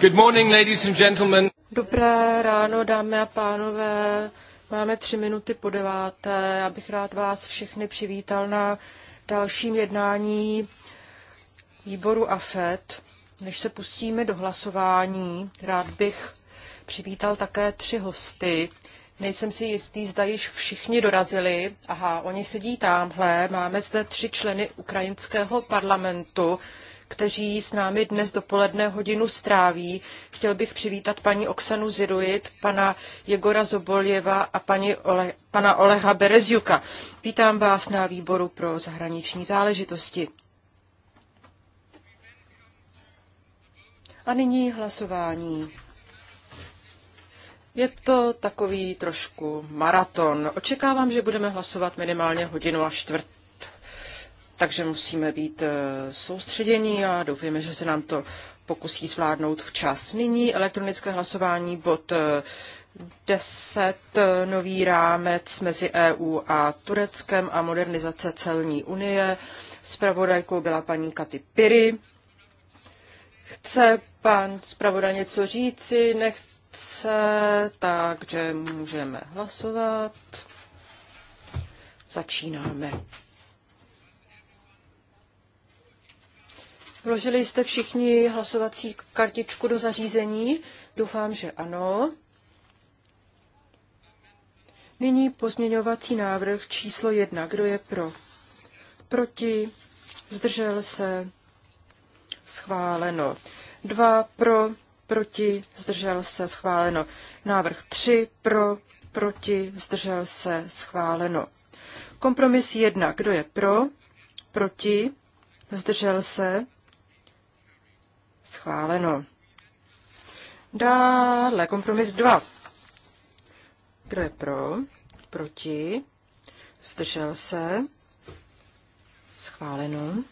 Good morning, ladies and gentlemen. Dobré ráno, dámy a pánové. Máme tři minuty po deváté. Já bych rád vás všechny přivítal na dalším jednání výboru AFET. Než se pustíme do hlasování, rád bych přivítal také tři hosty. Nejsem si jistý, zda již všichni dorazili. Aha, oni sedí tamhle. Máme zde tři členy ukrajinského parlamentu kteří s námi dnes dopoledne hodinu stráví. Chtěl bych přivítat paní Oksanu Ziruit, pana Jegora Zoboljeva a paní Ole, pana Oleha Berezjuka. Vítám vás na výboru pro zahraniční záležitosti. A nyní hlasování. Je to takový trošku maraton. Očekávám, že budeme hlasovat minimálně hodinu a čtvrt takže musíme být eh, soustředění a doufáme, že se nám to pokusí zvládnout včas. Nyní elektronické hlasování bod 10 eh, eh, nový rámec mezi EU a Tureckem a modernizace celní unie. Spravodajkou byla paní Katy Piry. Chce pan zpravodaj něco říci? Nechce, takže můžeme hlasovat. Začínáme. Vložili jste všichni hlasovací kartičku do zařízení? Doufám, že ano. Nyní pozměňovací návrh číslo jedna. Kdo je pro? Proti? Zdržel se? Schváleno. Dva pro, proti, zdržel se, schváleno. Návrh tři pro, proti, zdržel se, schváleno. Kompromis jedna. Kdo je pro? Proti? Zdržel se? Schváleno. Dále kompromis 2. Kdo je pro? Proti? Zdržel se? Schváleno.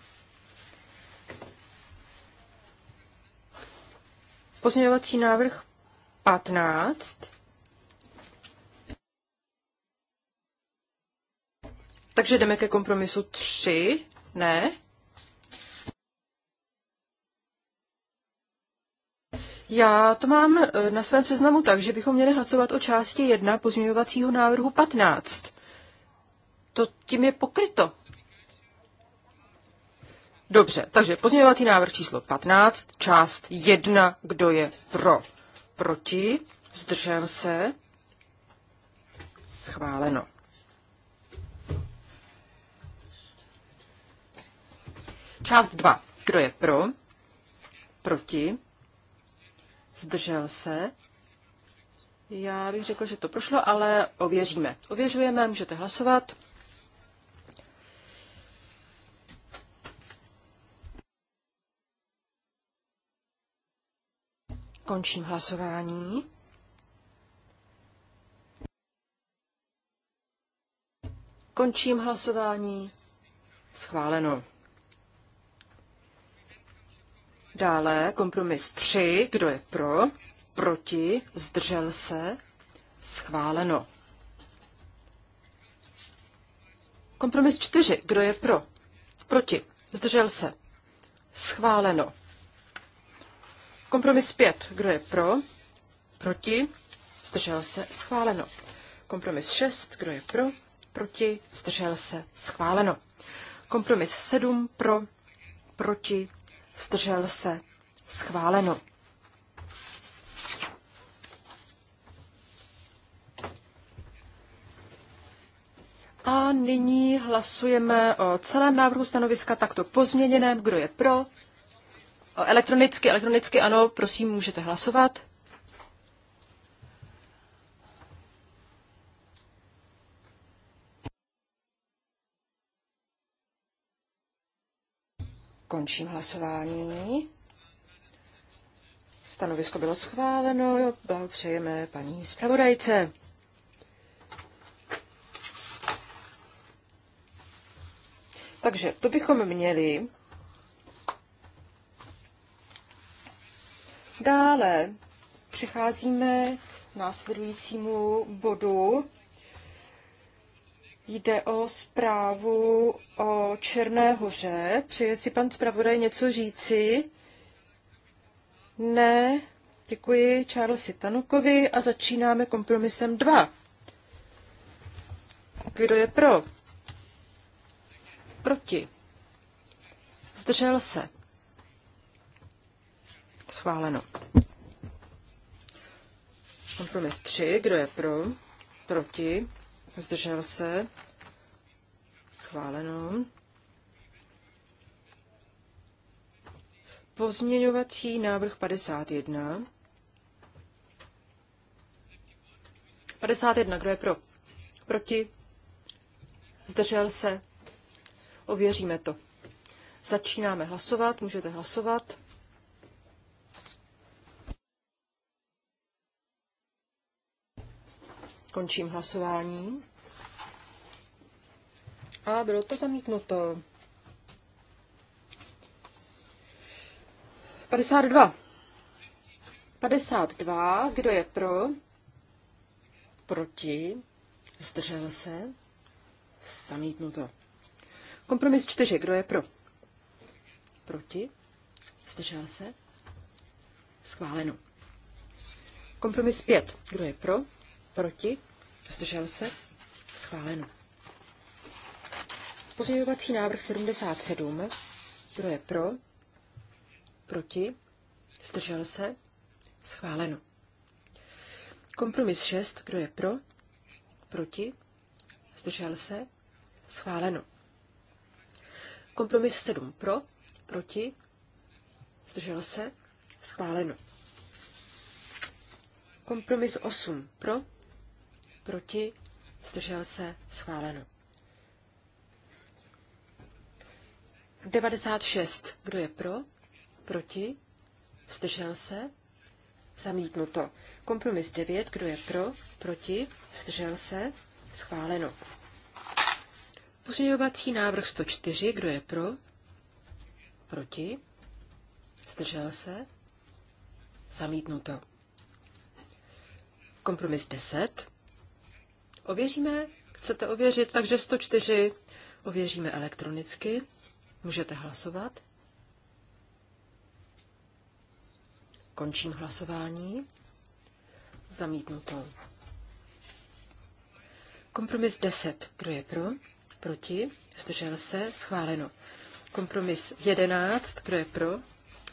Pozměňovací návrh 15. Takže jdeme ke kompromisu 3. Ne? Já to mám eh, na svém seznamu tak, že bychom měli hlasovat o části 1 pozměňovacího návrhu 15. To tím je pokryto. Dobře, takže pozměňovací návrh číslo 15, část 1, kdo je pro, proti, zdržel se, schváleno. Část 2, kdo je pro, proti, zdržel se. Já bych řekl, že to prošlo, ale ověříme. Ověřujeme, můžete hlasovat. Končím hlasování. Končím hlasování. Schváleno. Dále kompromis 3, kdo je pro, proti, zdržel se, schváleno. Kompromis 4, kdo je pro, proti, zdržel se, schváleno. Kompromis 5, kdo je pro, proti, zdržel se, schváleno. Kompromis 6, kdo je pro, proti, zdržel se, schváleno. Kompromis 7, pro, proti, zdržel se, schváleno. A nyní hlasujeme o celém návrhu stanoviska takto pozměněném. Kdo je pro? Elektronicky, elektronicky ano, prosím, můžete hlasovat. Končím hlasování. Stanovisko bylo schváleno. Blahopřejeme paní zpravodajce. Takže to bychom měli. Dále přicházíme k následujícímu bodu Jde o zprávu o Černé hoře. Přeje si pan zpravodaj něco říci? Ne. Děkuji Charlesi Tanukovi a začínáme kompromisem 2. Kdo je pro? Proti. Zdržel se. Schváleno. Kompromis 3. Kdo je pro? Proti zdržel se, schváleno. Pozměňovací návrh 51. 51, kdo je pro? Proti? Zdržel se? Ověříme to. Začínáme hlasovat, můžete hlasovat. Končím hlasování. A bylo to zamítnuto. 52. 52. Kdo je pro? Proti? Zdržel se? Zamítnuto. Kompromis 4. Kdo je pro? Proti? Zdržel se? Schváleno. Kompromis 5. Kdo je pro? Proti? Zdržel se? Schváleno. Pozměňovací návrh 77. Kdo je pro? Proti? Zdržel se? Schváleno. Kompromis 6. Kdo je pro? Proti? Zdržel se? Schváleno. Kompromis 7. Pro? Proti? Zdržel se? Schváleno. Kompromis 8. Pro? proti, zdržel se, schváleno. 96. Kdo je pro? Proti? Zdržel se? Zamítnuto. Kompromis 9. Kdo je pro? Proti? Zdržel se? Schváleno. Pozměňovací návrh 104. Kdo je pro? Proti? Zdržel se? Zamítnuto. Kompromis 10. Ověříme? Chcete ověřit? Takže 104 ověříme elektronicky. Můžete hlasovat. Končím hlasování. Zamítnuto. Kompromis 10. Kdo je pro? Proti? Zdržel se? Schváleno. Kompromis 11. Kdo je pro?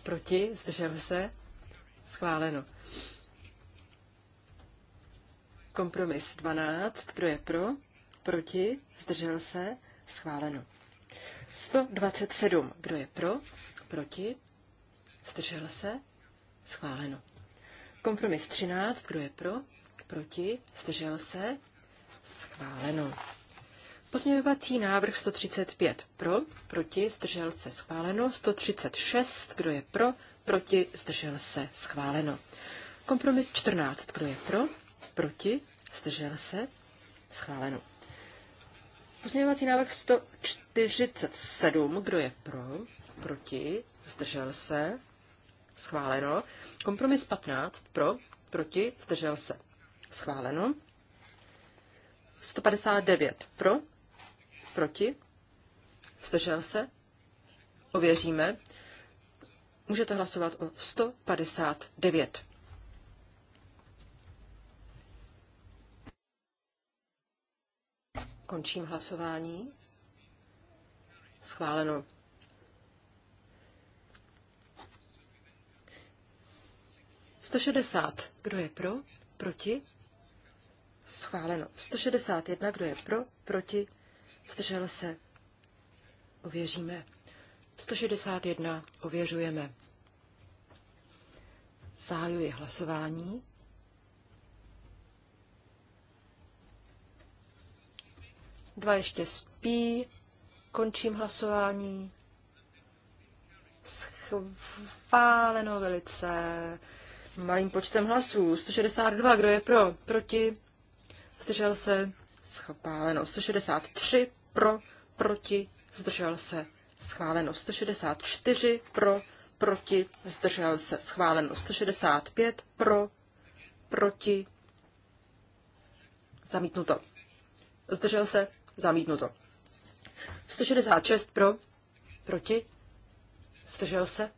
Proti? Zdržel se? Schváleno. Kompromis 12. Kdo je pro? Proti? Zdržel se? Schváleno. 127. Kdo je pro? Proti? Zdržel se? Schváleno. Kompromis 13. Kdo je pro? Proti? Zdržel se? Schváleno. Pozměňovací návrh 135 pro, proti, zdržel se schváleno. 136, kdo je pro, proti, zdržel se schváleno. Kompromis 14, kdo je pro, proti, zdržel se, schváleno. Pozměňovací návrh 147, kdo je pro, proti, zdržel se, schváleno. Kompromis 15, pro, proti, zdržel se, schváleno. 159, pro, proti, zdržel se, ověříme. Můžete hlasovat o 159. Končím hlasování. Schváleno. Sto šedesát. Kdo je pro? Proti? Schváleno. 161. Kdo je pro? Proti? Zdržel se? Ověříme. 161. Ověřujeme. Zahajuji hlasování. Dva ještě spí. Končím hlasování. Schváleno velice malým počtem hlasů. 162, kdo je pro? Proti? Zdržel se? Schváleno. 163 pro, proti, zdržel se. Schváleno. 164 pro, proti, zdržel se. Schváleno. 165 pro, proti, zamítnuto. Zdržel se? Zamítnuto. 166 pro, proti, zdržel se.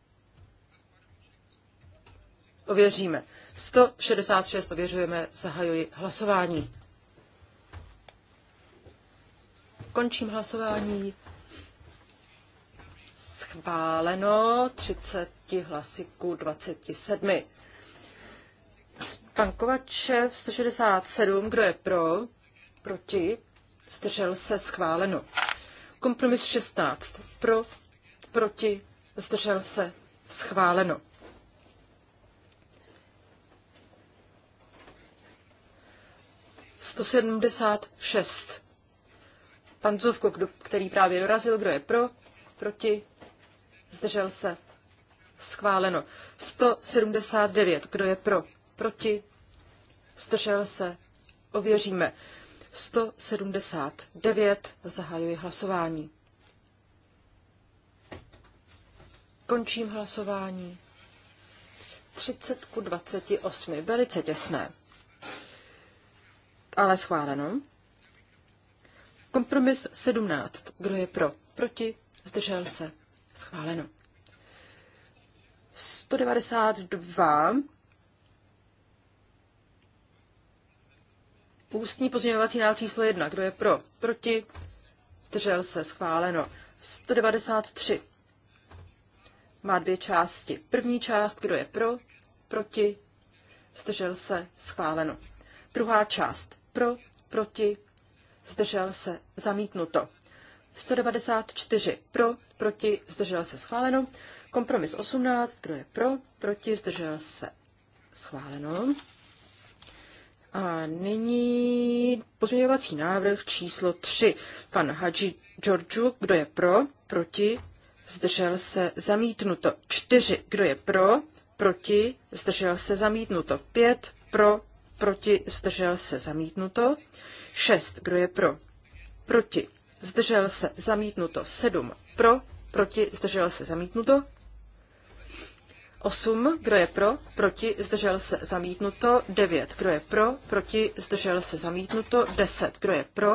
Ověříme. 166 ověřujeme, zahajuji hlasování. Končím hlasování. Schváleno 30 hlasy ku 27. Tankovačev 167, kdo je pro? Proti? zdržel se schváleno. Kompromis 16 pro, proti, zdržel se schváleno. Sto sedmdesát šest. Pan Zovko, který právě dorazil, kdo je pro, proti, zdržel se, schváleno. 179, kdo je pro, proti, zdržel se, ověříme. 179. Zahajuji hlasování. Končím hlasování. 30 ku 28. Velice těsné. Ale schváleno. Kompromis 17. Kdo je pro? Proti? Zdržel se. Schváleno. 192 Ústní pozměňovací návrh číslo 1. Kdo je pro? Proti? Zdržel se. Schváleno. 193. Má dvě části. První část, kdo je pro? Proti? Zdržel se. Schváleno. Druhá část. Pro? Proti? Zdržel se. Zamítnuto. 194. Pro? Proti? Zdržel se. Schváleno. Kompromis 18. Kdo je pro? Proti? Zdržel se. Schváleno. A nyní pozměňovací návrh číslo 3. Pan Hadži Georgiou, kdo je pro, proti, zdržel se, zamítnuto. 4. Kdo je pro, proti, zdržel se, zamítnuto. 5. Pro, proti, zdržel se, zamítnuto. 6. Kdo je pro, proti, zdržel se, zamítnuto. 7. Pro, proti, zdržel se, zamítnuto. 8, kdo je pro, proti, zdržel se, zamítnuto. 9, kdo je pro, proti, zdržel se, zamítnuto. 10, kdo je pro,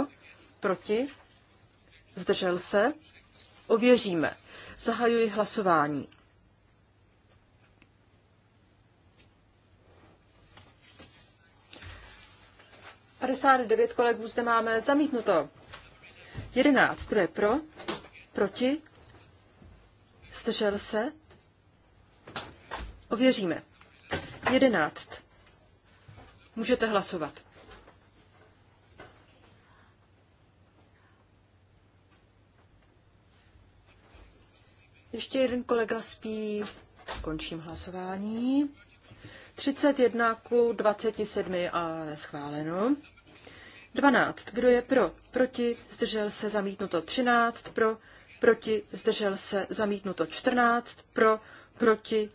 proti, zdržel se. Ověříme. Zahajuji hlasování. devět kolegů zde máme zamítnuto. Jedenáct, kdo je pro, proti, zdržel se, Ověříme. 11. Můžete hlasovat. Ještě jeden kolega spí. Končím hlasování. 31 ku 27 a neschváleno. 12. Kdo je pro? Proti? Zdržel se zamítnuto 13. Pro? Proti? Zdržel se zamítnuto 14. Pro? Proti?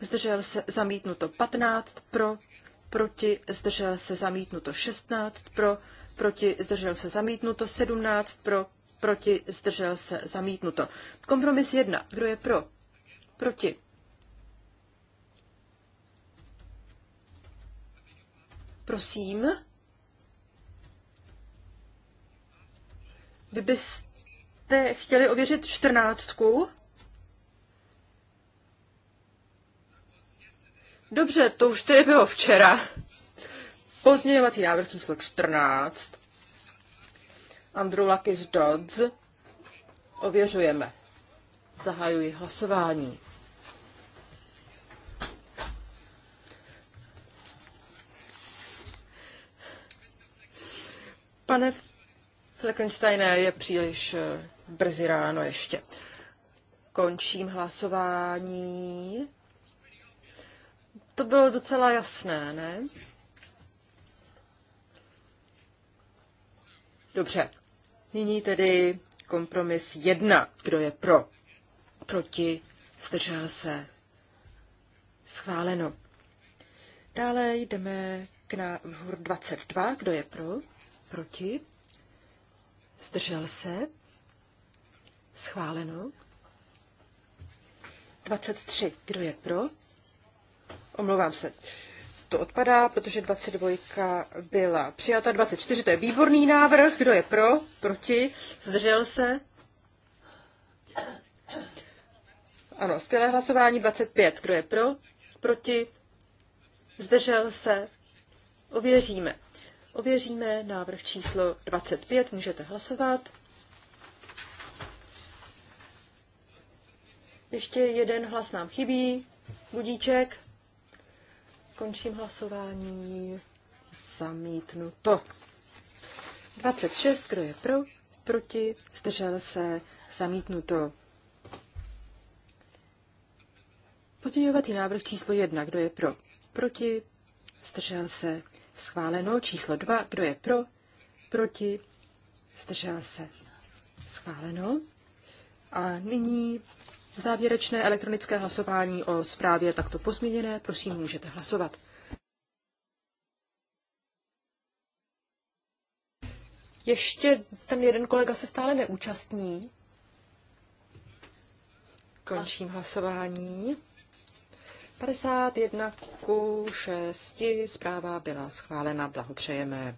zdržel se zamítnuto 15 pro, proti, zdržel se zamítnuto 16 pro, proti, zdržel se zamítnuto 17 pro, proti, zdržel se zamítnuto. Kompromis 1. Kdo je pro? Proti. Prosím. Vy byste chtěli ověřit čtrnáctku? Dobře, to už tedy bylo včera. Pozměňovací návrh číslo 14. Andrew Lakis Dodds. Ověřujeme. Zahajuji hlasování. Pane Fleckensteine, je příliš eh, brzy ráno ještě. Končím hlasování. To bylo docela jasné, ne? Dobře. Nyní tedy kompromis jedna. Kdo je pro? Proti? Zdržel se? Schváleno. Dále jdeme k návrhu 22. Kdo je pro? Proti? Zdržel se? Schváleno. 23. Kdo je pro? Omlouvám se. To odpadá, protože 22 byla přijata. 24 to je výborný návrh. Kdo je pro? Proti? Zdržel se? Ano, skvělé hlasování 25. Kdo je pro? Proti? Zdržel se? Ověříme. Ověříme návrh číslo 25. Můžete hlasovat. Ještě jeden hlas nám chybí. Budíček. Končím hlasování. Zamítnuto. 26, kdo je pro, proti, zdržel se, zamítnuto. Pozměňovací návrh číslo 1, kdo je pro, proti, zdržel se, schváleno. Číslo 2, kdo je pro, proti, zdržel se, schváleno. A nyní Závěrečné elektronické hlasování o zprávě takto pozměněné, prosím, můžete hlasovat. Ještě ten jeden kolega se stále neúčastní. Končím hlasování. 51 ku 6. Zpráva byla schválena. Blahopřejeme.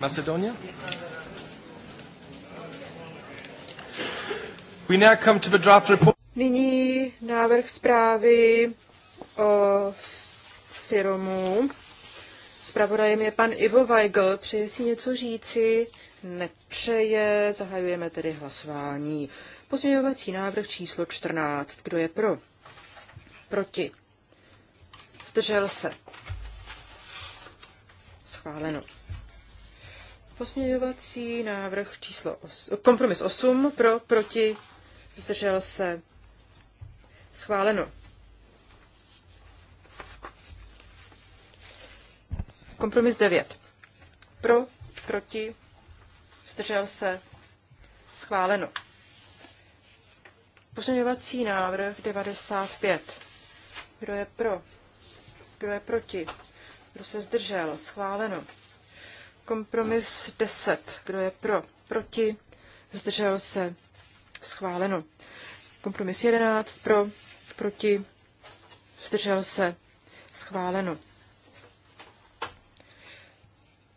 Macedonia? We now come to the draft report. Nyní návrh zprávy o firmu. Spravodajem je pan Ivo Weigl. Přeje si něco říci? Nepřeje. Zahajujeme tedy hlasování. Pozměňovací návrh číslo 14. Kdo je pro? Proti. Zdržel se. Schváleno. Pozměňovací návrh číslo os- kompromis 8 pro, proti, zdržel se, schváleno. Kompromis 9. Pro, proti, zdržel se, schváleno. Pozměňovací návrh 95. Kdo je pro? Kdo je proti? Kdo se zdržel? Schváleno. Kompromis 10. Kdo je pro? Proti? Zdržel se? schváleno. Kompromis 11 pro, proti, vzdržel se, schváleno.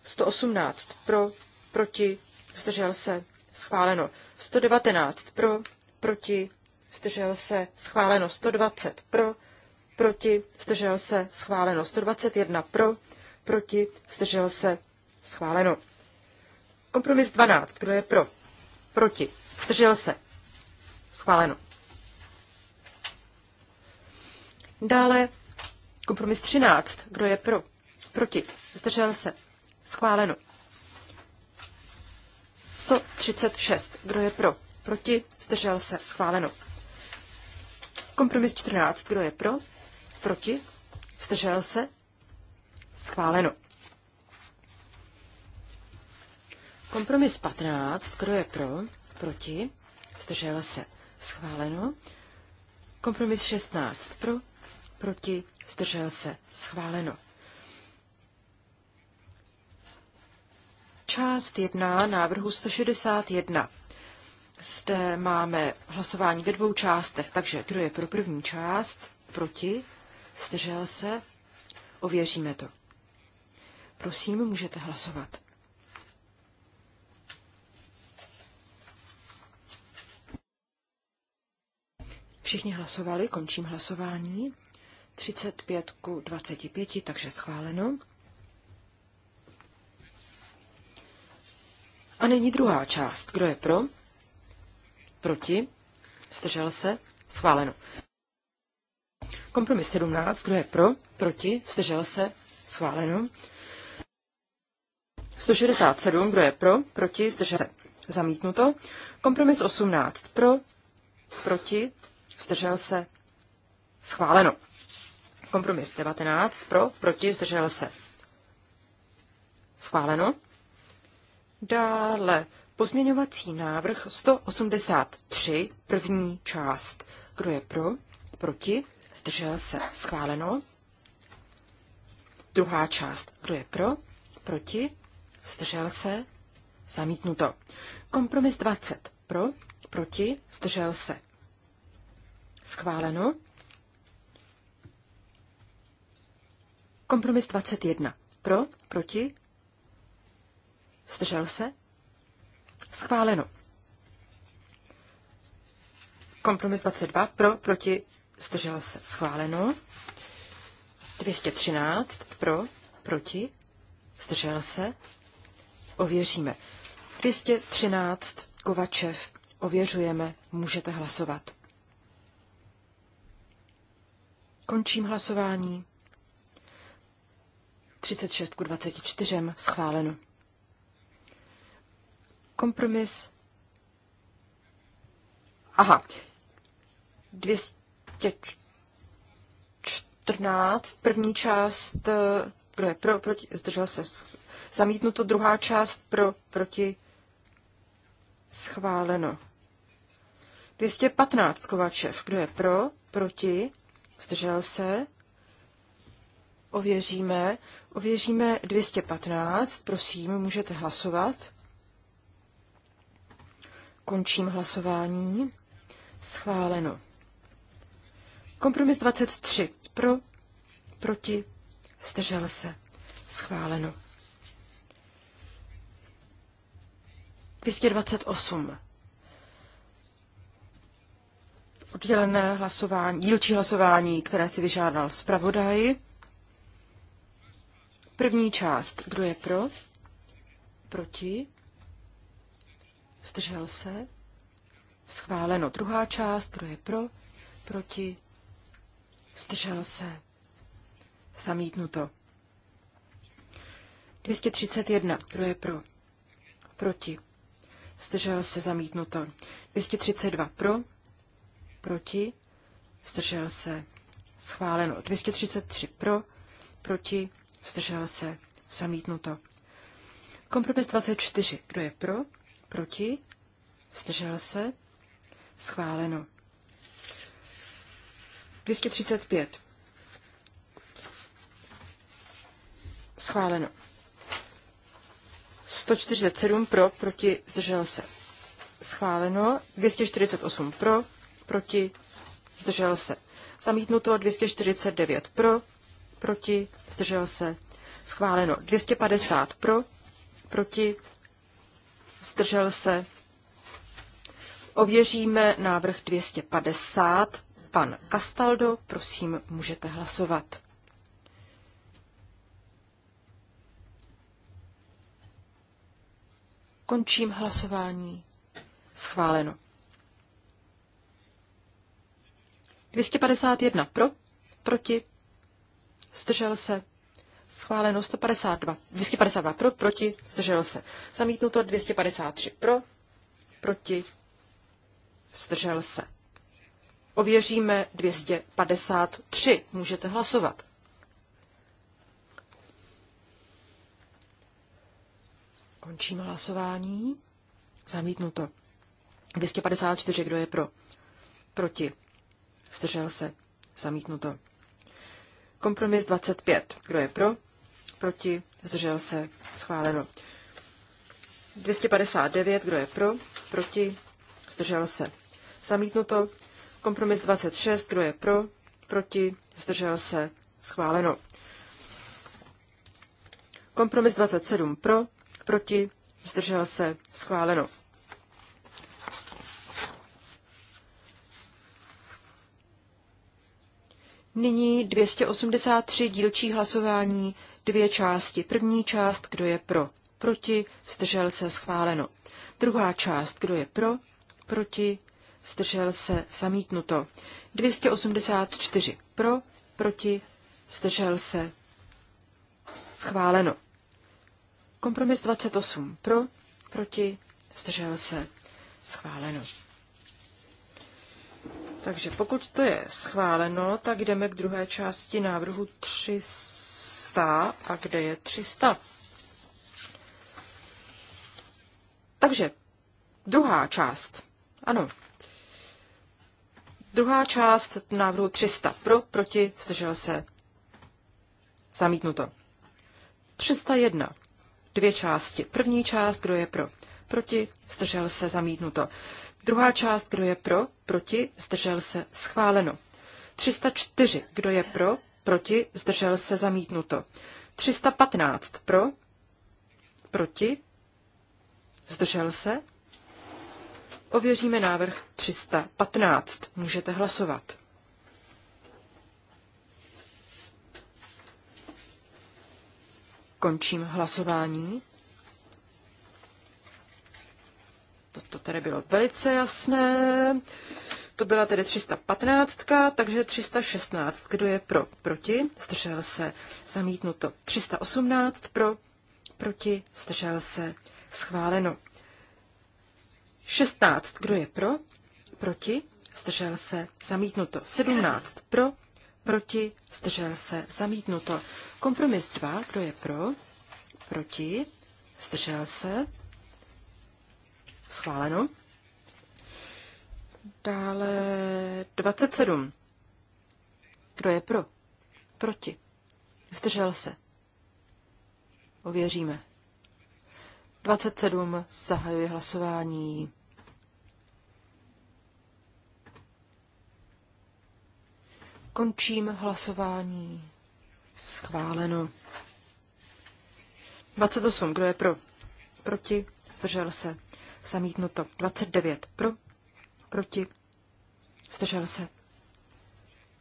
118 pro, proti, vzdržel se, schváleno. 119 pro, proti, vzdržel se, schváleno. 120 pro, proti, vzdržel se, schváleno. 121 pro, proti, vzdržel se, schváleno. Kompromis 12, kdo je pro, proti, vzdržel se, Schváleno. Dále kompromis 13. Kdo je pro? Proti. Zdržel se. Schváleno. 136. Kdo je pro? Proti. Zdržel se. Schváleno. Kompromis 14. Kdo je pro? Proti. Zdržel se. Schváleno. Kompromis 15. Kdo je pro? Proti. Zdržel se schváleno. Kompromis 16 pro, proti, zdržel se, schváleno. Část 1 návrhu 161. Zde máme hlasování ve dvou částech, takže kdo je pro první část, proti, zdržel se, ověříme to. Prosím, můžete hlasovat. Všichni hlasovali, končím hlasování. 35 ku 25, takže schváleno. A nyní druhá část. Kdo je pro? Proti? Zdržel se? Schváleno. Kompromis 17. Kdo je pro? Proti? Zdržel se? Schváleno. 167. Kdo je pro? Proti? Zdržel se? Zamítnuto. Kompromis 18. Pro? Proti? zdržel se, schváleno. Kompromis 19 pro, proti, zdržel se, schváleno. Dále pozměňovací návrh 183, první část. Kdo je pro, proti, zdržel se, schváleno. Druhá část. Kdo je pro, proti, zdržel se, zamítnuto. Kompromis 20 pro, proti, zdržel se, Schváleno. Kompromis 21. Pro, proti, zdržel se, schváleno. Kompromis 22. Pro, proti, zdržel se, schváleno. 213. Pro, proti, zdržel se, ověříme. 213. Kovačev, ověřujeme, můžete hlasovat. Končím hlasování. 36 ku 24 schváleno. Kompromis. Aha. 214. První část, eh, kdo je pro, proti, zdržel se zamítnuto. Druhá část pro, proti, schváleno. 215. Kovačev, kdo je pro, proti, zdržel se, ověříme, ověříme 215, prosím, můžete hlasovat. Končím hlasování. Schváleno. Kompromis 23. Pro, proti, zdržel se. Schváleno. 228 oddělené hlasování, dílčí hlasování, které si vyžádal zpravodaj. První část, kdo je pro? Proti? Zdržel se? Schváleno. Druhá část, kdo je pro? Proti? Zdržel se? Zamítnuto. 231, kdo je pro? Proti? Zdržel se? Zamítnuto. 232 pro? proti, zdržel se, schváleno. 233 pro, proti, zdržel se, zamítnuto. Kompromis 24, kdo je pro, proti, zdržel se, schváleno. 235. Schváleno. 147 pro, proti, zdržel se. Schváleno. 248 pro, proti, zdržel se. Zamítnuto 249 pro, proti, zdržel se. Schváleno 250 pro, proti, zdržel se. Ověříme návrh 250. Pan Castaldo, prosím, můžete hlasovat. Končím hlasování. Schváleno. 251 pro, proti, zdržel se, schváleno 152, 252 pro, proti, zdržel se, zamítnuto 253 pro, proti, zdržel se. Ověříme 253, můžete hlasovat. Končím hlasování. Zamítnuto. 254, kdo je pro? Proti. Zdržel se. Zamítnuto. Kompromis 25. Kdo je pro? Proti? Zdržel se. Schváleno. 259. Kdo je pro? Proti? Zdržel se. Zamítnuto. Kompromis 26. Kdo je pro? Proti? Zdržel se. Schváleno. Kompromis 27 pro, proti, zdržel se, schváleno. Nyní 283 dílčí hlasování, dvě části. První část, kdo je pro, proti, zdržel se, schváleno. Druhá část, kdo je pro, proti, zdržel se, zamítnuto. 284 pro, proti, zdržel se, schváleno. Kompromis 28 pro, proti, zdržel se, schváleno. Takže pokud to je schváleno, tak jdeme k druhé části návrhu 300. A kde je 300? Takže druhá část. Ano. Druhá část návrhu 300. Pro, proti, zdržel se. Zamítnuto. 301. Dvě části. První část, kdo je pro? Proti, zdržel se, zamítnuto. Druhá část, kdo je pro, proti, zdržel se, schváleno. 304, kdo je pro, proti, zdržel se, zamítnuto. 315, pro, proti, zdržel se. Ověříme návrh 315. Můžete hlasovat. Končím hlasování. To to tady bylo velice jasné. To byla tedy 315, takže 316. Kdo je pro? Proti? Zdržel se. Zamítnuto. 318 pro? Proti? Zdržel se. Schváleno. 16. Kdo je pro? Proti? Zdržel se. Zamítnuto. 17. Pro? Proti? Zdržel se. Zamítnuto. Kompromis 2. Kdo je pro? Proti? Zdržel se. Schváleno. Dále 27. Kdo je pro? Proti. Zdržel se. Ověříme. 27. Zahajuje hlasování. Končím hlasování. Schváleno. 28. Kdo je pro? Proti? Zdržel se zamítnuto. 29 pro, proti, zdržel se.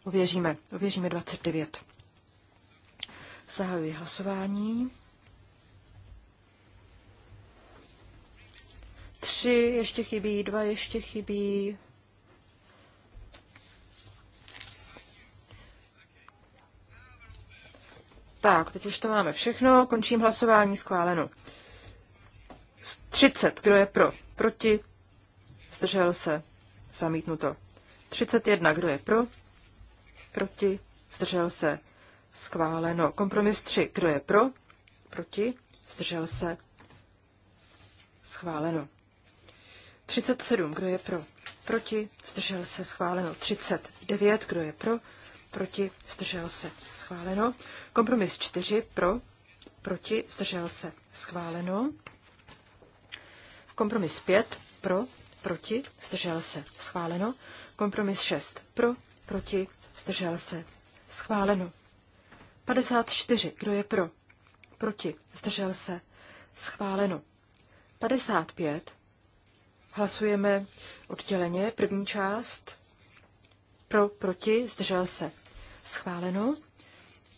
Uvěříme, uvěříme 29. Zahajuji hlasování. Tři ještě chybí, dva ještě chybí. Tak, teď už to máme všechno, končím hlasování schváleno. 30. Kdo je pro? Proti? Zdržel se? Zamítnuto. 31. Kdo je pro? Proti? Zdržel se? Schváleno. Kompromis 3. Kdo je pro? Proti? Zdržel se? Schváleno. 37. Kdo je pro? Proti? Zdržel se? Schváleno. 39. Kdo je pro? Proti? Zdržel se? Schváleno. Kompromis 4. Pro? Proti? Zdržel se? Schváleno. Kompromis 5 pro, proti, zdržel se, schváleno. Kompromis 6 pro, proti, zdržel se, schváleno. 54, kdo je pro, proti, zdržel se, schváleno. 55, hlasujeme odděleně, první část, pro, proti, zdržel se, schváleno.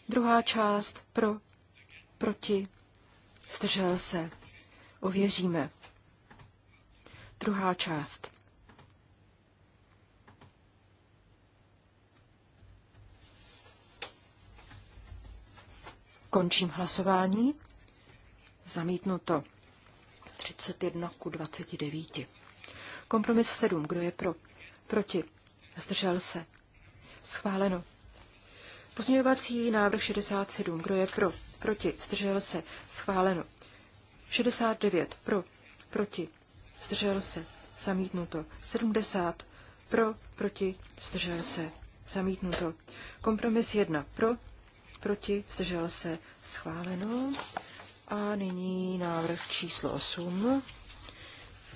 Druhá část, pro, proti, zdržel se, ověříme. Druhá část. Končím hlasování. Zamítnuto 31 ku 29. Kompromis 7. Kdo je pro? Proti. Zdržel se. Schváleno. Pozměňovací návrh 67. Kdo je pro? Proti. Zdržel se. Schváleno. 69. Pro. Proti zdržel se, zamítnuto. 70 pro, proti, zdržel se, zamítnuto. Kompromis 1 pro, proti, zdržel se, schváleno. A nyní návrh číslo 8.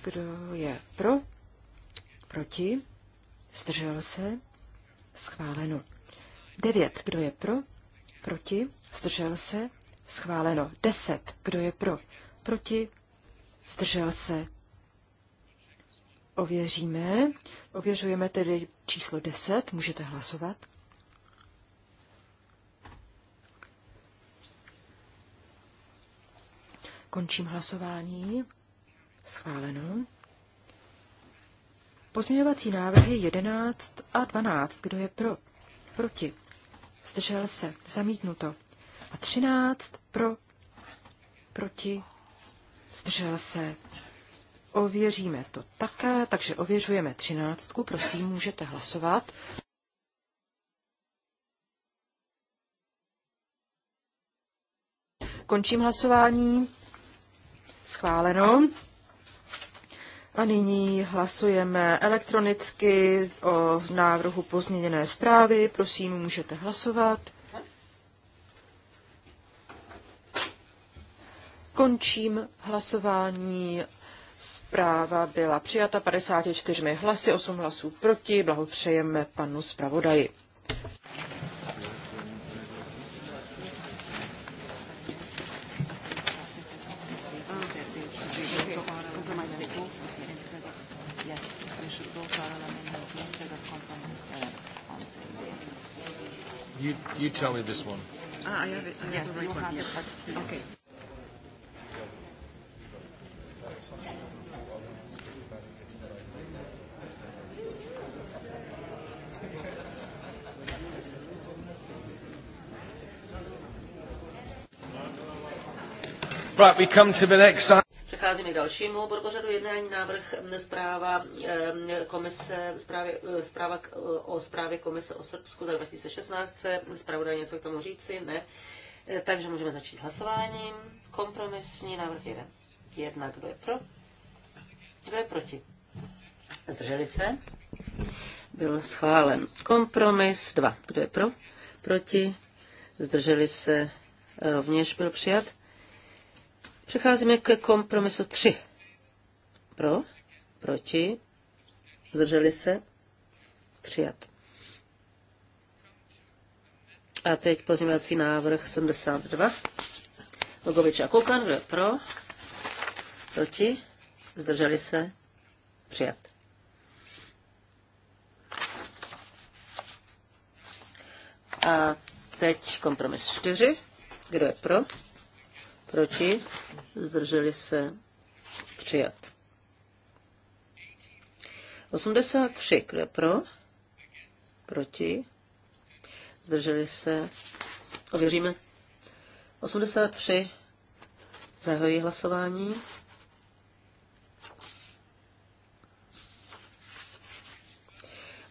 Kdo je pro, proti, zdržel se, schváleno. 9. Kdo je pro, proti, zdržel se, schváleno. 10. Kdo je pro, proti, zdržel se, ověříme. Ověřujeme tedy číslo 10, můžete hlasovat. Končím hlasování. Schváleno. Pozměňovací návrhy 11 a 12. Kdo je pro? Proti. Zdržel se. Zamítnuto. A 13 pro. Proti. Zdržel se. Ověříme to také, takže ověřujeme třináctku. Prosím, můžete hlasovat. Končím hlasování. Schváleno. A nyní hlasujeme elektronicky o návrhu pozměněné zprávy. Prosím, můžete hlasovat. Končím hlasování Zpráva byla přijata 54 hlasy, 8 hlasů proti. Blahopřejeme panu zpravodaji. You, you tell me this one. Ah, I have it. I have yes, the right one. Have it, okay. Right, we come to the next... Přecházíme k dalšímu bodu pořadu jednání návrh zpráva, komise, zprávě, e, zpráva e, o zprávě komise o Srbsku za 2016. Zpravodaj něco k tomu říci? Ne. E, takže můžeme začít hlasováním. Kompromisní návrh jeden. Jedna, kdo je pro? Kdo je proti? Zdrželi se? Byl schválen. Kompromis Dva Kdo je pro? Proti? Zdrželi se? Rovněž byl přijat. Přecházíme ke kompromisu 3. Pro, proti, zdrželi se, přijat. A teď pozměňovací návrh 72. Logovič a Kukan, kdo je pro, proti, zdrželi se, přijat. A teď kompromis 4. Kdo je pro? Proti? Zdrželi se? Přijat. 83. Kdo je pro? Proti? Zdrželi se? Ověříme. 83. zahojí hlasování.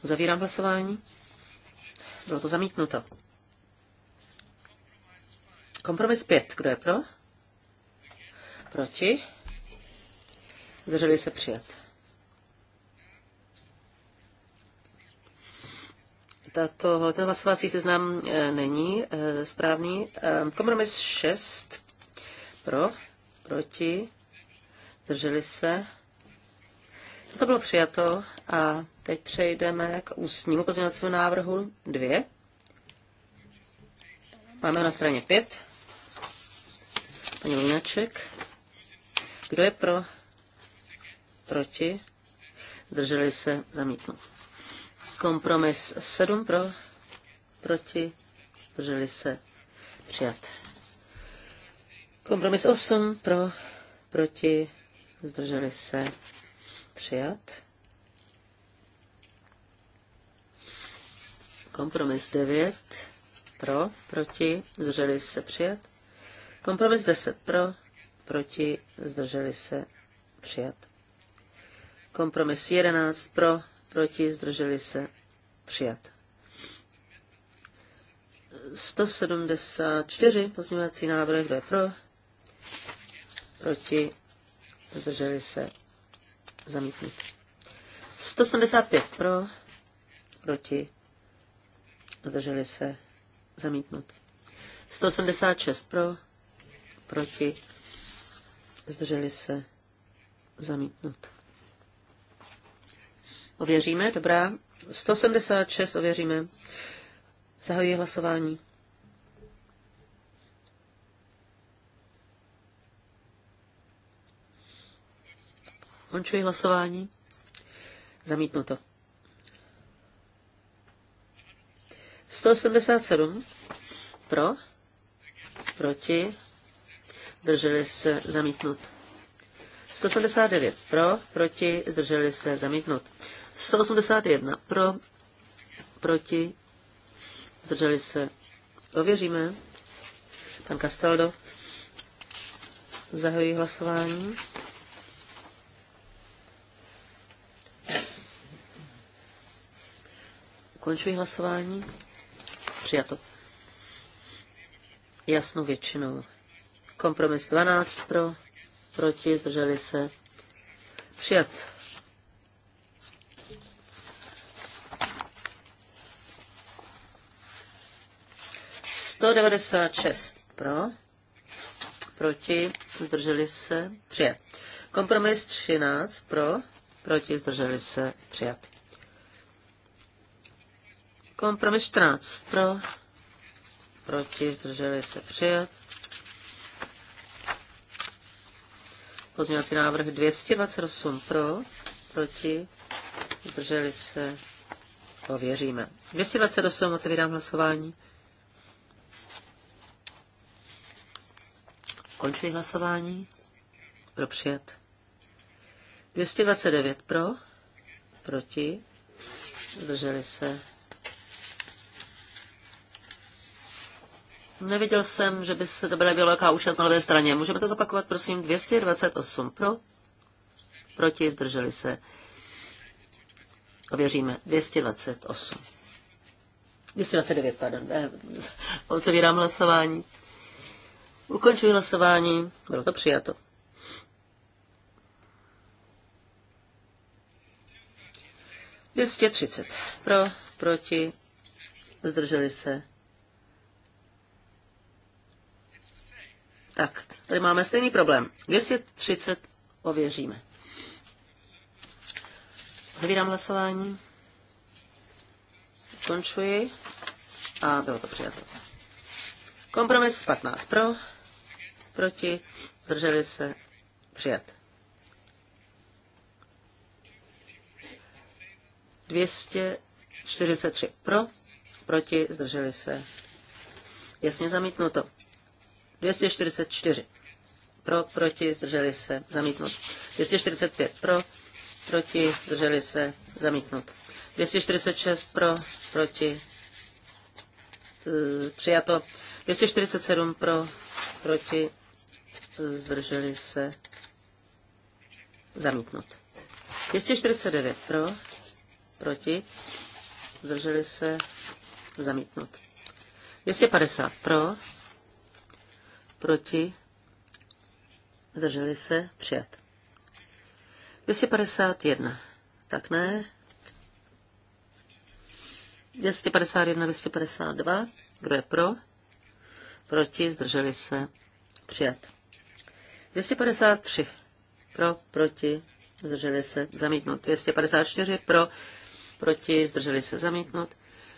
Zavírám hlasování. Bylo to zamítnuto. Kompromis 5. Kdo je pro? Proti? Zdrželi se přijat. Tato, ten hlasovací seznam e, není e, správný. E, Kompromis 6. Pro? Proti? drželi se? To bylo přijato a teď přejdeme k ústnímu pozměňovacímu návrhu 2. Máme ho na straně 5. Paní Lunaček. Kdo je pro? Proti? Drželi se zamítnout. Kompromis 7 pro? Proti? Drželi se přijat. Kompromis 8 pro? Proti? Zdrželi se přijat. Kompromis 9 pro, proti, zdrželi se přijat. Kompromis 10 pro, proti, zdrželi se, přijat. Kompromis 11 pro, proti, zdrželi se, přijat. 174 pozměňovací návrh, kdo je pro, proti, zdrželi se, zamítnut. 175 pro, proti, zdrželi se, zamítnut. 186 pro, proti, zdrželi se zamítnout. Ověříme, dobrá. 176 ověříme. Zahajuji hlasování. Končuji hlasování. Zamítnuto. 187 pro, proti, zdrželi se zamítnut. 179 pro, proti, zdrželi se zamítnut. 181 pro, proti, zdrželi se. Ověříme. Pan Castaldo. Zahojí hlasování. Končuji hlasování. Přijato. Jasnou většinou. Kompromis 12 pro, proti, zdrželi se. Přijat. Sto devadesát šest pro, proti, zdrželi se, přijat. Kompromis 13 pro, proti, zdrželi se, přijat. Kompromis 14 pro, proti, zdrželi se, přijat. Pozměňovací návrh 228 pro, proti, drželi se, pověříme. 228, otevírám hlasování. Končuji hlasování. Pro přijat. 229 pro, proti, drželi se, Neviděl jsem, že by se to byla velká účast na levé straně. Můžeme to zopakovat, prosím, 228 pro, proti, zdrželi se. Ověříme, 228. 229, pardon. Eh, otevírám hlasování. Ukončuji hlasování. Bylo to přijato. 230. Pro, proti, zdrželi se. Tak, tady máme stejný problém. 230 ověříme. Vydám hlasování. Končuji. A bylo to přijato. Kompromis 15 pro, proti, zdrželi se, přijat. 243 pro, proti, zdrželi se. Jasně zamítnuto. 244. Pro, proti, zdrželi se, zamítnut. 245. Pro, proti, zdrželi se, zamítnut. 246 pro, proti, eh, přijato. 247 pro, proti, zdrželi se, zamítnut. 249 pro, proti, zdrželi se, zamítnut. 250 pro, proti, zdrželi se, přijat. 251, tak ne. 251, 252, kdo je pro, proti, zdrželi se, přijat. 253, pro, proti, zdrželi se, zamítnout. 254, pro, proti, zdrželi se, zamítnout.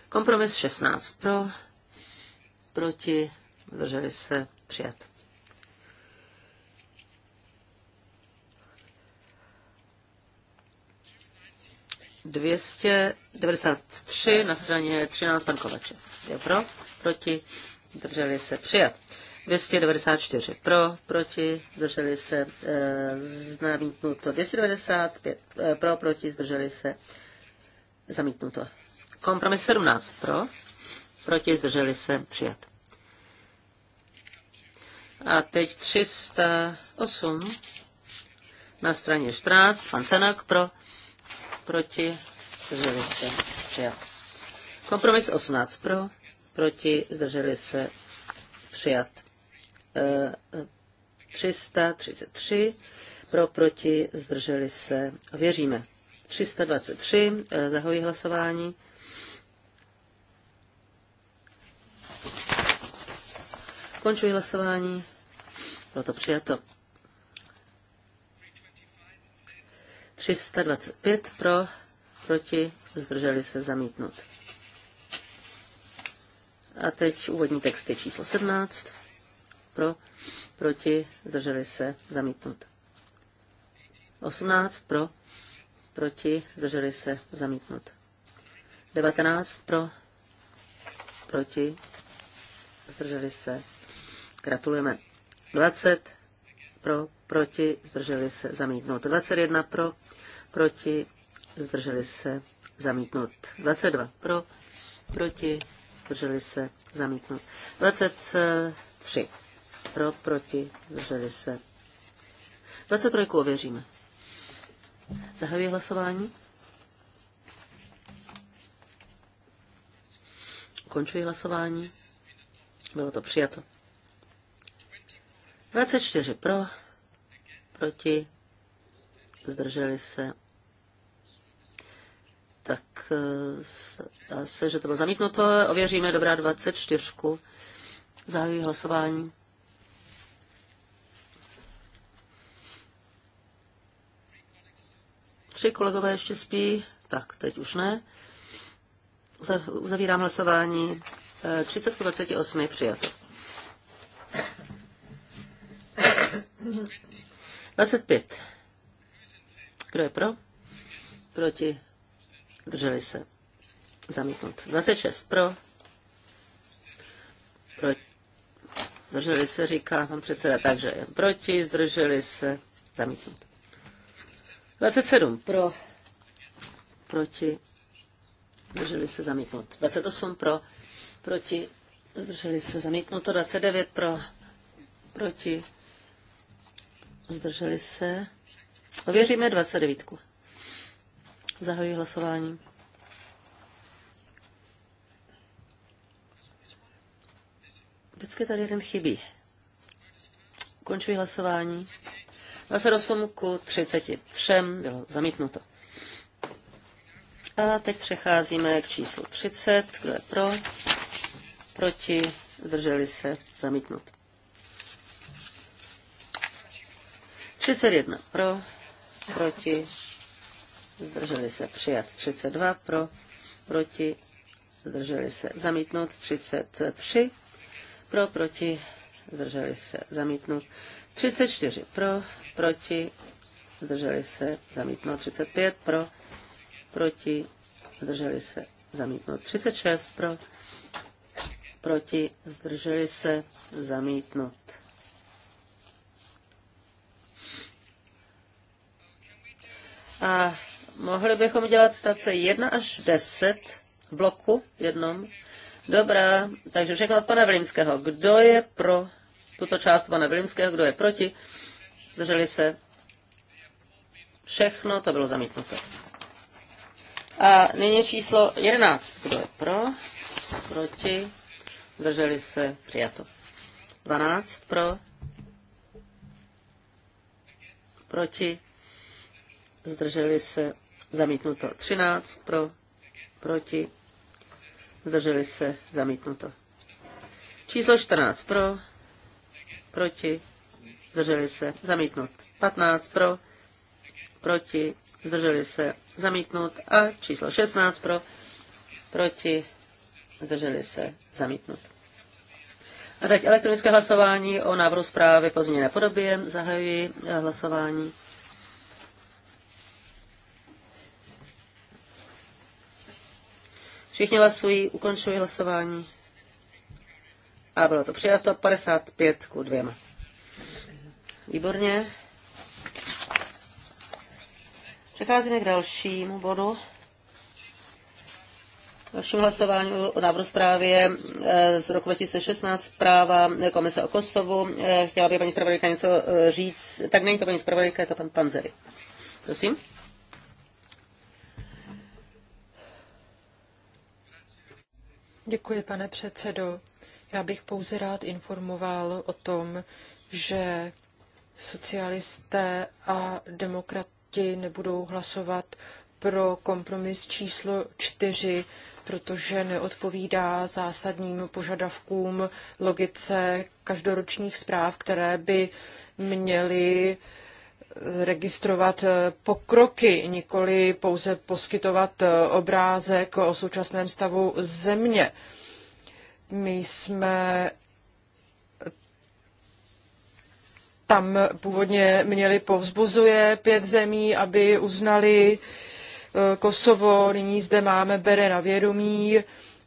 Kompromis 16, pro, proti, zdrželi se, Přijat. Dvěstě devadesát tři na straně 13 pan Kovačev. Je pro, proti, drželi se přijat. 294 pro, proti, zdrželi se e, zamítnuto 295 e, eh, pro, proti, zdrželi se zamítnuto. Kompromis 17 pro, proti, zdrželi se přijat. A teď 308 na straně 14, pan Tanak pro, proti, zdrželi se, přijat. Kompromis 18 pro, proti, zdrželi se, přijat. E, 333 e, pro, proti, zdrželi se, věříme. 323, e, zahojí hlasování. Končuji hlasování. Bylo to přijato. 325 pro, proti, zdrželi se zamítnut. A teď úvodní text číslo 17. Pro, proti, zdrželi se zamítnut. 18 pro, proti, zdrželi se zamítnut. 19 pro, proti, zdrželi se. Gratulujeme. 20 pro, proti, zdrželi se, zamítnout. 21 pro, proti, zdrželi se, zamítnout. 22 pro, proti, zdrželi se, zamítnout. 23 pro, proti, zdrželi se. 23 ověříme. Zahajuji hlasování. Končuji hlasování. Bylo to přijato. 24 pro, proti, zdrželi se. Tak eh, dá se, že to bylo zamítnuto. Ověříme, dobrá, 24. Zahajuji hlasování. Tři kolegové ještě spí, tak teď už ne. Uzavírám hlasování. 30 eh, 28 přijato. 25. Kdo je pro? Proti? Drželi se. Zamítnut. 26. Pro? Proti? Zdrželi se, říká pan předseda, takže je proti, zdrželi se, zamítnut. 27. Pro? Proti? Zdrželi se, zamítnut. 28. Pro? Proti? Zdrželi se, zamítnout. 29. Pro? Proti? zdrželi se. Ověříme 29. Zahajuji hlasování. Vždycky tady jeden chybí. Končuji hlasování. 28 k 33 bylo zamítnuto. A teď přecházíme k číslu 30. Kdo je pro? Proti? Zdrželi se? Zamítnut. 31 pro, proti, zdrželi se přijat 32 pro, proti, zdrželi se zamítnout 33 pro, proti, zdrželi se zamítnout 34 pro, proti, zdrželi se zamítnout 35 pro, proti, zdrželi se zamítnout 36 pro, proti, zdrželi se zamítnout A mohli bychom dělat stace 1 až 10 v bloku jednom. Dobrá, takže všechno od pana Vlimského. Kdo je pro tuto část pana Vlimského, kdo je proti? Drželi se. Všechno to bylo zamítnuto. A nyní číslo 11. Kdo je pro? Proti? Drželi se. Přijato. 12 pro? Proti? zdrželi se, zamítnuto 13 pro, proti, zdrželi se, zamítnuto. Číslo 14 pro, proti, zdrželi se, zamítnut. 15 pro, proti, zdrželi se, zamítnut. A číslo 16 pro, proti, zdrželi se, zamítnut. A teď elektronické hlasování o návrhu zprávy po změněné podobě. Zahajuji hlasování. Všichni hlasují, ukončuji hlasování. A bylo to přijato 55 ku dvěma. Výborně. Přecházíme k dalšímu bodu. Dalším hlasování o návrhu zprávě eh, z roku 2016 zpráva eh, Komise o Kosovu. Eh, chtěla by paní zpravodajka něco říct. Tak není to paní zpravodajka, je to pan Panzeri. Prosím. Děkuji, pane předsedo. Já bych pouze rád informoval o tom, že socialisté a demokrati nebudou hlasovat pro kompromis číslo čtyři, protože neodpovídá zásadním požadavkům logice každoročních zpráv, které by měly registrovat eh, pokroky, nikoli pouze poskytovat eh, obrázek o současném stavu země. My jsme tam původně měli povzbuzuje pět zemí, aby uznali eh, Kosovo, nyní zde máme bere na vědomí.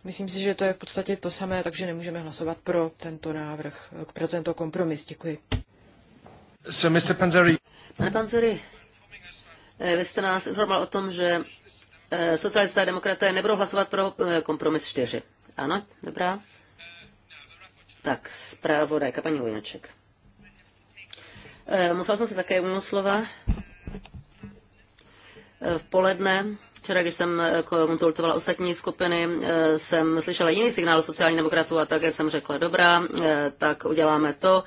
Myslím si, že to je v podstatě to samé, takže nemůžeme hlasovat pro tento návrh, pro tento kompromis. Děkuji. So, Mr. Panzeri. Pane Panzeri, eh, vy jste nás informoval o tom, že eh, socialisté a demokraté nebudou hlasovat pro eh, kompromis 4. Ano, dobrá. Tak, zpravodajka paní Vojnaček. Musela jsem se také umět slova. V poledne Včera, když jsem konzultovala ostatní skupiny, jsem slyšela jiný signál sociální demokratů a také jsem řekla, dobrá, tak uděláme to.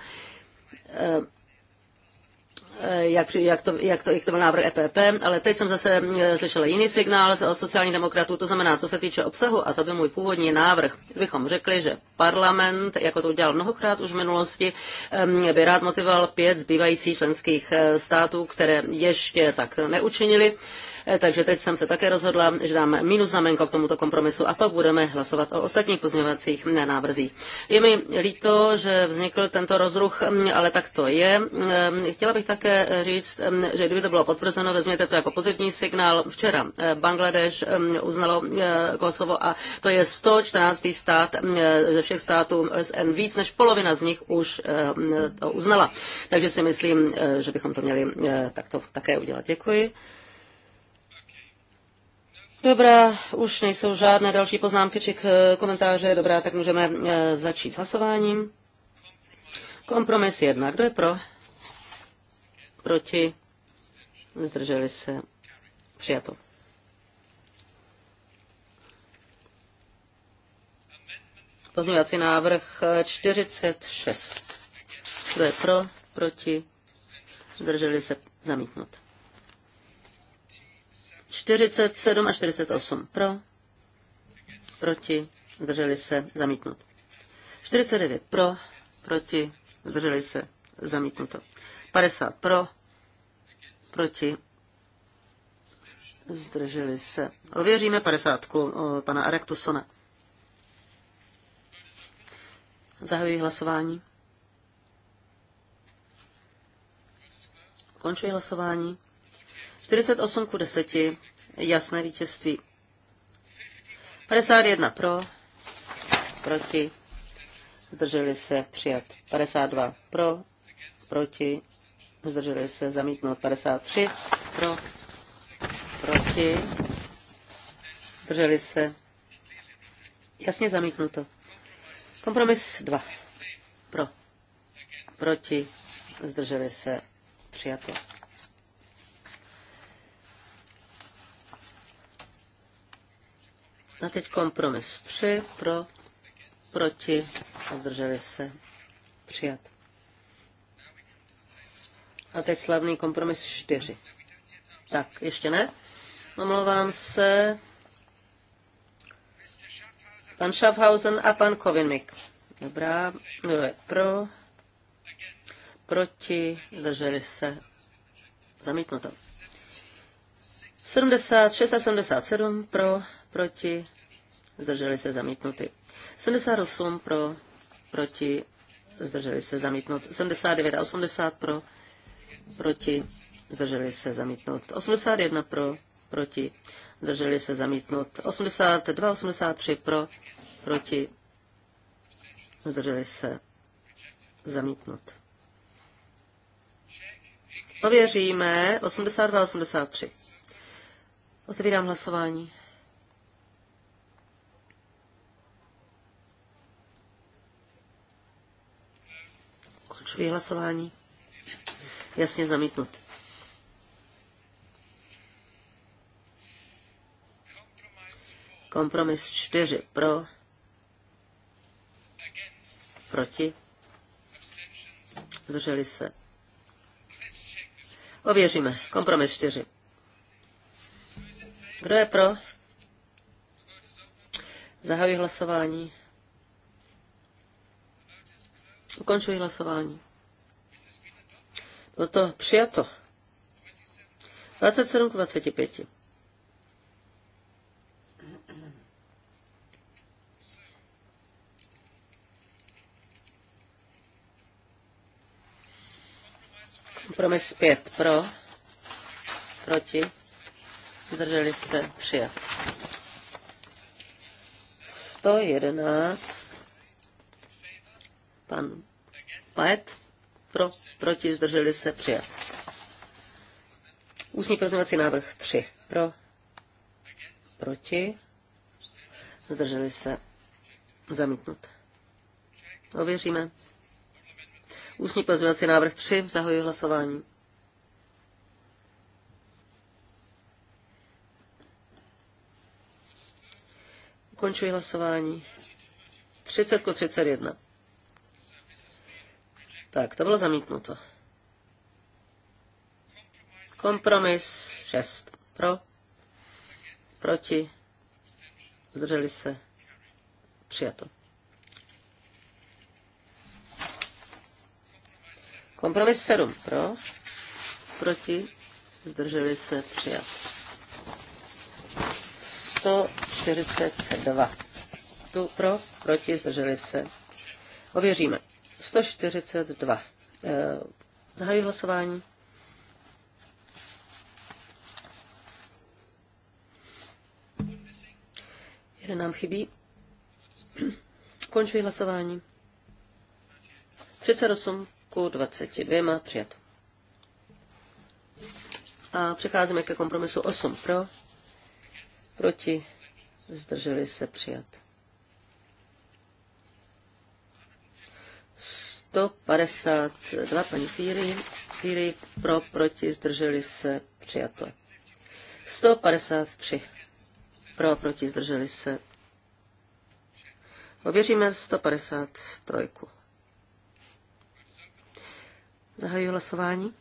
Eh, jak, jak, to, jak, to, jak to byl návrh EPP, ale teď jsem zase mm, eh, slyšela jiný signál od sociálních demokratů, to znamená, co se týče obsahu, a to byl můj původní návrh, bychom řekli, že parlament, jako to udělal mnohokrát už v minulosti, by rád motivoval pět zbývajících členských eh, států, které ještě tak neučinili, Eh, takže teď jsem se také rozhodla, že dám minus znamenko k tomuto kompromisu a pak budeme hlasovat o ostatních pozměňovacích návrzích. Je mi líto, že vznikl tento rozruch, mm, ale tak to je. Eh, chtěla bych také říct, mm, že kdyby to bylo potvrzeno, vezměte to jako pozitivní signál. Včera eh, Bangladeš mm, uznalo Kosovo a to je 114. stát ze všech států OSN. Víc než polovina z nich už to uznala. Takže si myslím, že bychom to měli takto také udělat. Děkuji. Dobrá, už nejsou žádné další poznámky či eh, komentáře. Dobrá, tak můžeme eh, začít s hlasováním. Kompromis jedna. Kdo je pro? Proti? Zdrželi se? Přijato. Pozměňovací návrh 46. Eh, Kdo je pro? Proti? Zdrželi se? Zamítnut. 47 a 48 pro, proti, zdrželi se, zamítnut. 49 pro, proti, zdrželi se, zamítnuto. 50 pro, proti, zdrželi se. Ověříme 50 pana Arektusona. Zahajuji hlasování. Končuji hlasování. 48 ku 10 jasné vítězství. 51 pro, proti, zdrželi se přijat. 52 pro, proti, zdrželi se zamítnout. 53 pro, proti, zdrželi se jasně zamítnuto. Kompromis 2 pro, proti, zdrželi se přijato. A teď kompromis 3 pro, proti, zdrželi se, přijat. A teď slavný kompromis 4. Tak, ještě ne. Omlouvám se. Pan Schaffhausen a pan Kovinmik. Dobrá, kdo je pro? Proti, zdrželi se. Zamítnuto. 76 a 77 pro, proti, zdrželi se zamítnuty. 78 pro, proti, zdrželi se zamítnut. 79 a 80 pro, proti, zdrželi se zamítnut. 81 pro, proti, zdrželi se zamítnut. 82, 83 pro, proti, zdrželi se zamítnut. Ověříme 82, 83. Otevírám hlasování. Ukončuji hlasování. Jasně zamítnut. Kompromis 4 pro, proti, drželi se. Ověříme. Kompromis 4. Kdo je pro? Zahajuji hlasování. Ukončuji hlasování. Bylo to přijato. 27 k 25. Kompromis 5 pro, proti, zdrželi se, přijat. 111 Pan Paet. Pro, proti, zdrželi se, přijat. Ústní pozměňovací návrh 3. Pro, proti, zdrželi se, zamítnut. Ověříme. Ústní pozměňovací návrh 3. Zahoji hlasování. Ukončuji hlasování. 30 31. Tak, to bylo zamítnuto. Kompromis 6. Pro. Proti. Zdrželi se. Přijato. Kompromis 7. Pro. Proti. Zdrželi se. Přijat. 142. Tu pro. Proti. Zdrželi se. Ověříme. 142. Eh, zahajuji hlasování. Jeden nám chybí. Končuji hlasování. 38 ku 22 přijat. A přecházíme ke kompromisu 8 pro, proti, zdrželi se přijat. 152 paní Fíry, Fíry pro, proti, zdrželi se, přijato. 153 pro, proti, zdrželi se. Ověříme 153. Zahajuji hlasování.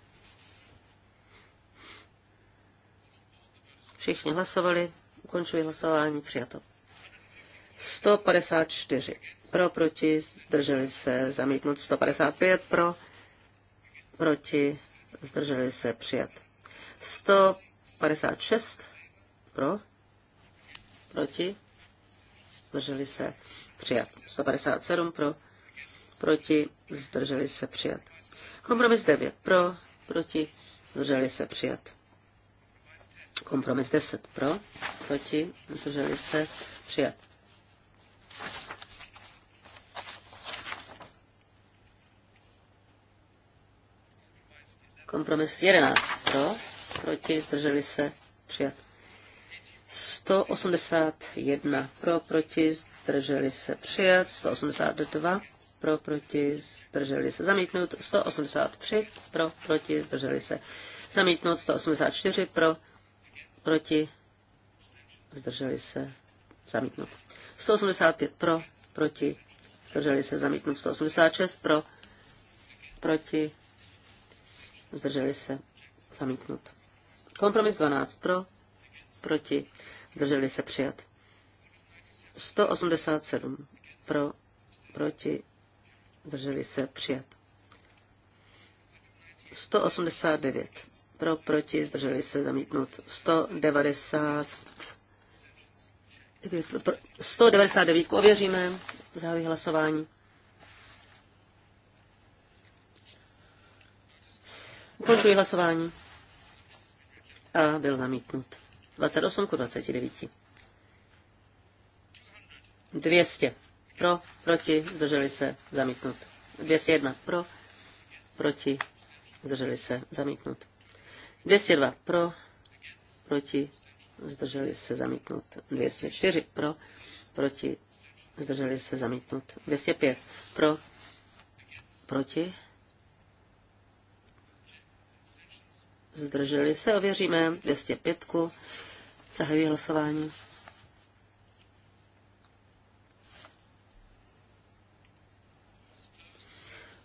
Všichni hlasovali, ukončuji hlasování, přijato. 154 pro, proti, zdrželi se, zamítnut 155 pro, proti, zdrželi se, přijat. 156 pro, proti, zdrželi se, přijat. 157 pro, proti, zdrželi se, přijat. Kompromis 9 pro, proti, zdrželi se, přijat. Kompromis 10 pro, proti, zdrželi se, přijat. Kompromis 11 pro, proti, zdrželi se, přijat. 181 pro, proti, zdrželi se, přijat. 182 pro, proti, zdrželi se, zamítnout. 183 pro, proti, zdrželi se, zamítnout. 184 pro, proti, zdrželi se, zamítnout. 185 pro, proti, zdrželi se, zamítnout. 186 pro, proti, zdrželi se, zamítnut. Kompromis 12 pro, proti, zdrželi se, přijat. 187 pro, proti, zdrželi se, přijat. 189 pro, proti, zdrželi se, zamítnut. 190 199 ověříme, zahájí hlasování. Ukončuji hlasování. A byl zamítnut. 28 ku 29. 200 pro, proti, zdrželi se, zamítnut. 201 pro, proti, zdrželi se, zamítnut. 202 pro, proti, zdrželi se, zamítnut. 204 pro, proti, zdrželi se, zamítnut. 205 pro, proti, zdrželi se, ověříme 205. Zahajuji hlasování.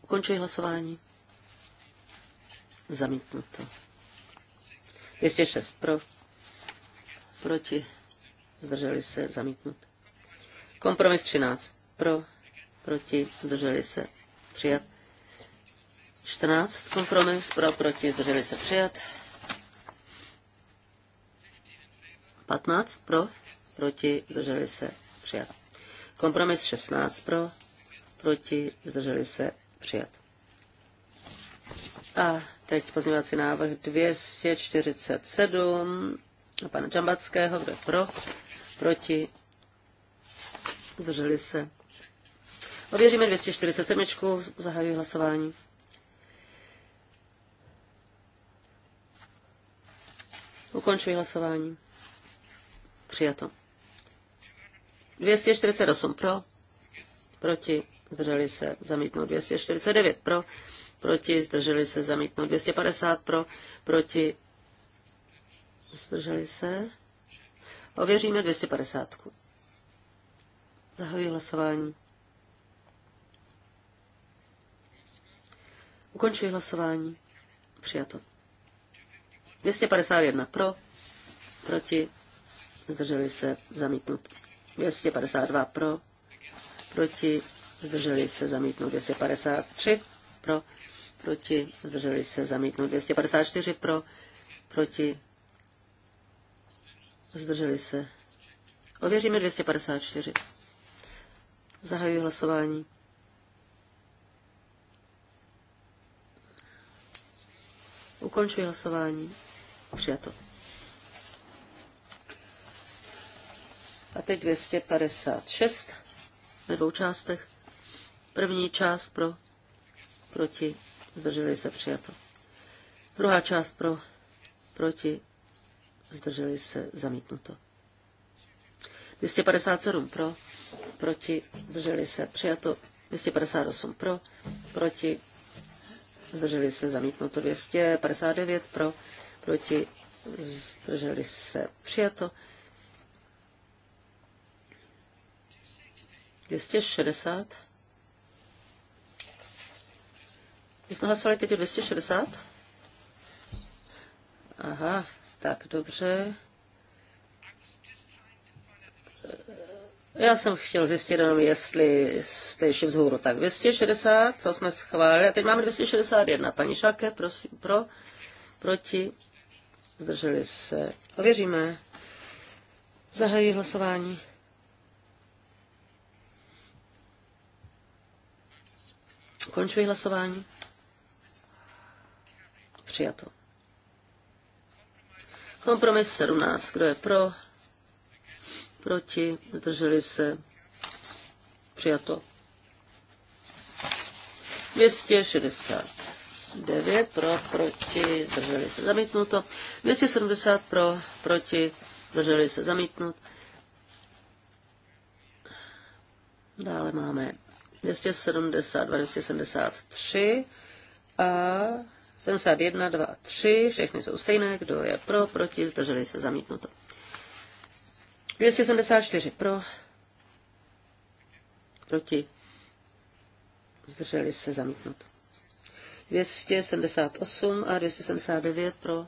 Ukončuji hlasování. Zamítnuto. 206 pro. Proti. Zdrželi se. Zamítnut. Kompromis 13 pro. Proti. Zdrželi se. Přijat. 14 kompromis pro, proti, zdrželi se přijat. 15 pro, proti, zdrželi se přijat. Kompromis 16 pro, proti, zdrželi se přijat. A teď pozměňovací návrh 247 a pana Čambackého, kdo je pro, proti, zdrželi se. Ověříme 247, zahajuji hlasování. Ukončuji hlasování. Přijato. 248 pro, proti, zdrželi se zamítnout 249 pro, proti, zdrželi se zamítnout 250 pro, proti, zdrželi se. Ověříme 250. Zahajuji hlasování. Ukončuji hlasování. Přijato. 251 pro, proti, zdrželi se, zamítnut. 252 pro, proti, zdrželi se, zamítnut. 253 pro, proti, zdrželi se, zamítnut. 254 pro, proti, zdrželi se. Ověříme 254. Zahajuji hlasování. Ukončuji hlasování. Přijato. A teď 256 ve dvou částech. První část pro, proti, zdrželi se přijato. Druhá část pro, proti, zdrželi se zamítnuto. 257 pro, proti, zdrželi se přijato. 258 pro, proti, zdrželi se zamítnuto. 259 pro, proti, zdrželi se, přijato. 260. My jsme hlasovali teď o 260? Aha, tak dobře. Já jsem chtěl zjistit jenom, jestli jste ještě vzhůru. Tak 260, co jsme schválili. A teď máme 261. Paní Šáke, prosím, pro, proti, zdrželi se. Ověříme. Zahají hlasování. Končuji hlasování. Přijato. Kompromis 17. Kdo je pro? Proti? Zdrželi se? Přijato. 260. 9 pro, proti, zdrželi se zamítnuto. 270 pro, proti, zdrželi se zamítnut. Dále máme 272, 273 a 71, 2, 3. Všechny jsou stejné. Kdo je pro, proti, zdrželi se zamítnuto. 274 pro, proti, zdrželi se zamítnuto. 278 a 279 pro,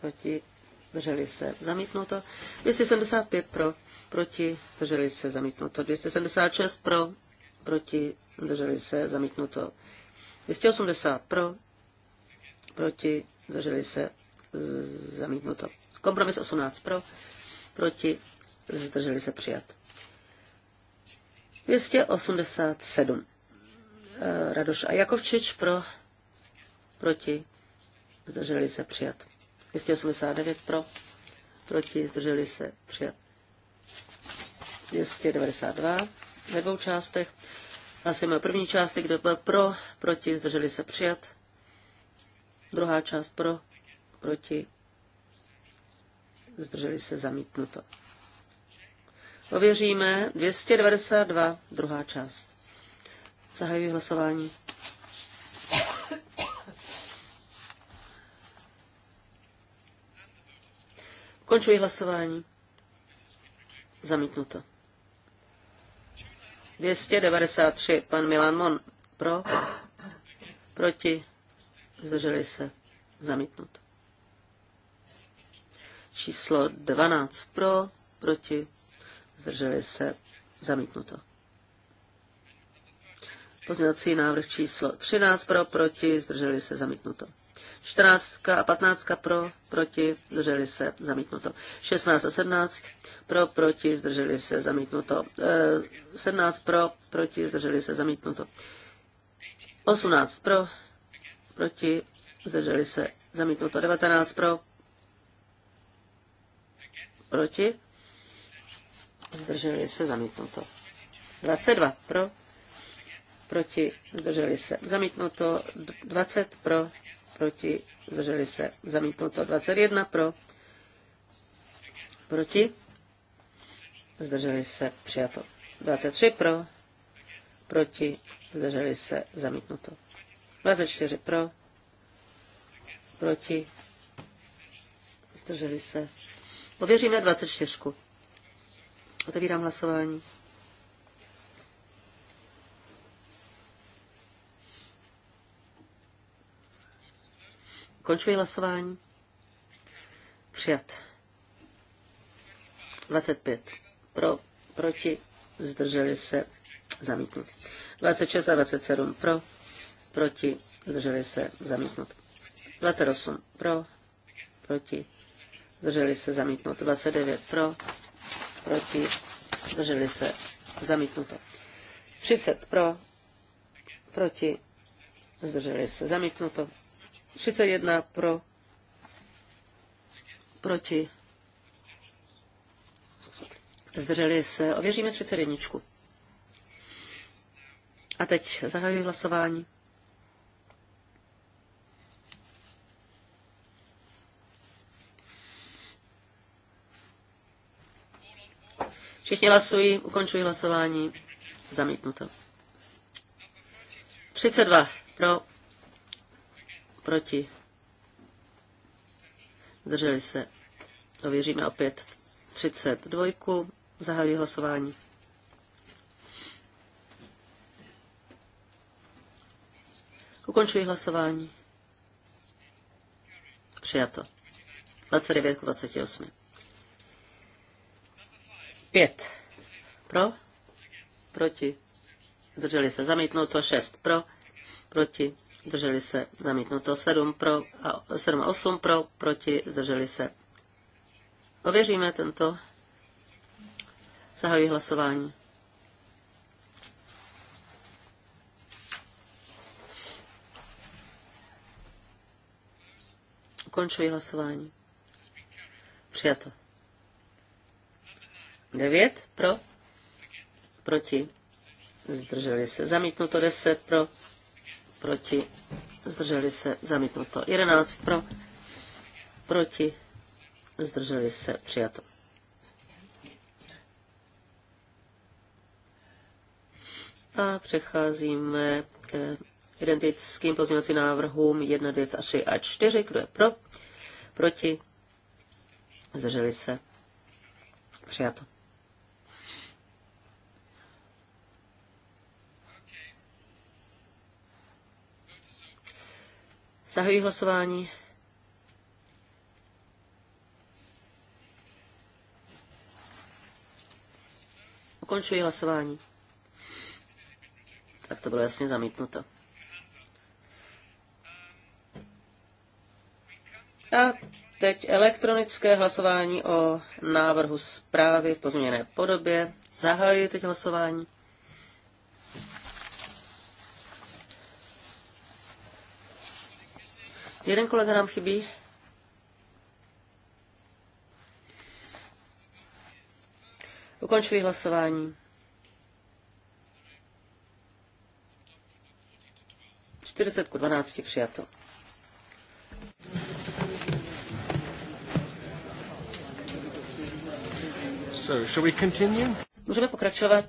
proti, zdrželi se, zamítnuto. 275 pro, proti, zdrželi se, zamítnuto. 276 pro, proti, zdrželi se, zamítnuto. 280 pro, proti, zdrželi se, zamítnuto. Kompromis 18 pro, proti, zdrželi se přijat. 287. Eh, Radoš a Jakovčič pro, proti, zdrželi se přijat. 289 pro, proti, zdrželi se přijat. 292 ve dvou částech. Hlasujeme má první části, kdo byl pro, proti, zdrželi se přijat. Druhá část pro, proti, zdrželi se zamítnuto. Ověříme 292, druhá část. Zahajuji hlasování. Končuji hlasování. Zamítnuto. 293. Pan Milan Mon. Pro. Proti. Zdrželi se. Zamítnuto. Číslo 12. Pro. Proti. Zdrželi se. Zamítnuto. Pozměňovací návrh číslo 13 pro, proti, zdrželi se zamítnuto. 14 a 15 pro, proti, zdrželi se, zamítnuto. 16 a 17 pro, proti, zdrželi se, zamítnuto. 17 e, pro, proti, zdrželi se, zamítnuto. 18 pro, proti, zdrželi se, zamítnuto. 19 pro, proti, zdrželi se, zamítnuto. 22 pro, proti, zdrželi se, zamítnuto. 20 pro, proti, zdrželi se, zamítnuto 21 pro, proti, zdrželi se, přijato 23 pro, proti, zdrželi se, zamítnuto 24 pro, proti, zdrželi se. pověříme 24. Otevírám hlasování. Končuji hlasování. Přijat. 25. Pro, proti, zdrželi se, zamítnut. 26 a 27 pro, proti, zdrželi se, zamítnut. 28 pro, proti, zdrželi se, zamítnut. 29 pro, proti, zdrželi se, zamítnuto. 30 pro, proti, zdrželi se, zamítnuto. 31 pro, proti, zdrželi se, ověříme 31. A teď zahajuji hlasování. Všichni hlasují, ukončují hlasování. Zamítnuto. 32 pro, proti, Drželi se. Ověříme opět 32. Zahajuji hlasování. Ukončuji hlasování. Přijato. 29 k 28. 5. Pro? Proti? Drželi se. to 6. Pro? Proti? zdrželi se, zamítnuto 7, pro, a 7 a 8 pro, proti, zdrželi se. Ověříme tento. Zahajuji hlasování. Ukončuji hlasování. Přijato. 9 pro, proti, zdrželi se. Zamítnuto 10 pro, proti, zdrželi se, zamítnuto. 11 pro, proti, zdrželi se, přijato. A přecházíme k identickým pozměňovacím návrhům 1, 2, 3 a 4. Kdo je pro? Proti? Zdrželi se. Přijato. Zahajuji hlasování. Ukončuji hlasování. Tak to bylo jasně zamítnuto. A teď elektronické hlasování o návrhu zprávy v pozměněné podobě. Zahajuji teď hlasování. Jeden kolega nám chybí. Ukončuji hlasování. 40 ku přijato. So, shall we continue? Můžeme pokračovat.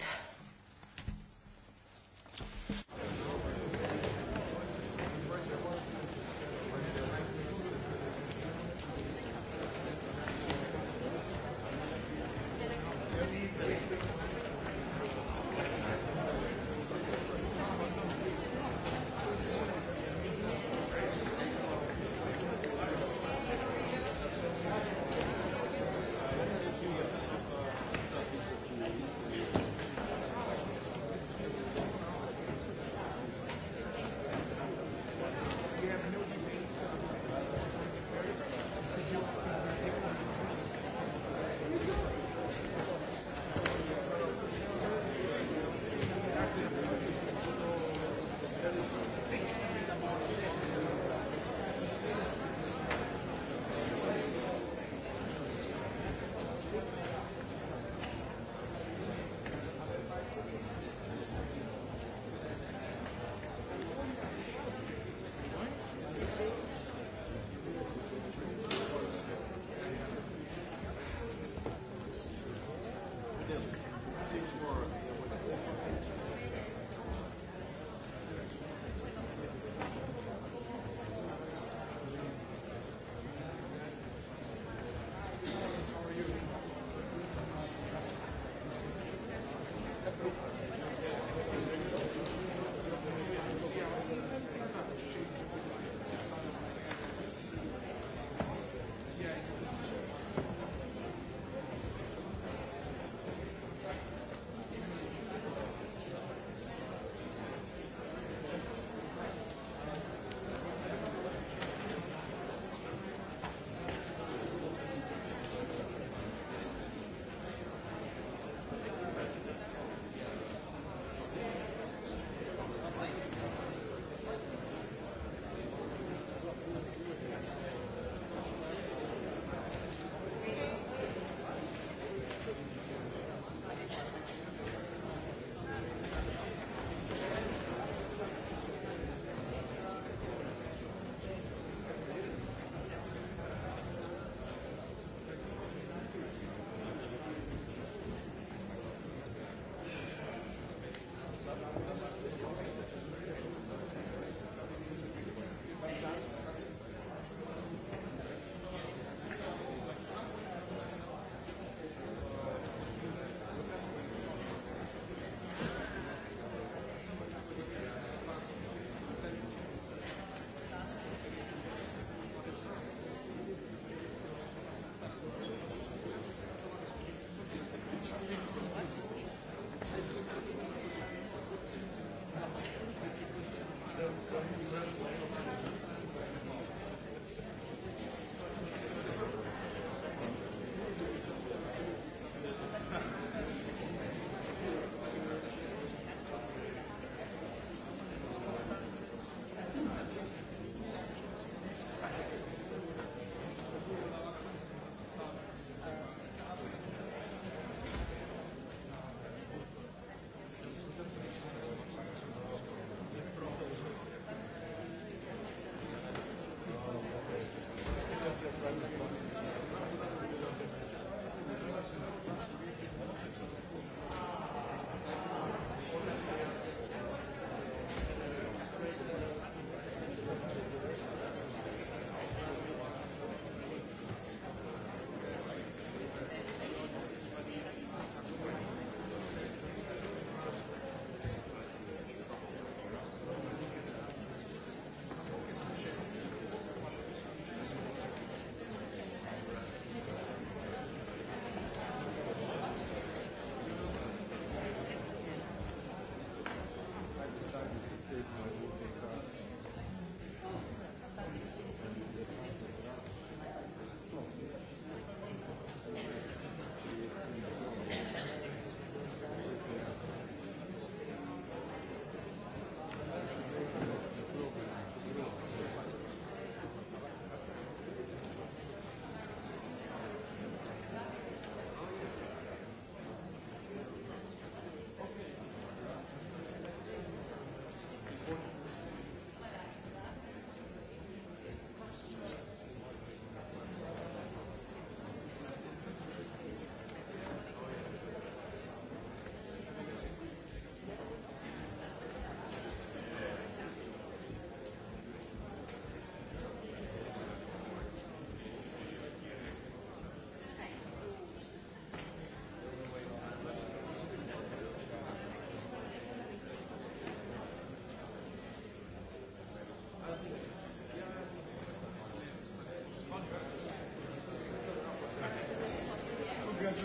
seems for you know, when the whole thing is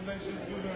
information to the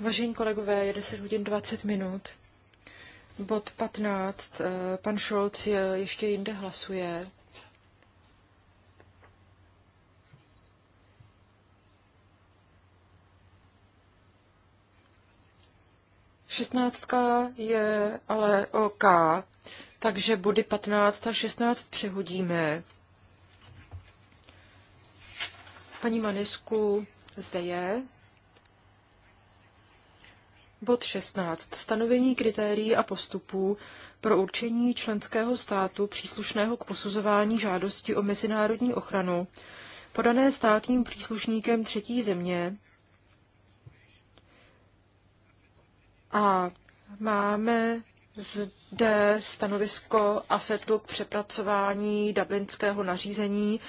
Vážení kolegové, je 10 hodin 20 minut. Bod 15. Eh, pan Scholz ještě jinde hlasuje. Šestnáctka je ale OK, takže body 15 a 16 přehodíme. Paní Manisku zde je. Bod 16. Stanovení kritérií a postupů pro určení členského státu příslušného k posuzování žádosti o mezinárodní ochranu, podané státním příslušníkem třetí země. A máme zde stanovisko AFETu k přepracování dublinského nařízení.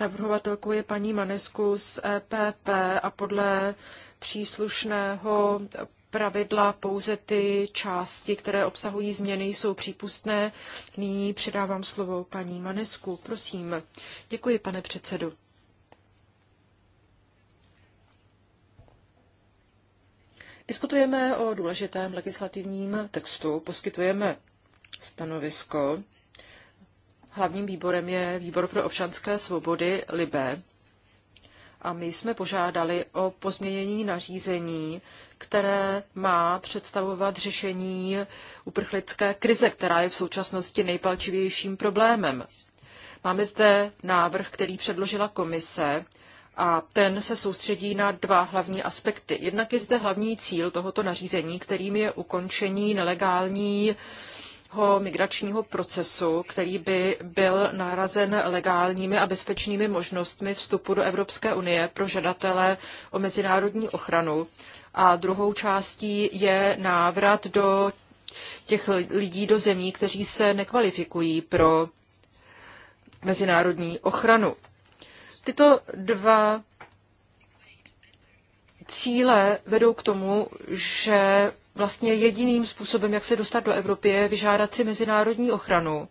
Navrhovatelkou je paní Manesku z EPP a podle příslušného pravidla, pouze ty části, které obsahují změny, jsou přípustné. Nyní předávám slovo paní Manesku. Prosím. Děkuji, pane předsedu. Diskutujeme o důležitém legislativním textu, poskytujeme stanovisko. Hlavním výborem je výbor pro občanské svobody LIBE a my jsme požádali o pozměnění nařízení, které má představovat řešení uprchlické krize, která je v současnosti nejpalčivějším problémem. Máme zde návrh, který předložila komise a ten se soustředí na dva hlavní aspekty. Jednak je zde hlavní cíl tohoto nařízení, kterým je ukončení nelegální migračního procesu, který by byl nárazen legálními a bezpečnými možnostmi vstupu do Evropské unie pro žadatele o mezinárodní ochranu. A druhou částí je návrat do těch lidí do zemí, kteří se nekvalifikují pro mezinárodní ochranu. Tyto dva cíle vedou k tomu, že vlastně jediným způsobem, jak se dostat do Evropy, je vyžádat si mezinárodní ochranu.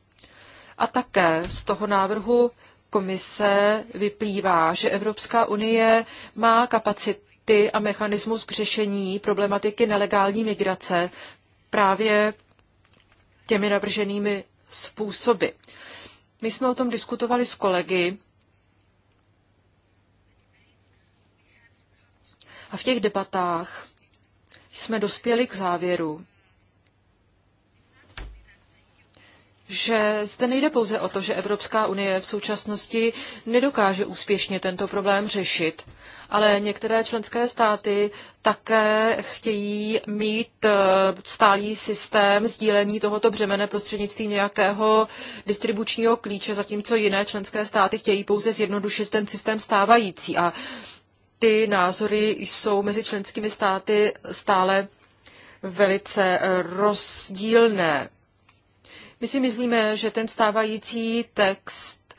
A také z toho návrhu komise vyplývá, že Evropská unie má kapacity a mechanismus k řešení problematiky nelegální migrace právě těmi navrženými způsoby. My jsme o tom diskutovali s kolegy a v těch debatách jsme dospěli k závěru, že zde nejde pouze o to, že Evropská unie v současnosti nedokáže úspěšně tento problém řešit, ale některé členské státy také chtějí mít eh, stálý systém sdílení tohoto břemene prostřednictvím nějakého distribučního klíče, zatímco jiné členské státy chtějí pouze zjednodušit ten systém stávající. A ty názory jsou mezi členskými státy stále velice eh, rozdílné. My si myslíme, že ten stávající text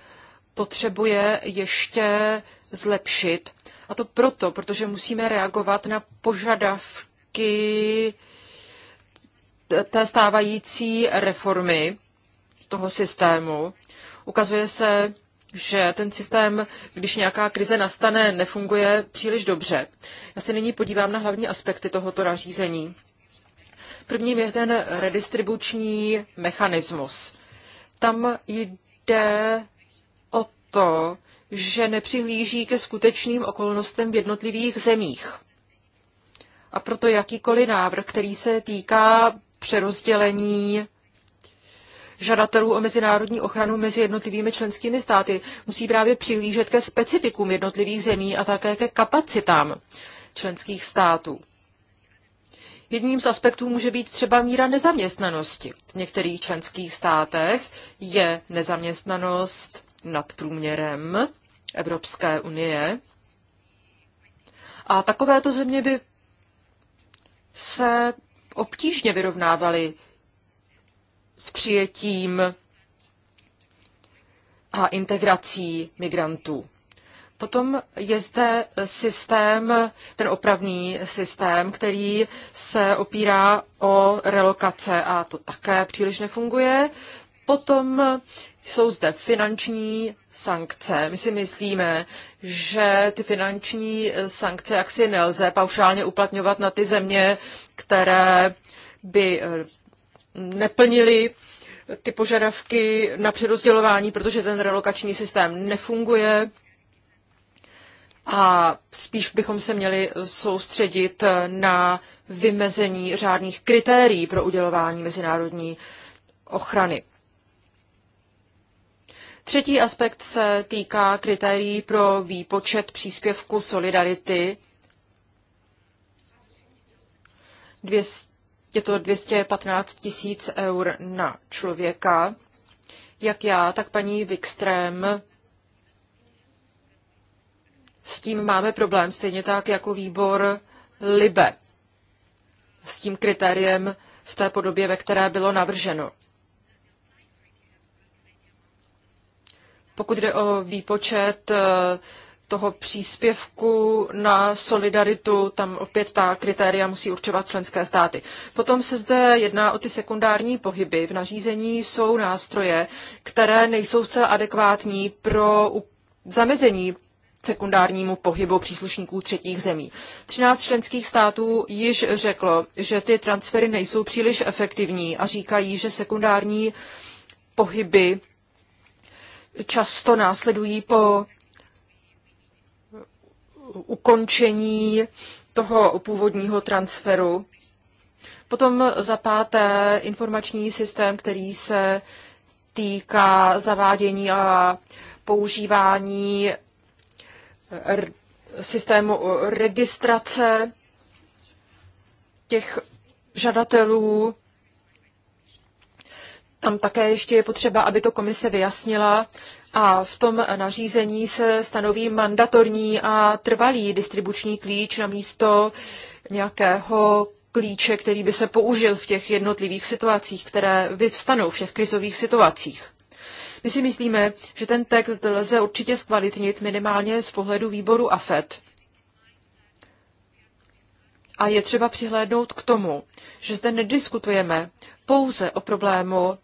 potřebuje ještě zlepšit. A to proto, protože musíme reagovat na požadavky té stávající reformy toho systému. Ukazuje se, že ten systém, když nějaká krize nastane, nefunguje příliš dobře. Já se nyní podívám na hlavní aspekty tohoto nařízení. Prvním je ten redistribuční mechanismus. Tam jde o to, že nepřihlíží ke skutečným okolnostem v jednotlivých zemích. A proto jakýkoliv návrh, který se týká přerozdělení žadatelů o mezinárodní ochranu mezi jednotlivými členskými státy, musí právě přihlížet ke specifikům jednotlivých zemí a také ke kapacitám členských států. Jedním z aspektů může být třeba míra nezaměstnanosti. V některých členských státech je nezaměstnanost nad průměrem Evropské unie. A takovéto země by se obtížně vyrovnávaly s přijetím a integrací migrantů. Potom je zde systém, ten opravný systém, který se opírá o relokace a to také příliš nefunguje. Potom jsou zde finanční sankce. My si myslíme, že ty finanční sankce jaksi nelze paušálně uplatňovat na ty země, které by neplnili ty požadavky na přerozdělování, protože ten relokační systém nefunguje. A spíš bychom se měli soustředit na vymezení řádných kritérií pro udělování mezinárodní ochrany. Třetí aspekt se týká kritérií pro výpočet příspěvku Solidarity 200 je to 215 tisíc eur na člověka. Jak já, tak paní Wikström s tím máme problém, stejně tak jako výbor Libe s tím kritériem v té podobě, ve které bylo navrženo. Pokud jde o výpočet toho příspěvku na solidaritu, tam opět ta kritéria musí určovat členské státy. Potom se zde jedná o ty sekundární pohyby. V nařízení jsou nástroje, které nejsou zcela adekvátní pro zamezení sekundárnímu pohybu příslušníků třetích zemí. 13 členských států již řeklo, že ty transfery nejsou příliš efektivní a říkají, že sekundární pohyby často následují po ukončení toho původního transferu. Potom za páté informační systém, který se týká zavádění a používání systému registrace těch žadatelů. Tam také ještě je potřeba, aby to komise vyjasnila, a v tom nařízení se stanoví mandatorní a trvalý distribuční klíč na místo nějakého klíče, který by se použil v těch jednotlivých situacích, které vyvstanou v těch krizových situacích. My si myslíme, že ten text lze určitě zkvalitnit minimálně z pohledu výboru AFET. A je třeba přihlédnout k tomu, že zde nediskutujeme pouze o problému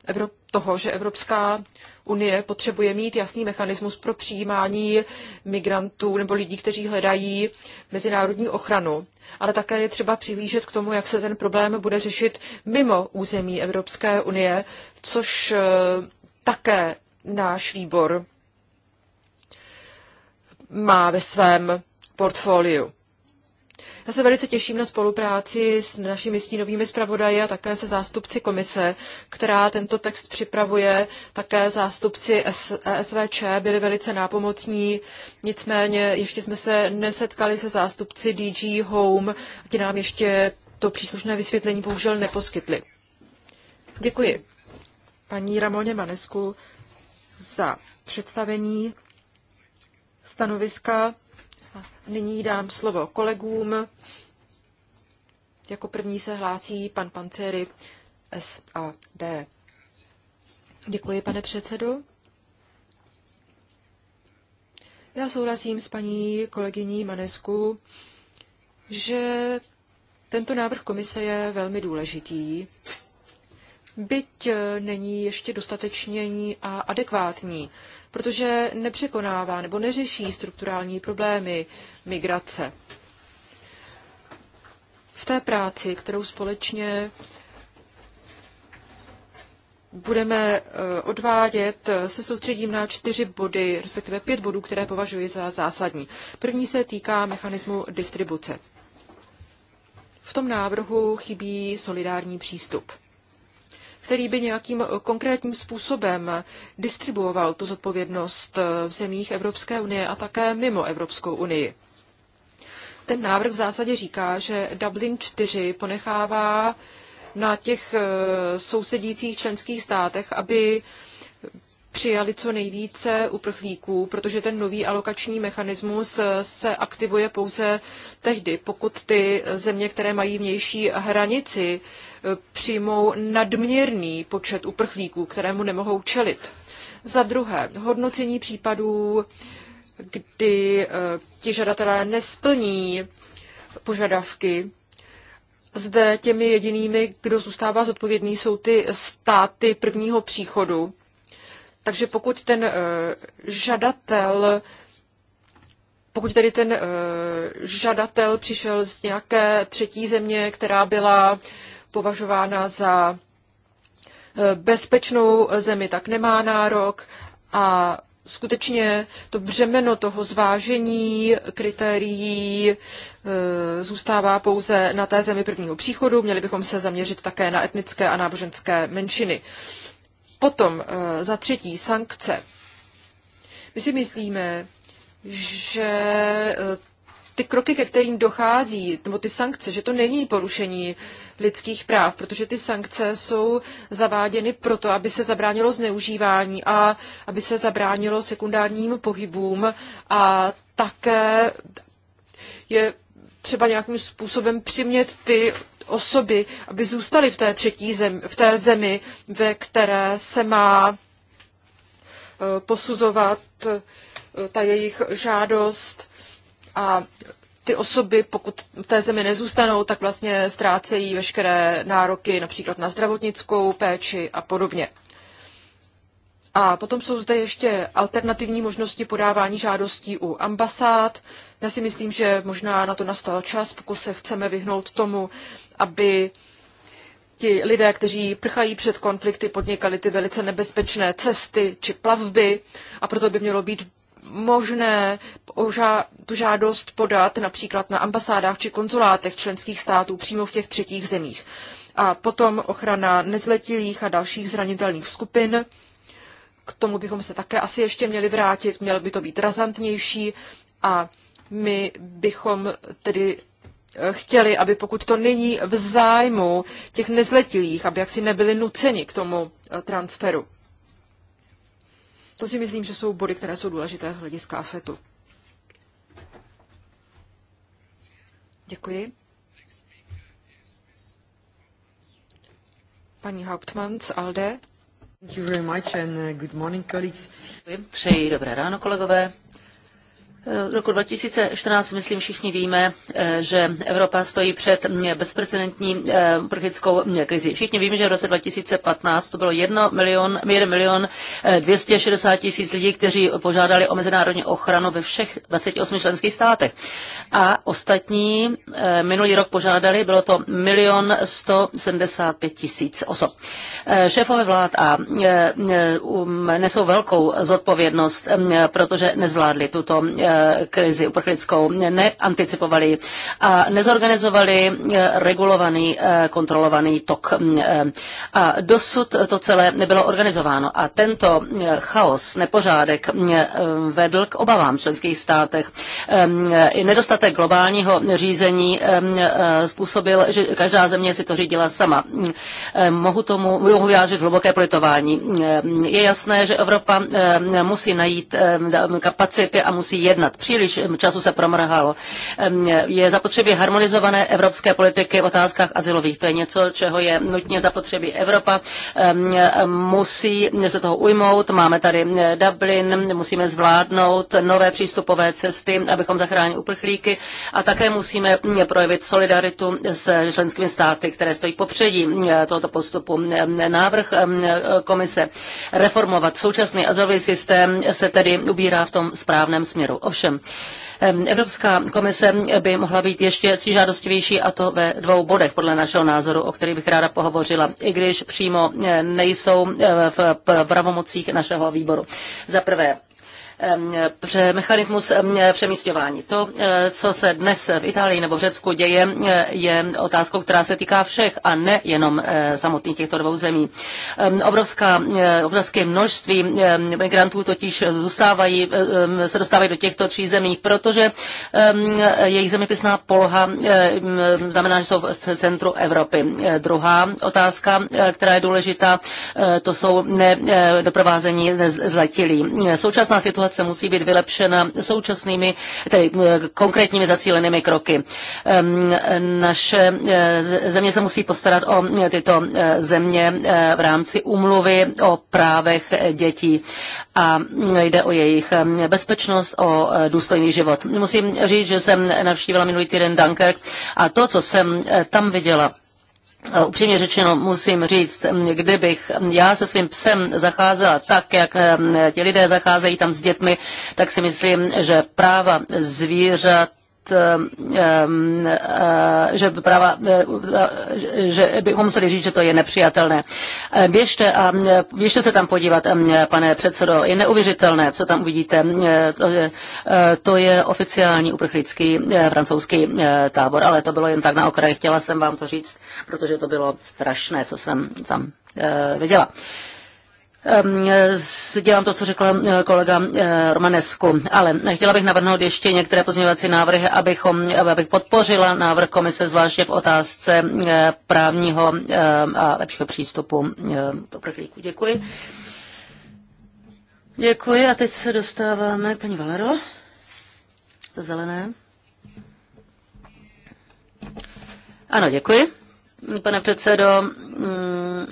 toho, že Evropská unie potřebuje mít jasný mechanismus pro přijímání migrantů nebo lidí, kteří hledají mezinárodní ochranu, ale také je třeba přihlížet k tomu, jak se ten problém bude řešit mimo území Evropské unie, což eh, také náš výbor má ve svém portfoliu. Já se velice těším na spolupráci s našimi stínovými zpravodaji a také se zástupci komise, která tento text připravuje. Také zástupci SVČ e byli velice nápomocní, nicméně ještě jsme se nesetkali se zástupci DG Home, ti nám ještě to příslušné vysvětlení bohužel neposkytli. Děkuji paní Ramoně Manesku za představení stanoviska nyní dám slovo kolegům. Jako první se hlásí pan Pancery SAD. Děkuji, pane předsedo. Já souhlasím s paní kolegyní Manesku, že tento návrh komise je velmi důležitý, byť není ještě dostatečný a adekvátní protože nepřekonává nebo neřeší strukturální problémy migrace. V té práci, kterou společně budeme eh, odvádět, se soustředím na čtyři body, respektive pět bodů, které považuji za zásadní. První se týká mechanismu distribuce. V tom návrhu chybí solidární přístup který by nějakým konkrétním způsobem distribuoval tu zodpovědnost v zemích Evropské unie a také mimo Evropskou unii. Ten návrh v zásadě říká, že Dublin 4 ponechává na těch eh, sousedících členských státech, aby přijali co nejvíce uprchlíků, protože ten nový alokační mechanismus se aktivuje pouze tehdy, pokud ty země, které mají vnější hranici, přijmou nadměrný počet uprchlíků, kterému nemohou čelit. Za druhé, hodnocení případů, kdy eh, ti žadatelé nesplní požadavky zde těmi jedinými, kdo zůstává zodpovědný, jsou ty státy prvního příchodu. Takže pokud ten eh, žadatel pokud tedy ten uh, žadatel přišel z nějaké třetí země, která byla považována za eh, bezpečnou zemi, tak nemá nárok a skutečně to břemeno toho zvážení kritérií zůstává pouze na té zemi prvního příchodu. Měli bychom se zaměřit také na etnické a náboženské menšiny. Potom eh, za třetí sankce. My si myslíme, že eh, ty kroky, ke kterým dochází, nebo ty sankce, že to není porušení lidských práv, protože ty sankce jsou zaváděny proto, aby se zabránilo zneužívání a aby se zabránilo sekundárním pohybům a také je třeba nějakým způsobem přimět ty osoby, aby zůstaly v té třetí zemi, v té zemi, ve které se má eh, posuzovat eh, ta jejich žádost a ty osoby, pokud v té zemi nezůstanou, tak vlastně ztrácejí veškeré nároky například na zdravotnickou péči a podobně. A potom jsou zde ještě alternativní možnosti podávání žádostí u ambasád. Já si myslím, že možná na to nastal čas, pokud se chceme vyhnout tomu, aby ti lidé, kteří prchají před konflikty, podnikali ty velice nebezpečné cesty či plavby a proto by mělo být možné tu žádost podat například na ambasádách či konzulátech členských států přímo v těch třetích zemích. A potom ochrana nezletilých a dalších zranitelných skupin. K tomu bychom se také asi ještě měli vrátit, mělo by to být razantnější a my bychom tedy Eh, chtěli, aby pokud to není v zájmu těch nezletilých, aby jaksi nebyli nuceni k tomu eh, transferu. To si myslím, že jsou body, které jsou důležité z hlediska FETu. Děkuji. Paní Hauptmann z ALDE. Thank you very much and eh, good morning, colleagues. Přeji dobré ráno, kolegové. V roku 2014, myslím, všichni víme, eh, že Evropa stojí před mm, bezprecedentní eh, uprchlickou mm, krizi. Všichni víme, že v roce 2015 to bylo 1 milion, 1 milion 260 eh, tisíc lidí, kteří požádali o mezinárodní ochranu ve všech 28 členských státech. A ostatní minulý rok požádali, bylo to 1 175 tisíc osob. Šéfové vlád a nesou velkou zodpovědnost, mm, protože nezvládli tuto krizi uprchlickou, neanticipovali a nezorganizovali eh, regulovaný, eh, kontrolovaný tok. Mm, eh, a dosud to celé nebylo organizováno. A tento chaos, nepořádek mm, vedl k obavám v členských státech. Ehm, I nedostatek globálního řízení ehm, způsobil, že každá země si to řídila sama. Mm, mohu tomu mohu vyjádřit hluboké politování. Ehm, je jasné, že Evropa musí najít kapacity a musí jednat jednat. Příliš času se promrhalo. Je zapotřebí harmonizované evropské politiky v otázkách asilových. To je něco, čeho je nutně zapotřebí Evropa. Musí se toho ujmout. Máme tady Dublin, musíme zvládnout nové přístupové cesty, abychom zachránili uprchlíky a také musíme projevit solidaritu s členskými státy, které stojí popředí tohoto postupu. Návrh komise reformovat současný azylový systém se tedy ubírá v tom správném směru. Ovšem, Evropská komise by mohla být ještě žádostivější a to ve dvou bodech podle našeho názoru, o kterých bych ráda pohovořila, i když přímo eh, nejsou eh, v pravomocích našeho výboru. Za prvé, mechanismus přemístování. To, e, co se dnes v Itálii nebo v Řecku děje, e, je otázkou, která se týká všech a ne jenom e, samotných těchto dvou zemí. Obrovská, obrovské množství migrantů totiž zůstávají, se dostávají do těchto tří zemí, protože jejich zeměpisná poloha znamená, že jsou v centru Evropy. Druhá otázka, která je důležitá, to jsou doprovázení zatilí. Současná situace situace musí být vylepšena současnými, tedy eh, konkrétními zacílenými kroky. Ehm, naše eh, země se musí postarat o eh, tyto země v rámci umluvy o právech dětí a mm, jde o jejich ehm, bezpečnost, o důstojný život. Musím říct, že jsem navštívila minulý týden Dunkirk a to, co jsem tam viděla, Upřímně řečeno musím říct, kdybych já se svým psem zacházela tak, jak eh, ti lidé zacházejí tam s dětmi, tak si myslím, že práva zvířat Eh, že, práva, eh, že bychom museli říct, že to je nepřijatelné. Eh, běžte, a, běžte se tam podívat, pane předsedo, je neuvěřitelné, co tam uvidíte. To je, to je oficiální uprchlický francouzský tábor, ale to bylo jen tak na okraji. Chtěla jsem vám to říct, protože to bylo strašné, co jsem tam viděla. Ehm, dělám to, co řekl eh, kolega eh, Romanesku, ale chtěla bych navrhnout ještě některé pozměňovací návrhy, abychom, abych podpořila návrh komise, zvláště v otázce eh, právního a lepšího přístupu uprchlíků. Děkuji. Děkuji a teď se dostáváme k paní Valero. Zelené. Ano, děkuji pane předsedo. Mm,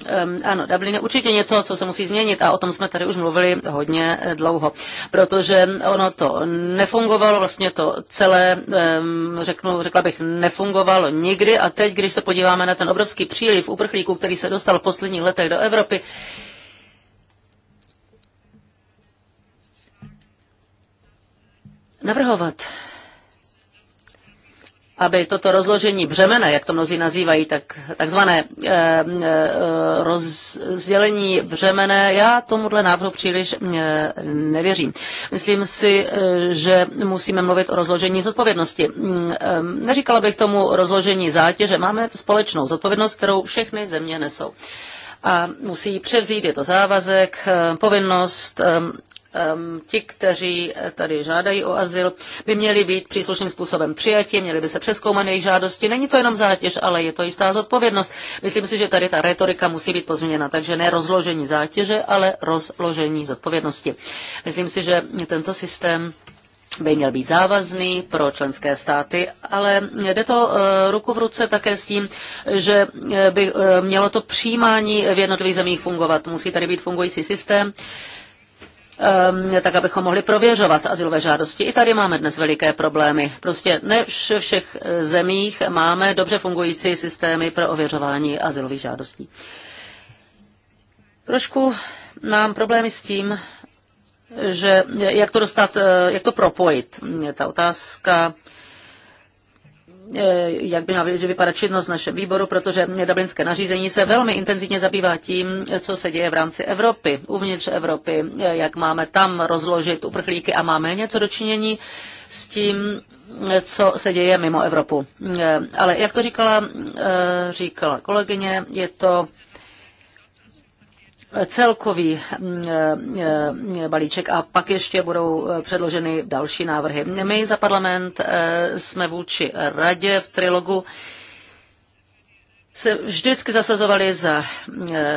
ano, Dublin je určitě něco, co se musí změnit a o tom jsme tady už mluvili hodně eh, dlouho, protože ono to nefungovalo, vlastně to celé, řeknu, řekla bych, nefungovalo nikdy a teď, když se podíváme na ten obrovský příliv uprchlíků, který se dostal v posledních letech do Evropy, navrhovat aby toto rozložení břemene, jak to mnozí nazývají, tak, takzvané e, rozdělení břemene, já tomuhle návrhu příliš e, nevěřím. Myslím si, e, že musíme mluvit o rozložení zodpovědnosti. e, neříkala bych tomu rozložení zátěže, máme společnou zodpovědnost, kterou všechny země nesou. A musí převzít, je to závazek, povinnost Ehm, ti, kteří eh, tady žádají o azyl, by měli být příslušným způsobem přijati, měli by se přeskoumat jejich žádosti. Není to jenom zátěž, ale je to jistá zodpovědnost. Myslím si, že tady ta retorika musí být pozměněna, takže ne rozložení zátěže, ale rozložení zodpovědnosti. Myslím si, že tento systém by měl být závazný pro členské státy, ale jde to eh, ruku v ruce také s tím, že eh, by mělo to přijímání v jednotlivých zemích fungovat. Musí tady být fungující systém, Ehm, tak abychom mohli prověřovat azylové žádosti. I tady máme dnes veliké problémy. Prostě ne ve všech eh, zemích máme dobře fungující systémy pro ověřování azylových žádostí. Trošku mám problémy s tím, že jak to dostat, eh, jak to propojit. ta otázka E, jak by měla vypadat činnost našeho výboru, protože dublinské nařízení se velmi intenzivně zabývá tím, co se děje v rámci Evropy, uvnitř Evropy, e, jak máme tam rozložit uprchlíky a máme něco dočinění s tím, e, co se děje mimo Evropu. Ale jak to říkala, říkala kolegyně, je to celkový mm, eh, eh, balíček a pak ještě budou eh, předloženy další návrhy. My za parlament jsme vůči radě v trilogu se vždycky zasazovali za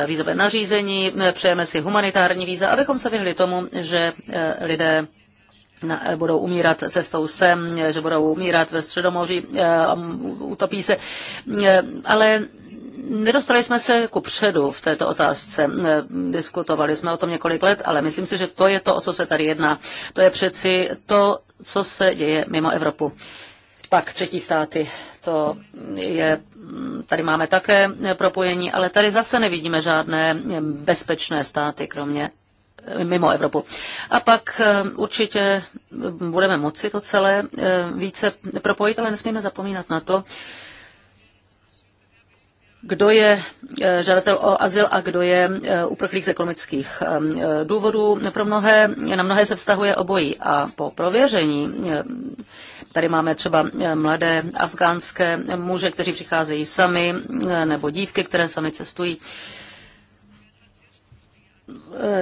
vízové nařízení, přejeme si humanitární víza, abychom se vyhli tomu, že lidé na, budou umírat cestou sem, že budou umírat ve Středomoří, utopí se. Ale Nedostali jsme se ku předu v této otázce. E, Diskutovali jsme o tom několik let, ale myslím si, že to je to, o co se tady jedná. To je přeci to, co se děje mimo Evropu. Pak třetí státy, to je, tady máme také propojení, ale tady zase nevidíme žádné bezpečné státy, kromě e, mimo Evropu. A pak e, určitě budeme moci to celé více propojit, ale nesmíme zapomínat na to, kdo je eh, žadatel o azyl a kdo je eh, uprchlík z ekonomických eh, důvodů. Pro mnohé, na mnohé se vztahuje obojí a po prověření Tady máme třeba mladé afgánské muže, kteří přicházejí sami, nebo dívky, které sami cestují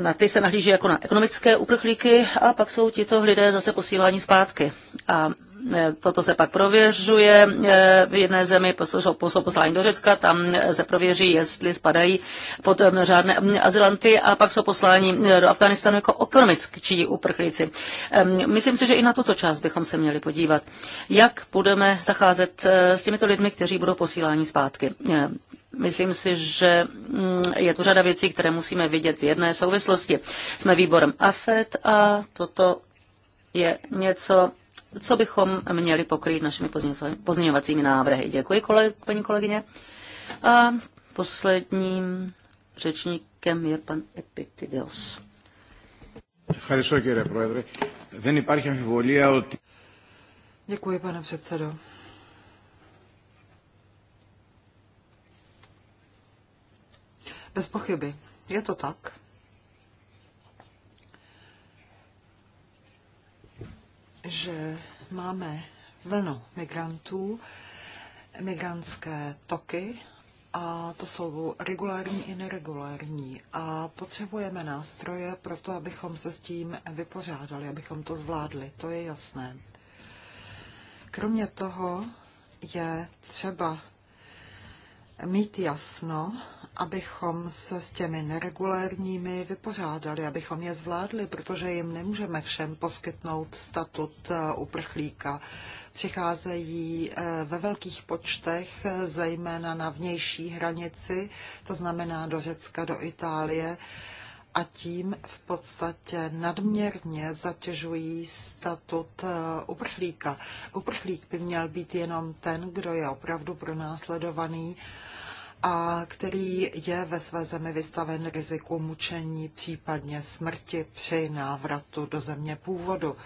na ty se nahlíží jako na ekonomické uprchlíky a pak jsou tito lidé zase posíláni zpátky. A E, toto se pak prověřuje e, v jedné zemi, jsou poslání do Řecka, tam e, se prověří, jestli spadají pod řádné azylanty a pak jsou poslání do Afganistanu jako ekonomičtí uprchlíci. Myslím si, že i na tuto část bychom se měli podívat. Jak budeme zacházet s těmito lidmi, kteří budou posíláni zpátky? Myslím si, že mm, je tu řada věcí, které musíme vidět v jedné souvislosti. Jsme výborem AFET a toto je něco, co bychom měli pokrýt našimi pozměňovacími návrhy. Děkuji, koleg, paní kolegyně. A posledním řečníkem je pan Epitidios. Děkuji, pane předsedo. Bez pochyby. Je to tak. že máme vlnu migrantů, migrantské toky, a to jsou regulární i neregulární. A potřebujeme nástroje pro to, abychom se s tím vypořádali, abychom to zvládli, to je jasné. Kromě toho je třeba mít jasno abychom se s těmi neregulérními vypořádali, abychom je zvládli, protože jim nemůžeme všem poskytnout statut eh, uprchlíka. Přicházejí eh, ve velkých počtech, eh, zejména na vnější hranici, to znamená do Řecka, do Itálie a tím v podstatě nadměrně zatěžují statut uprchlíka. Uprchlík by měl být jenom ten, kdo je opravdu pronásledovaný a který je ve své zemi vystaven riziku mučení, případně smrti při návratu do země původu.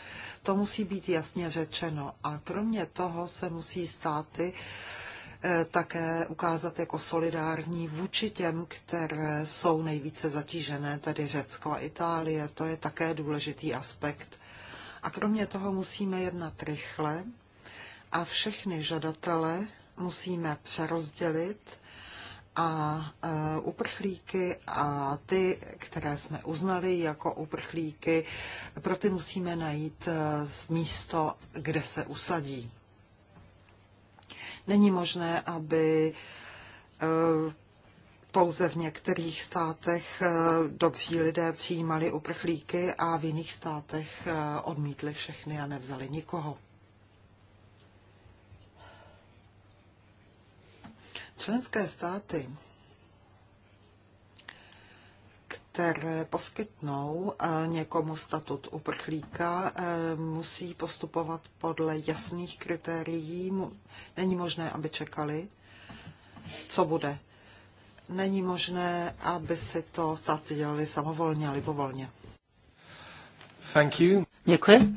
To musí být jasně řečeno. A kromě toho se musí státy eh, také ukázat jako solidární vůči těm, které jsou nejvíce zatížené, tedy Řecko a Itálie. To je také důležitý aspekt. A kromě toho musíme jednat rychle a všechny žadatele musíme přerozdělit a e, uprchlíky a ty, které jsme uznali jako uprchlíky, pro ty musíme najít e, místo, kde se usadí. Není možné, aby e, pouze v některých státech dobří lidé přijímali uprchlíky a v jiných státech odmítli všechny a nevzali nikoho. Členské státy, které poskytnou eh, někomu statut uprchlíka, eh, musí postupovat podle jasných kritérií. Není možné, aby čekali, co bude. Není možné, aby si to státy dělali samovolně a libovolně. Thank you. Děkuji.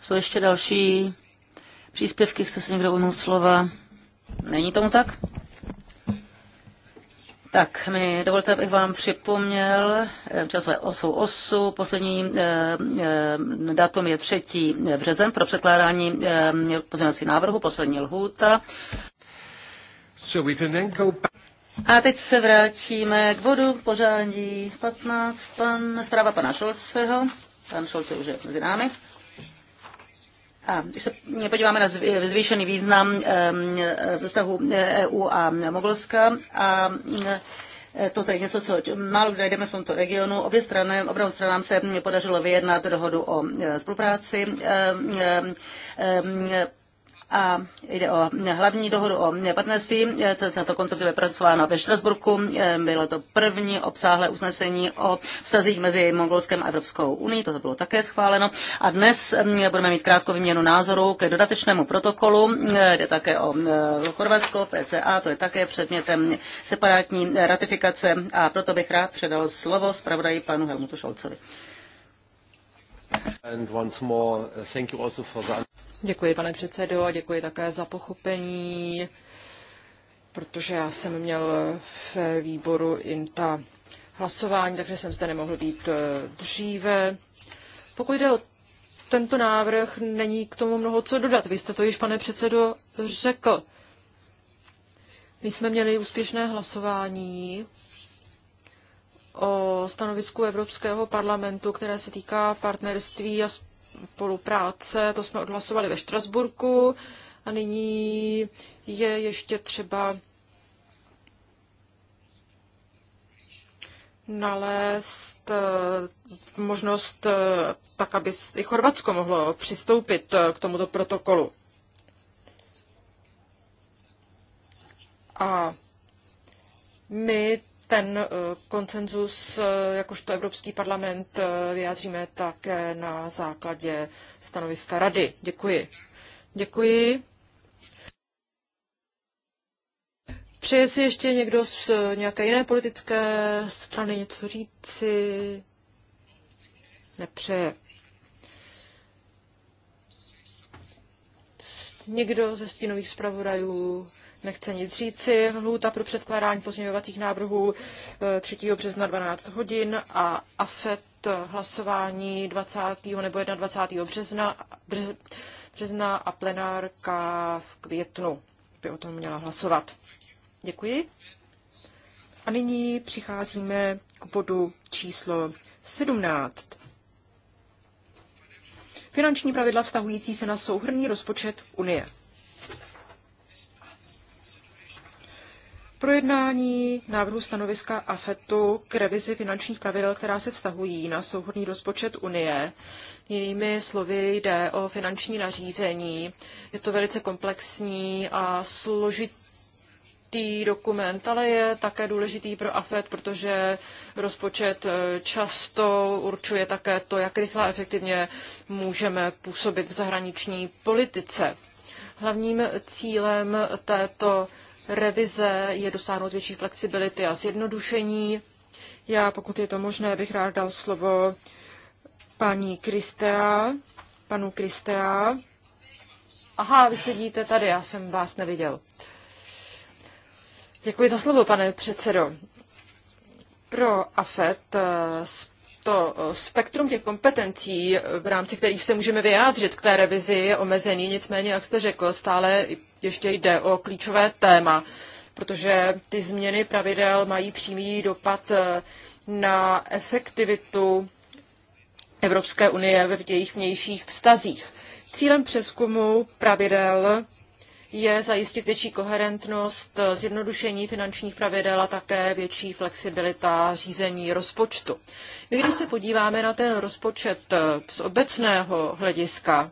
Jsou ještě další příspěvky, chce se někdo unout slova? Není tomu tak? Tak mi dovolte, abych vám připomněl eh, časové osu osu. Poslední eh, eh datum je 3. březen pro překládání eh, pozměnací návrhu, poslední lhůta. So a teď se vrátíme k bodu pořádí 15, pan, zpráva pana Šolceho. Pan Šolce už je mezi námi. A když se podíváme na zvýšený význam vztahu EU e a Mogolska, a e, to je něco, co málo kde jdeme v tomto regionu. Obě strany, obou stranám se podařilo vyjednat dohodu o e, spolupráci a jde o hlavní dohodu o partnerství. Tato koncept je pracována ve Štrasburku. E, bylo to první obsáhlé usnesení o vztazích mezi Mongolskem a Evropskou unii. Toto bylo také schváleno. A dnes e, budeme mít krátkou výměnu názoru ke dodatečnému protokolu. E, jde také o Chorvatsko, PCA, to je také předmětem separátní ratifikace a proto bych rád předal slovo zpravodaji panu Helmutu Šolcovi. Uh, děkuji, pane předsedo, a děkuji také za pochopení, protože já jsem měl v výboru INTA hlasování, takže jsem zde nemohl být eh, dříve. Pokud jde o tento návrh, není k tomu mnoho co dodat. Vy jste to již, pane předsedo, řekl. My jsme měli úspěšné hlasování o stanovisku Evropského parlamentu, které se týká partnerství a spolupráce. To jsme odhlasovali ve Štrasburku a nyní je ještě třeba nalézt eh, možnost eh, tak, aby i Chorvatsko mohlo přistoupit eh, k tomuto protokolu. A my ten eh, koncenzus, eh, jakožto Evropský parlament, eh, vyjádříme také na základě stanoviska Rady. Děkuji. Děkuji. Přeje si ještě někdo z nějaké jiné politické strany něco říci? Nepřeje. Někdo ze stínových zpravodajů nechce nic říci. Lhůta pro předkládání pozměňovacích návrhů 3. Eh, března 12 hodin a AFET hlasování 20. nebo 21. března, brz, března a plenárka v květnu by o tom měla hlasovat. Děkuji. A nyní přicházíme k bodu číslo 17. Finanční pravidla vztahující se na souhrnný rozpočet Unie. Projednání návrhu stanoviska AFETu k revizi finančních pravidel, která se vztahují na souhodný rozpočet Unie. Jinými slovy jde o finanční nařízení. Je to velice komplexní a složitý dokument, ale je také důležitý pro AFET, protože rozpočet eh, často určuje také to, jak rychle a efektivně můžeme působit v zahraniční politice. Hlavním cílem této revize je dosáhnout větší flexibility a zjednodušení. Já, pokud je to možné, bych rád dal slovo paní Kristea, panu Kristea. Aha, vy sedíte tady, já jsem vás neviděl. Děkuji za slovo, pane předsedo. Pro AFET eh, to eh, spektrum těch kompetencí, v rámci kterých se můžeme vyjádřit k té revizi, je omezený. Nicméně, jak jste řekl, stále ještě jde o klíčové téma, protože ty změny pravidel mají přímý dopad eh, na efektivitu Evropské unie ve jejich vnějších vztazích. Cílem přeskumu pravidel je zajistit větší koherentnost, eh, zjednodušení finančních pravidel a také větší flexibilita řízení rozpočtu. My když se podíváme na ten rozpočet eh, z obecného hlediska,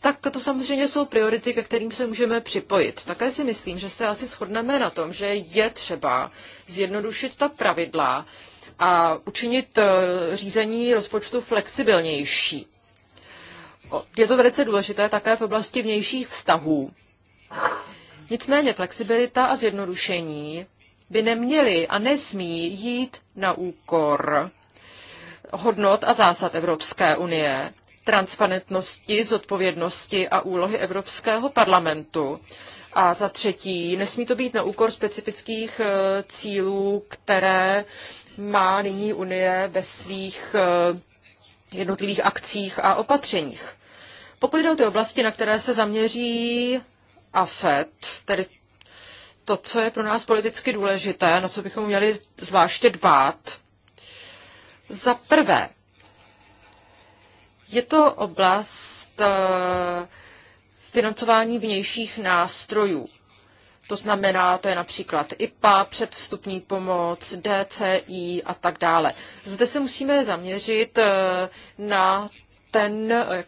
tak to samozřejmě jsou priority, ke kterým se můžeme připojit. Také si myslím, že se asi shodneme na tom, že je třeba zjednodušit ta pravidla a učinit eh, řízení rozpočtu flexibilnější. Je to velice důležité také v oblasti vnějších vztahů, Nicméně flexibilita a zjednodušení by neměly a nesmí jít na úkor hodnot a zásad Evropské unie, transparentnosti, zodpovědnosti a úlohy Evropského parlamentu. A za třetí, nesmí to být na úkor specifických eh, cílů, které má nyní Unie ve svých eh, jednotlivých akcích a opatřeních. Pokud jde o ty oblasti, na které se zaměří AFET, tedy to, co je pro nás politicky důležité, na co bychom měli zvláště dbát. Za prvé, je to oblast eh, financování vnějších nástrojů. To znamená, to je například IPA, předvstupní pomoc, DCI a tak dále. Zde se musíme zaměřit eh, na ten eh,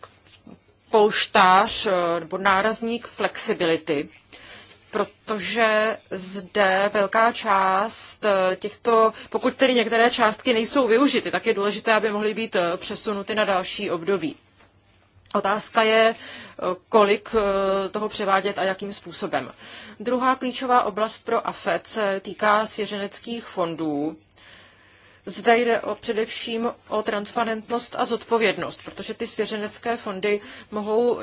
polštář eh, nebo nárazník flexibility, protože zde velká část eh, těchto, pokud tedy některé částky nejsou využity, tak je důležité, aby mohly být eh, přesunuty na další období. Otázka je, kolik toho převádět a jakým způsobem. Druhá klíčová oblast pro AFED se týká svěřeneckých fondů. Zde jde o především o transparentnost a zodpovědnost, protože ty svěřenecké fondy mohou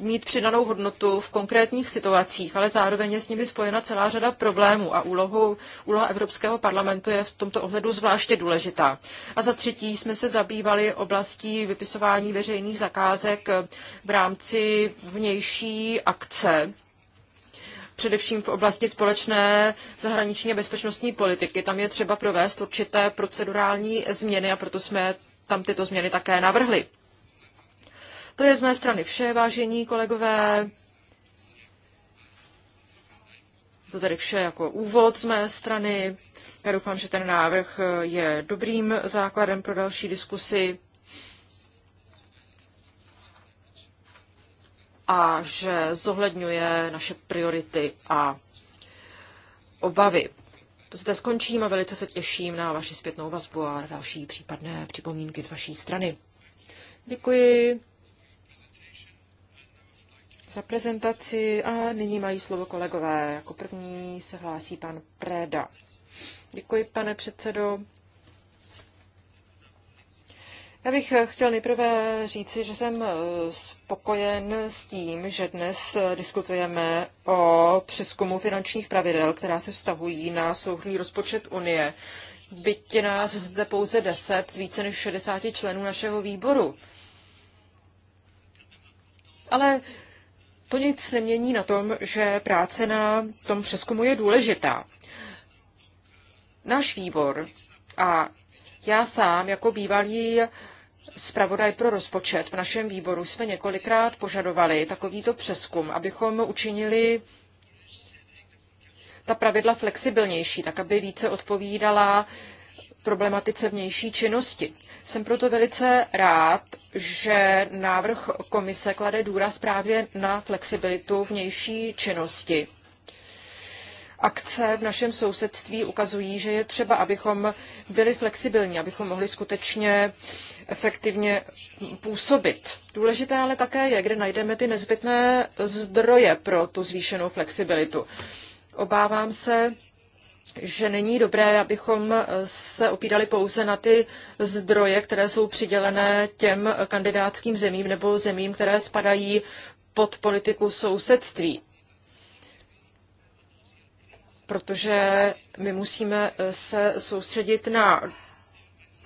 mít přidanou hodnotu v konkrétních situacích, ale zároveň je s nimi spojena celá řada problémů a úlohu, úloha Evropského parlamentu je v tomto ohledu zvláště důležitá. A za třetí jsme se zabývali oblastí vypisování veřejných zakázek v rámci vnější akce především v oblasti společné zahraniční a bezpečnostní politiky. Tam je třeba provést určité procedurální změny a proto jsme tam tyto změny také navrhli. To je z mé strany vše, vážení kolegové. To tady vše jako úvod z mé strany. Já doufám, že ten návrh je dobrým základem pro další diskusy. a že zohledňuje naše priority a obavy. Zde skončím a velice se těším na vaši zpětnou vazbu a na další případné připomínky z vaší strany. Děkuji za prezentaci a nyní mají slovo kolegové. Jako první se hlásí pan Preda. Děkuji, pane předsedo. Já bych eh, chtěl nejprve říci, že jsem eh, spokojen s tím, že dnes eh, diskutujeme o přeskumu finančních pravidel, která se vztahují na souhrný rozpočet Unie. Byť je nás zde pouze 10 z více než 60 členů našeho výboru. Ale to nic nemění na tom, že práce na tom přeskumu je důležitá. Náš výbor a já sám jako bývalý zpravodaj pro rozpočet v našem výboru jsme několikrát požadovali takovýto přeskum, abychom učinili ta pravidla flexibilnější, tak aby více odpovídala problematice vnější činnosti. Jsem proto velice rád, že návrh komise klade důraz právě na flexibilitu vnější činnosti akce v našem sousedství ukazují, že je třeba, abychom byli flexibilní, abychom mohli skutečně efektivně působit. Důležité ale také je, kde najdeme ty nezbytné zdroje pro tu zvýšenou flexibilitu. Obávám se, že není dobré, abychom se opírali pouze na ty zdroje, které jsou přidělené těm kandidátským zemím nebo zemím, které spadají pod politiku sousedství protože my musíme eh, se soustředit na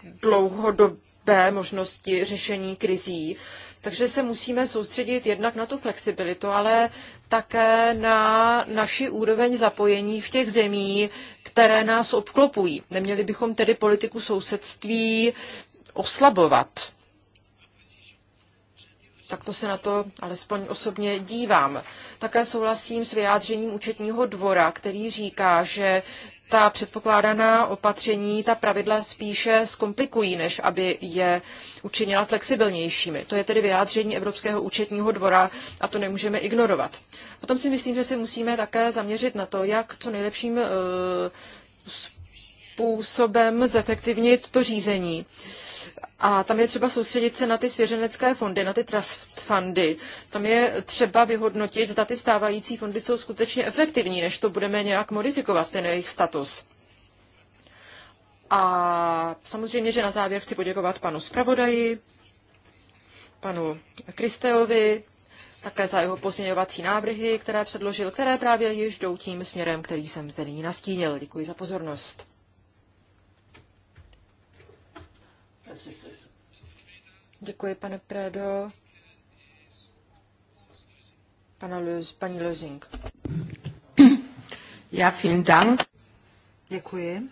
dlouhodobé možnosti řešení krizí. Takže se musíme soustředit jednak na tu flexibilitu, ale také na naši úroveň zapojení v těch zemí, které nás obklopují. Neměli bychom tedy politiku sousedství oslabovat takto se na to alespoň osobně dívám. Také souhlasím s vyjádřením účetního dvora, který říká, že ta předpokládaná opatření, ta pravidla spíše zkomplikují, než aby je učinila flexibilnějšími. To je tedy vyjádření Evropského účetního dvora a to nemůžeme ignorovat. Potom si myslím, že si musíme také zaměřit na to, jak co nejlepším uh, způsobem zefektivnit to řízení. Uh, a tam je třeba soustředit se na ty svěřenecké fondy, na ty trust fundy. Tam je třeba vyhodnotit, zda ty stávající fondy jsou skutečně efektivní, než to budeme nějak modifikovat, ten jejich status. A samozřejmě, že na závěr chci poděkovat panu zpravodaji, panu Kristeovi, také za jeho pozměňovací návrhy, které předložil, které právě již jdou tím směrem, který jsem zde nyní nastínil. Děkuji za pozornost. Děkuji, pane Predo. Pana Lös, paní Lösing. Já vielen Dank. Děkuji.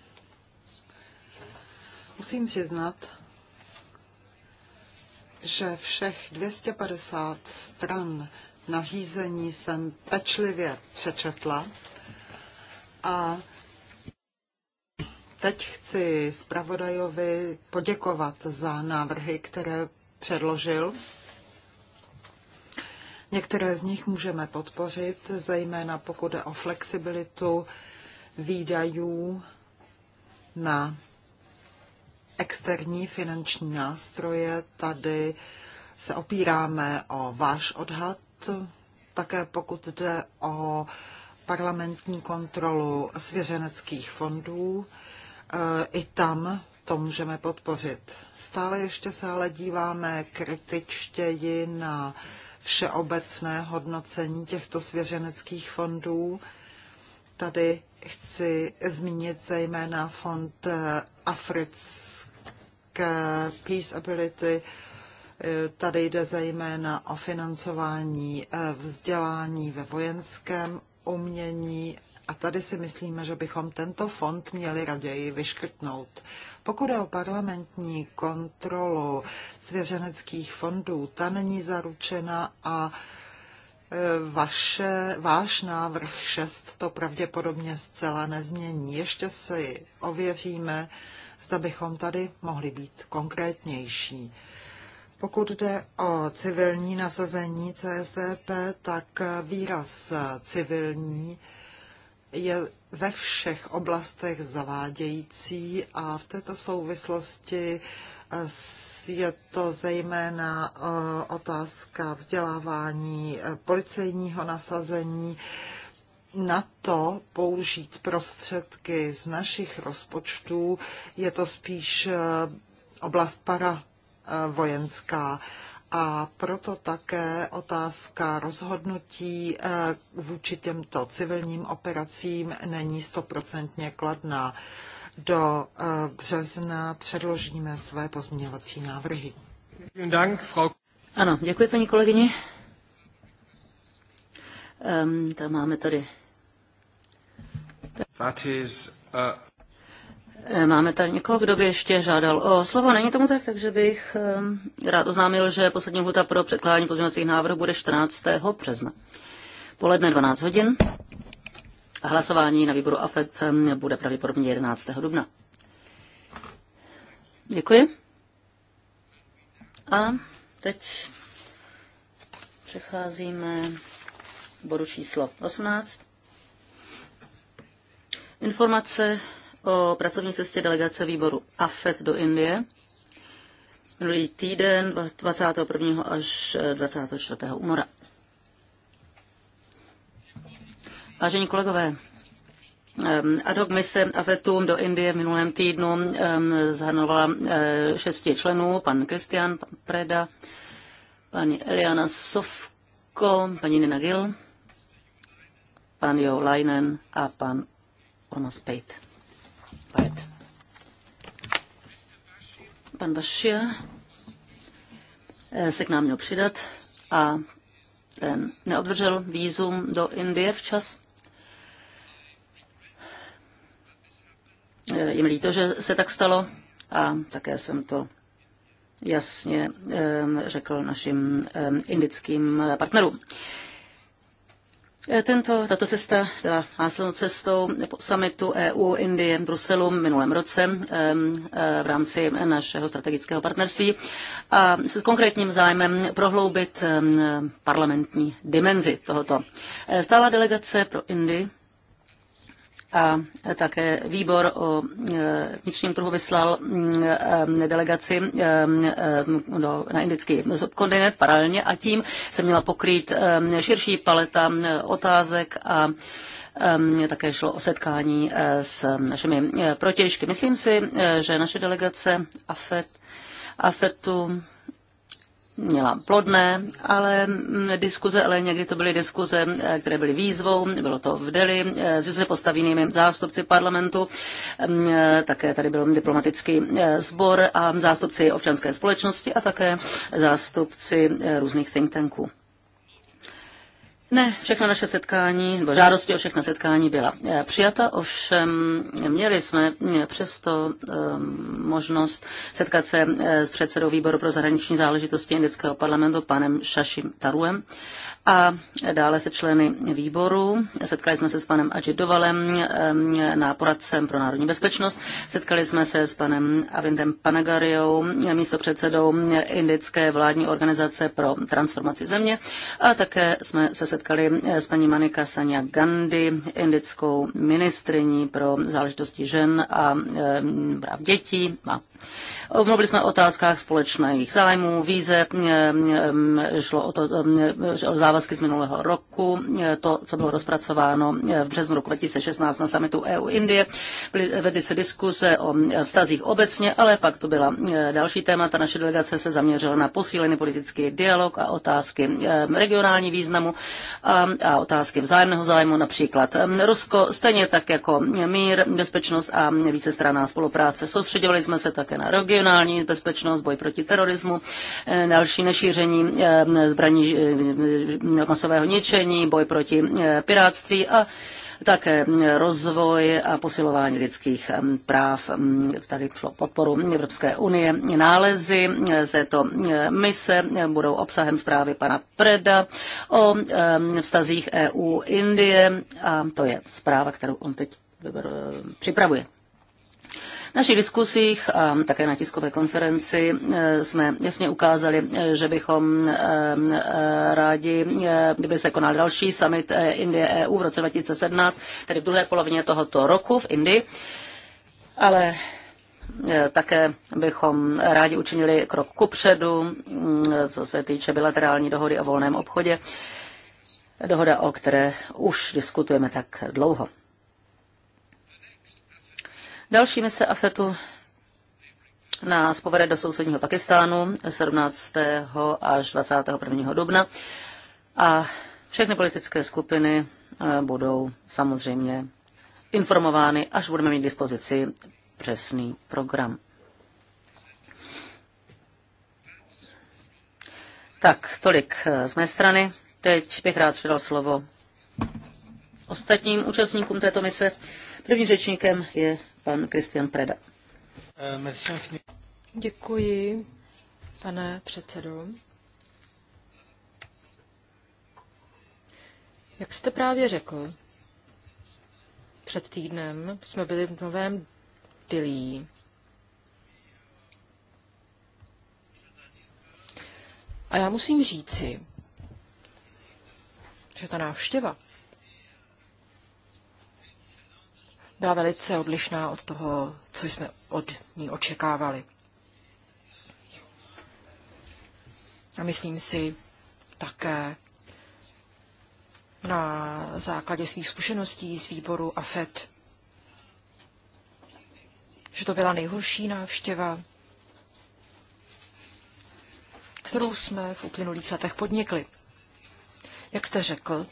Musím přiznat, že všech 250 stran nařízení jsem pečlivě přečetla a teď chci zpravodajovi poděkovat za návrhy, které předložil. Některé z nich můžeme podpořit, zejména pokud jde o flexibilitu výdajů na externí finanční nástroje. Tady se opíráme o váš odhad, také pokud jde o parlamentní kontrolu svěřeneckých fondů. E, I tam to můžeme podpořit. Stále ještě se ale díváme kritičtěji na všeobecné hodnocení těchto svěřeneckých fondů. Tady chci zmínit zejména fond eh, Africké Ability. Eh, tady jde zejména o financování eh, vzdělání ve vojenském umění a tady si myslíme, že bychom tento fond měli raději vyškrtnout. Pokud je o parlamentní kontrolu svěřeneckých fondů, ta není zaručena a e, vaše, váš návrh 6 to pravděpodobně zcela nezmění. Ještě si ověříme, zda bychom tady mohli být konkrétnější. Pokud jde o civilní nasazení CSDP, tak výraz civilní je ve všech oblastech zavádějící a v této souvislosti eh, je to zejména eh, otázka vzdělávání eh, policejního nasazení. Na to použít prostředky z našich rozpočtů je to spíš oblast para vojenská a proto také otázka rozhodnutí eh, vůči těmto civilním operacím není stoprocentně kladná. Do eh, března předložíme své pozměňovací návrhy. Ano, děkuji paní kolegyně. Um, tam máme tady. That is, uh... Eh, máme tady někoho, kdo by ještě žádal o slovo. Není tomu tak, takže bych eh, rád oznámil, že poslední hluta pro předkládání pozměňovacích návrhů bude 14. března. Poledne 12 hodin. Hlasování na výboru AFED eh, bude pravděpodobně 11. dubna. Děkuji. A teď přecházíme k bodu číslo 18. Informace o pracovní cestě delegace výboru AFET do Indie minulý týden 21. až 24. února. Vážení kolegové, Ad hoc mise AFETům do Indie v minulém týdnu zahrnovala eh, šesti členů, pan Kristian, pan Preda, paní Eliana Sovko, paní Nina Gil, pan Jo Leinen a pan Ormas Pate let. Pan Bashir eh, se k nám měl přidat a ten neobdržel výzum do Indie včas. Eh, je mi líto, že se tak stalo a také jsem to jasně eh, řekl našim indickým partnerům. Eh, tento, tato cesta byla následnou cestou po summitu EU Indie v Bruselu v minulém roce eh, v rámci našeho strategického partnerství a s konkrétním zájmem prohloubit parlamentní dimenzi tohoto. Eh, stála delegace pro Indii a také výbor o e, vnitřním trhu vyslal mm, e, delegaci e, mm, na indický subkontinent paralelně a tím se měla pokrýt širší paleta otázek a také šlo o setkání s našimi protěžky. Myslím si, že naše delegace AFET, AFETu měla plodné, ale mm, diskuze, ale někdy to byly diskuze, eh, které byly výzvou, bylo to v Deli, eh, s vysoce postavenými zástupci parlamentu, mm, eh, také tady byl diplomatický sbor a zástupci občanské společnosti a také zástupci různých think tanků. Ne, všechna naše setkání, nebo žádosti o všechna setkání byla eh, přijata, ovšem měli jsme eh, přesto eh, možnost setkat se s předsedou výboru pro zahraniční záležitosti indického parlamentu, panem Šašim Taruem, a dále se členy výboru. Setkali jsme se s panem Ajit Dovalem, na poradcem pro národní bezpečnost. Setkali jsme se s panem Avindem Panagariou, místopředsedou indické vládní organizace pro transformaci země. A také jsme se setkali setkali eh, s paní Manika Sanya Gandhi, indickou ministriní pro záležitosti žen a eh, práv dětí. mluvili jsme o otázkách společných zájmů, víze, eh, šlo o, to, o závazky z minulého roku, to, co bylo rozpracováno v březnu roku 2016 na samitu EU-Indie. Vedly se diskuse o vztazích obecně, ale pak to byla další témata. Naše delegace se zaměřila na posílený politický dialog a otázky regionální významu a otázky vzájemného zájmu, například Rusko, stejně tak jako mír, bezpečnost a vícestranná spolupráce. Soustředovali jsme se také na regionální bezpečnost, boj proti terorismu, e, další nešíření e, zbraní e, masového ničení, boj proti pirátství a také rozvoj a posilování lidských práv. Tady šlo podporu Evropské unie. Nálezy z této mise budou obsahem zprávy pana Preda o vztazích EU-Indie a to je zpráva, kterou on teď eh, připravuje našich diskusích a také na tiskové konferenci e, jsme jasně ukázali, e, že bychom e, rádi, kdyby se konal další summit Indie EU v roce 2017, tedy v druhé polovině tohoto roku v Indii. Ale také bychom rádi učinili krok kupředu, mm, co se týče bilaterální dohody o volném obchodě, dohoda, o které už diskutujeme tak dlouho. Další mise AFETu nás povede do sousedního Pakistánu 17. až 21. dubna a všechny politické skupiny eh, budou samozřejmě informovány, až budeme mít k dispozici přesný program. Tak, tolik eh, z mé strany. Teď bych rád předal slovo ostatním účastníkům této mise. Prvním řečníkem je pan Preda. Děkuji, pane předsedo. Jak jste právě řekl, před týdnem jsme byli v Novém Dilí. A já musím říci, že ta návštěva byla velice odlišná od toho, co jsme od ní očekávali. A myslím si také na základě svých zkušeností z výboru AFET, že to byla nejhorší návštěva, kterou jsme v uplynulých letech podnikli. Jak jste řekl,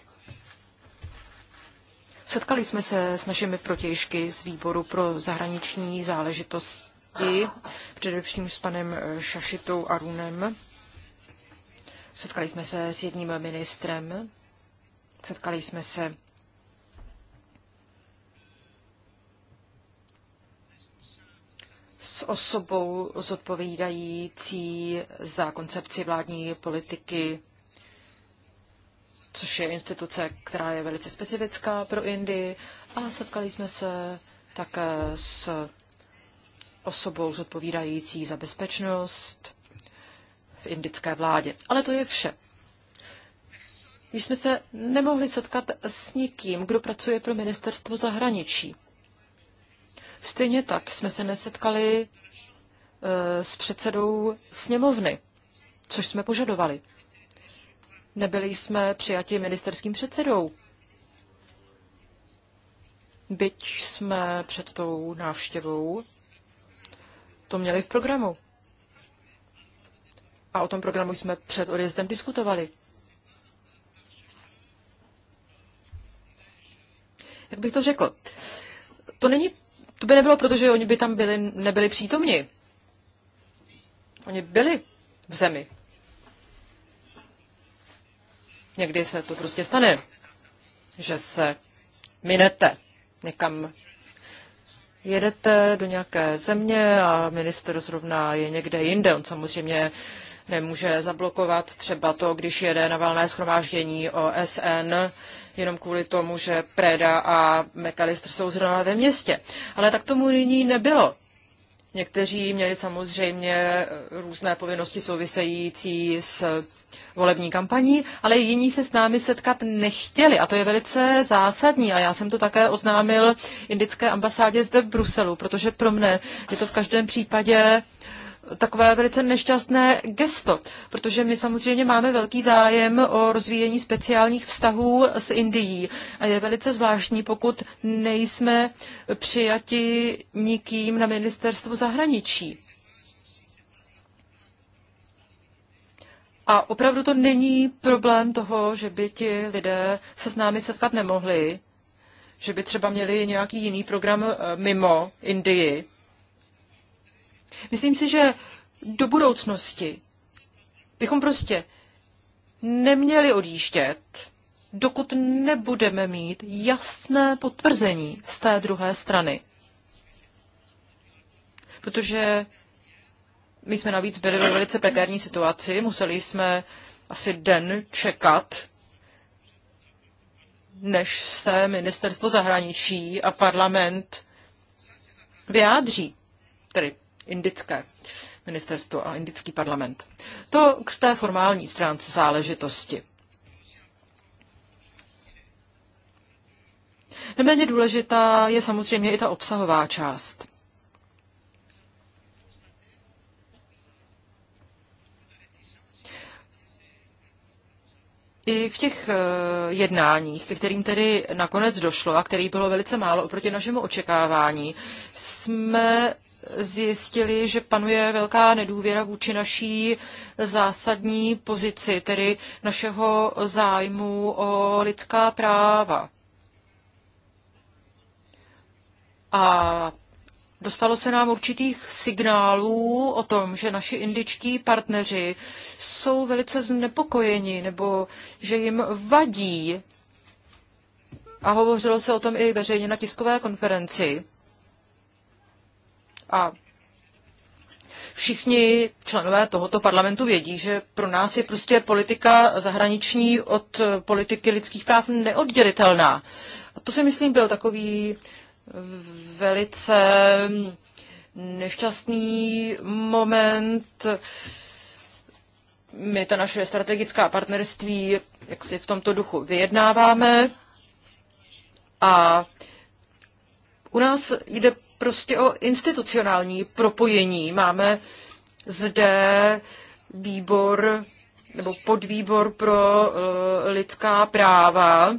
Setkali jsme se s našimi protějšky z výboru pro zahraniční záležitosti, především s panem eh, Šašitou Arunem. Setkali jsme se s jedním ministrem, setkali jsme se s osobou zodpovídající za koncepci vládní politiky což je instituce, která je velice specifická pro Indii. A setkali jsme se také s osobou zodpovídající za bezpečnost v indické vládě. Ale to je vše. Když jsme se nemohli setkat s nikým, kdo pracuje pro ministerstvo zahraničí. Stejně tak jsme se nesetkali eh, s předsedou sněmovny, což jsme požadovali. Nebyli jsme přijati ministerským předsedou. Byť jsme před tou návštěvou to měli v programu. A o tom programu jsme před odjezdem diskutovali. Jak bych to řekl? To není, to by nebylo, protože oni by tam byli, nebyli přítomni. Oni byli v zemi. Někdy se to prostě stane, že se minete někam. Jedete do nějaké země a minister zrovna je někde jinde. On samozřejmě nemůže zablokovat třeba to, když jede na valné schromáždění OSN, jenom kvůli tomu, že Preda a McAllister jsou zrovna ve městě. Ale tak tomu nyní nebylo. Někteří měli samozřejmě eh, různé povinnosti související s eh, volební kampaní, ale jiní se s námi setkat nechtěli a to je velice zásadní a já jsem to také oznámil indické ambasádě zde v Bruselu, protože pro mne je to v každém případě uh, takové velice nešťastné gesto, protože my samozřejmě máme velký zájem o rozvíjení speciálních vztahů s Indií a je velice zvláštní, pokud nejsme přijati nikým na ministerstvu zahraničí. A opravdu to není problém toho, že by ti lidé se s námi setkat nemohli, že by třeba měli nějaký jiný program eh, mimo Indii. Myslím si, že do budoucnosti bychom prostě neměli odjíždět, dokud nebudeme mít jasné potvrzení z té druhé strany. Protože my jsme navíc byli ve velice prekární situaci, museli jsme asi den čekat, než se ministerstvo zahraničí a parlament vyjádří. Tedy indické ministerstvo a indický parlament. To k té formální stránce záležitosti. Neméně důležitá je samozřejmě i ta obsahová část. I v těch eh, jednáních, ke kterým tedy nakonec došlo a který bylo velice málo oproti našemu očekávání, jsme zjistili, že panuje velká nedůvěra vůči naší zásadní pozici, tedy našeho zájmu o lidská práva. A dostalo se nám určitých signálů o tom, že naši indičtí partneři jsou velice znepokojeni nebo že jim vadí. A hovořilo se o tom i veřejně na tiskové konferenci a všichni členové tohoto parlamentu vědí, že pro nás je prostě politika zahraniční od politiky lidských práv neoddělitelná. A to si myslím byl takový velice nešťastný moment. My ta naše strategická partnerství, jak si v tomto duchu vyjednáváme a u nás jde prostě o institucionální propojení. Máme zde výbor nebo podvýbor pro eh, lidská práva,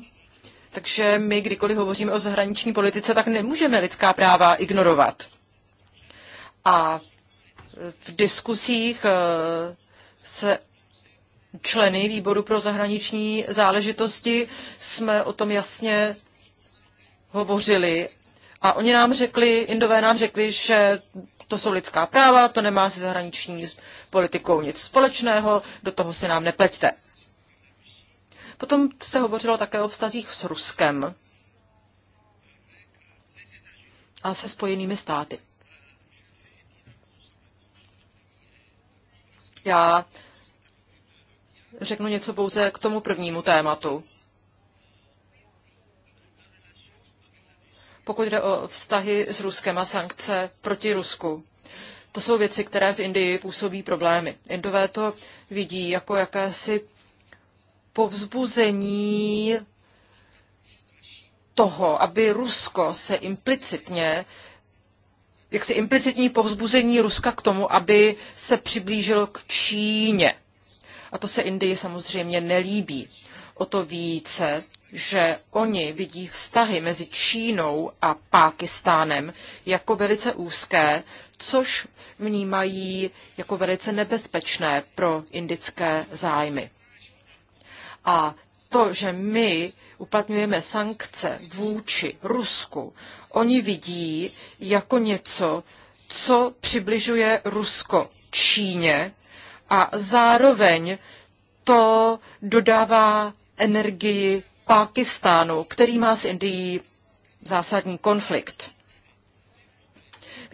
takže my, kdykoliv hovoříme o zahraniční politice, tak nemůžeme lidská práva ignorovat. A v diskusích eh, se členy výboru pro zahraniční záležitosti jsme o tom jasně hovořili a oni nám řekli, Indové nám řekli, že to jsou lidská práva, to nemá se zahraniční politikou nic společného, do toho se nám nepleťte. Potom se hovořilo také o vztazích s Ruskem a se spojenými státy. Já řeknu něco pouze k tomu prvnímu tématu. pokud jde o vztahy s Ruskem a sankce proti Rusku. To jsou věci, které v Indii působí problémy. Indové to vidí jako jakési povzbuzení toho, aby Rusko se implicitně, jaksi implicitní povzbuzení Ruska k tomu, aby se přiblížilo k Číně. A to se Indii samozřejmě nelíbí. O to více že oni vidí vztahy mezi Čínou a Pákistánem jako velice úzké, což vnímají jako velice nebezpečné pro indické zájmy. A to, že my uplatňujeme sankce vůči Rusku, oni vidí jako něco, co přibližuje Rusko Číně a zároveň to dodává energii Pákistánu, který má s Indií zásadní konflikt.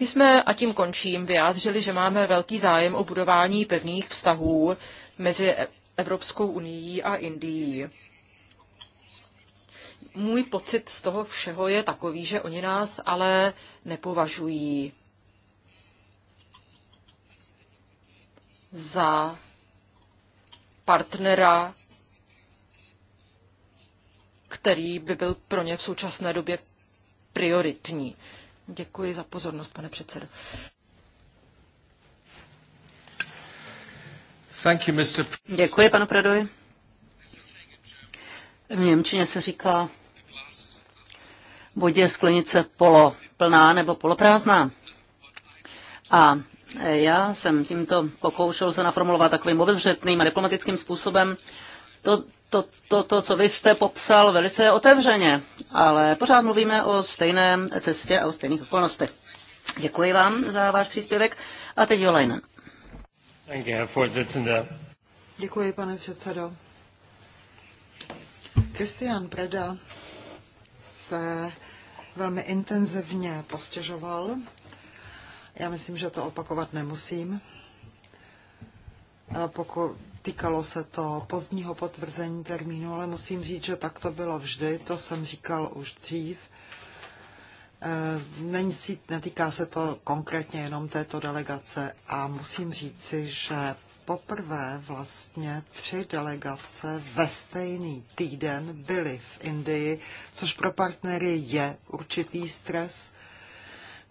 My jsme, a tím končím, vyjádřili, že máme velký zájem o budování pevných vztahů mezi Evropskou unii a Indií. Můj pocit z toho všeho je takový, že oni nás ale nepovažují za partnera který by byl pro ně v současné době prioritní. Děkuji za pozornost, pane předsedo. You, Děkuji, panu Pradovi. V Němčině se říká, bodě je sklenice poloplná nebo poloprázdná. A já jsem tímto pokoušel se naformulovat takovým obezřetným a diplomatickým způsobem to, to, to, to, co vy jste popsal velice otevřeně, ale pořád mluvíme o stejné cestě a o stejných okolnostech. Děkuji vám za váš příspěvek a teď Jolajnen. Děkuji, pane předsedo. Christian Preda se velmi intenzivně postěžoval. Já myslím, že to opakovat nemusím. Pokud Týkalo se to pozdního potvrzení termínu, ale musím říct, že tak to bylo vždy, to jsem říkal už dřív. Eh, není si, netýká se to konkrétně jenom této delegace a musím říci, že poprvé vlastně tři delegace ve stejný týden byly v Indii, což pro partnery je určitý stres.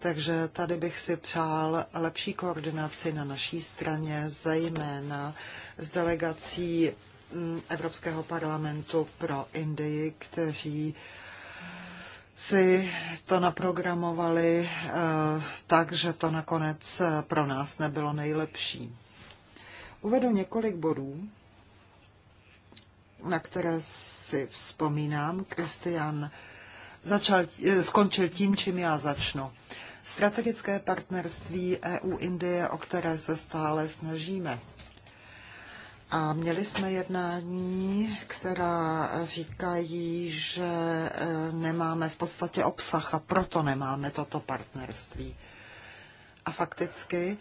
Takže tady bych si přál lepší koordinaci na naší straně, zejména s delegací mm, Evropského parlamentu pro Indii, kteří si to naprogramovali eh, tak, že to nakonec eh, pro nás nebylo nejlepší. Uvedu několik bodů, na které si vzpomínám. Kristian začal, eh, skončil tím, čím já začnu strategické partnerství EU-Indie, o které se stále snažíme. A měli jsme jednání, která říkají, že e, nemáme v podstatě obsah a proto nemáme toto partnerství. A fakticky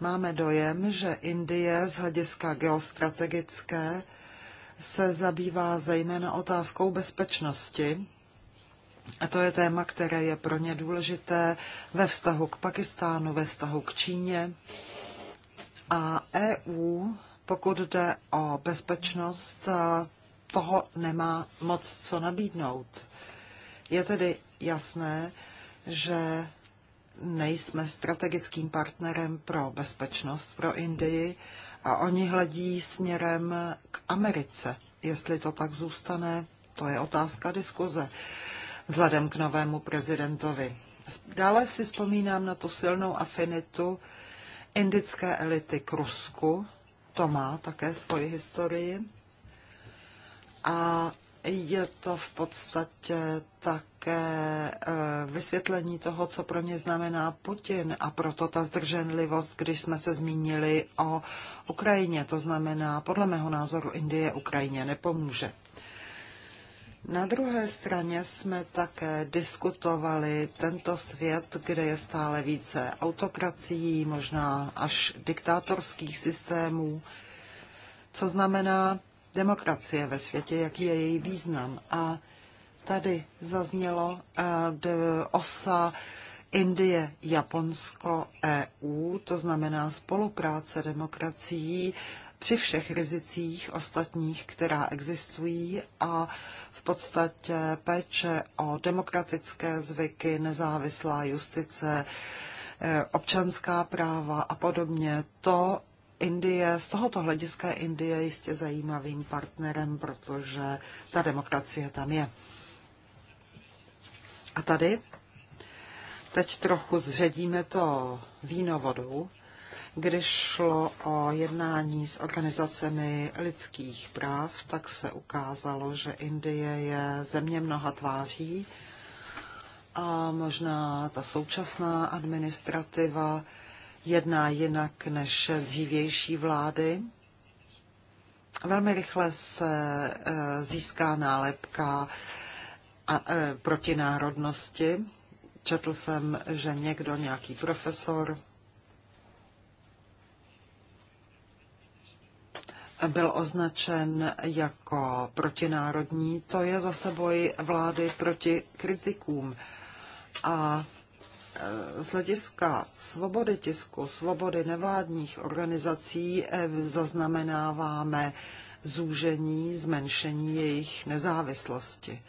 máme dojem, že Indie z hlediska geostrategické se zabývá zejména otázkou bezpečnosti a to je téma, které je pro ně důležité ve vztahu k Pakistánu, ve vztahu k Číně. A EU, pokud jde o bezpečnost, toho nemá moc co nabídnout. Je tedy jasné, že nejsme strategickým partnerem pro bezpečnost pro Indii a oni hledí směrem k Americe. Jestli to tak zůstane, to je otázka diskuze vzhledem k novému prezidentovi. Dále si vzpomínám na tu silnou afinitu indické elity k Rusku. To má také svoji historii. A je to v podstatě také eh, vysvětlení toho, co pro mě znamená Putin a proto ta zdrženlivost, když jsme se zmínili o Ukrajině. To znamená, podle mého názoru, Indie Ukrajině nepomůže. Na druhé straně jsme také diskutovali tento svět, kde je stále více autokracií, možná až diktátorských systémů, co znamená demokracie ve světě, jaký je její význam. A tady zaznělo eh, osa Indie, Japonsko, EU, to znamená spolupráce demokracií při všech rizicích ostatních, která existují a v podstatě péče o demokratické zvyky, nezávislá justice, eh, občanská práva a podobně. To Indie, z tohoto hlediska Indie je jistě zajímavým partnerem, protože ta demokracie tam je. A tady teď trochu zředíme to víno vodou. Když šlo o jednání s organizacemi lidských práv, tak se ukázalo, že Indie je země mnoha tváří a možná ta současná administrativa jedná jinak než dřívější vlády. Velmi rychle se eh, získá nálepka a, e, Četl jsem, že někdo, nějaký profesor, byl označen jako protinárodní. To je zase boj vlády proti kritikům. A e, z hlediska svobody tisku, svobody nevládních organizací e, zaznamenáváme zúžení, zmenšení jejich nezávislosti.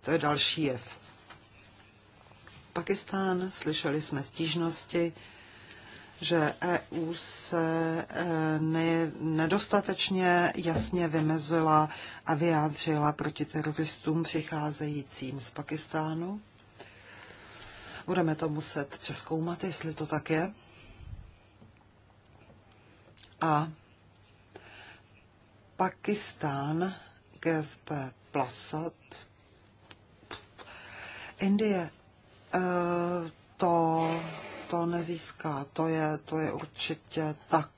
To je další jev. Pakistán, slyšeli jsme stížnosti, že EU se e, ne, nedostatečně jasně vymezila a vyjádřila proti teroristům přicházejícím z Pakistánu. Budeme to muset přeskoumat, jestli to tak je. A Pakistán, GSP Plasat, Indie, e, to to nezíská. To je, to je určitě tak.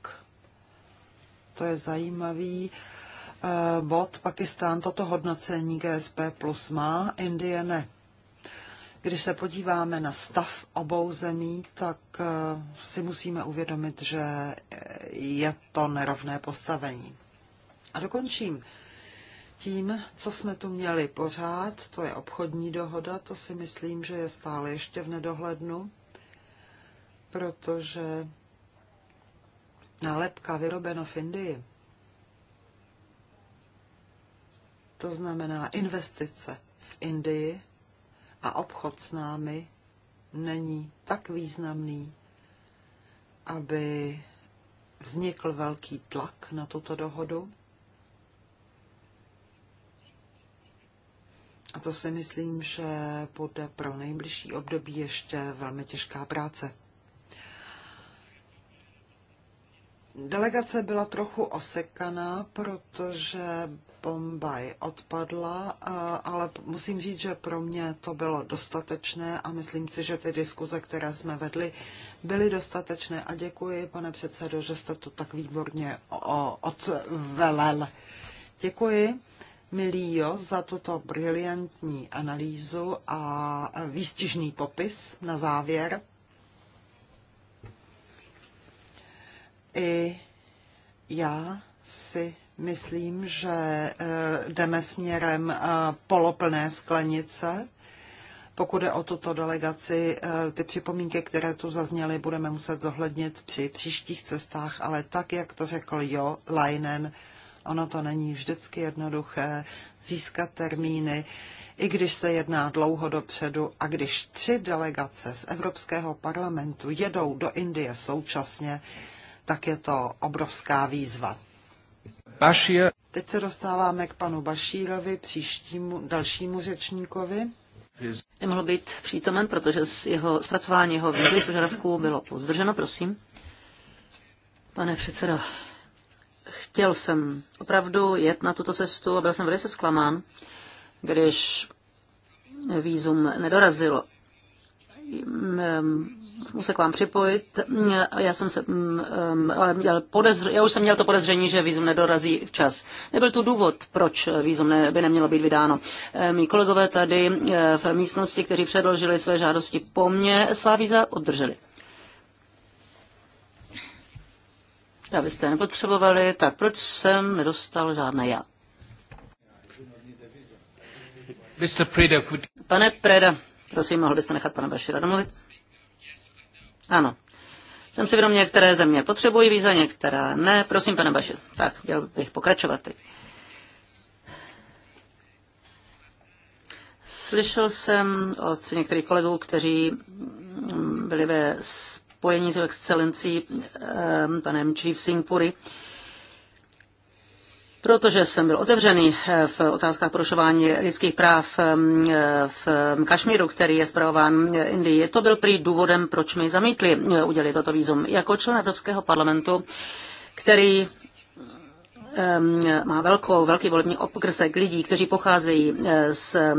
To je zajímavý eh, bod. Pakistán toto hodnocení GSP plus má, Indie ne. Když se podíváme na stav obou zemí, tak eh, si musíme uvědomit, že je to nerovné postavení. A dokončím tím, co jsme tu měli pořád, to je obchodní dohoda, to si myslím, že je stále ještě v nedohlednu protože nálepka vyrobeno v Indii, to znamená investice v Indii a obchod s námi není tak významný, aby vznikl velký tlak na tuto dohodu. A to si myslím, že bude pro nejbližší období ještě velmi těžká práce. Delegace byla trochu osekaná, protože Bombaj odpadla, ale musím říct, že pro mě to bylo dostatečné a myslím si, že ty diskuze, které jsme vedli, byly dostatečné a děkuji, pane předsedo, že jste to tak výborně odvelel. Děkuji. Milíjo za tuto brilliantní analýzu a výstižný popis na závěr. I já si myslím, že e, jdeme směrem e, poloplné sklenice. Pokud je o tuto delegaci, e, ty připomínky, které tu zazněly, budeme muset zohlednit při příštích cestách, ale tak, jak to řekl Jo Leinen, ono to není vždycky jednoduché získat termíny, i když se jedná dlouho dopředu a když tři delegace z Evropského parlamentu jedou do Indie současně, tak je to obrovská výzva. Bašír. Teď se dostáváme k panu Bašírovi, příštímu dalšímu řečníkovi. Nemohl být přítomen, protože z jeho zpracování jeho výzvy požadavků bylo pozdrženo, prosím. Pane předsedo, chtěl jsem opravdu jet na tuto cestu a byl jsem velice zklamán, když výzum nedorazilo. Um, musel k vám připojit. Já jsem se, um, um, ale měl podezř, já už jsem měl to podezření, že výzum nedorazí včas. Nebyl tu důvod, proč výzum ne, by nemělo být vydáno. Eh, Mí kolegové tady eh, v místnosti, kteří předložili své žádosti po mně, svá víza obdrželi. byste nepotřebovali, tak proč jsem nedostal žádné já? Pane Preda, Prosím, mohl byste nechat pana Bašira domluvit? Ano. Jsem si vědom, některé země potřebují víza, některá ne. Prosím, pane Bašir. Tak, měl bych pokračovat teď. Slyšel jsem od některých kolegů, kteří byli ve spojení s excelencí eh, panem Chief Singpuri, Protože jsem byl otevřený eh, v otázkách porušování lidských práv eh, eh, v Kašmíru, který je zpravován Indii, to byl prý důvodem, proč mi zamítli udělit toto výzum. Jako člen Evropského parlamentu, který má velkou, velký volební okrsek lidí, kteří pocházejí eh, z eh,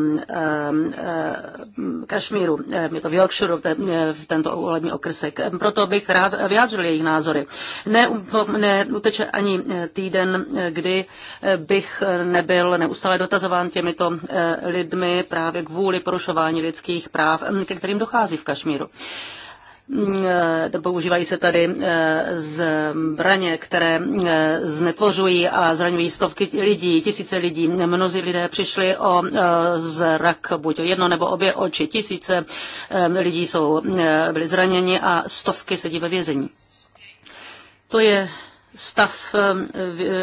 Kašmíru, je to v Yorkshireu, eh, v tento volební okrsek. Proto bych rád vyjádřil jejich názory. Ne, um, ne uteče ani týden, kdy bych nebyl neustále dotazován těmito lidmi právě kvůli porušování lidských práv, ke kterým dochází v Kašmíru. Mm, eh, používají se tady eh, zbraně, které eh, znetvořují a zraňují stovky lidí, tisíce lidí. Mnozí lidé přišli o zrak, buď o jedno nebo obě oči. Tisíce lidí jsou, byli zraněni a stovky sedí ve vězení. To je stav, ehm,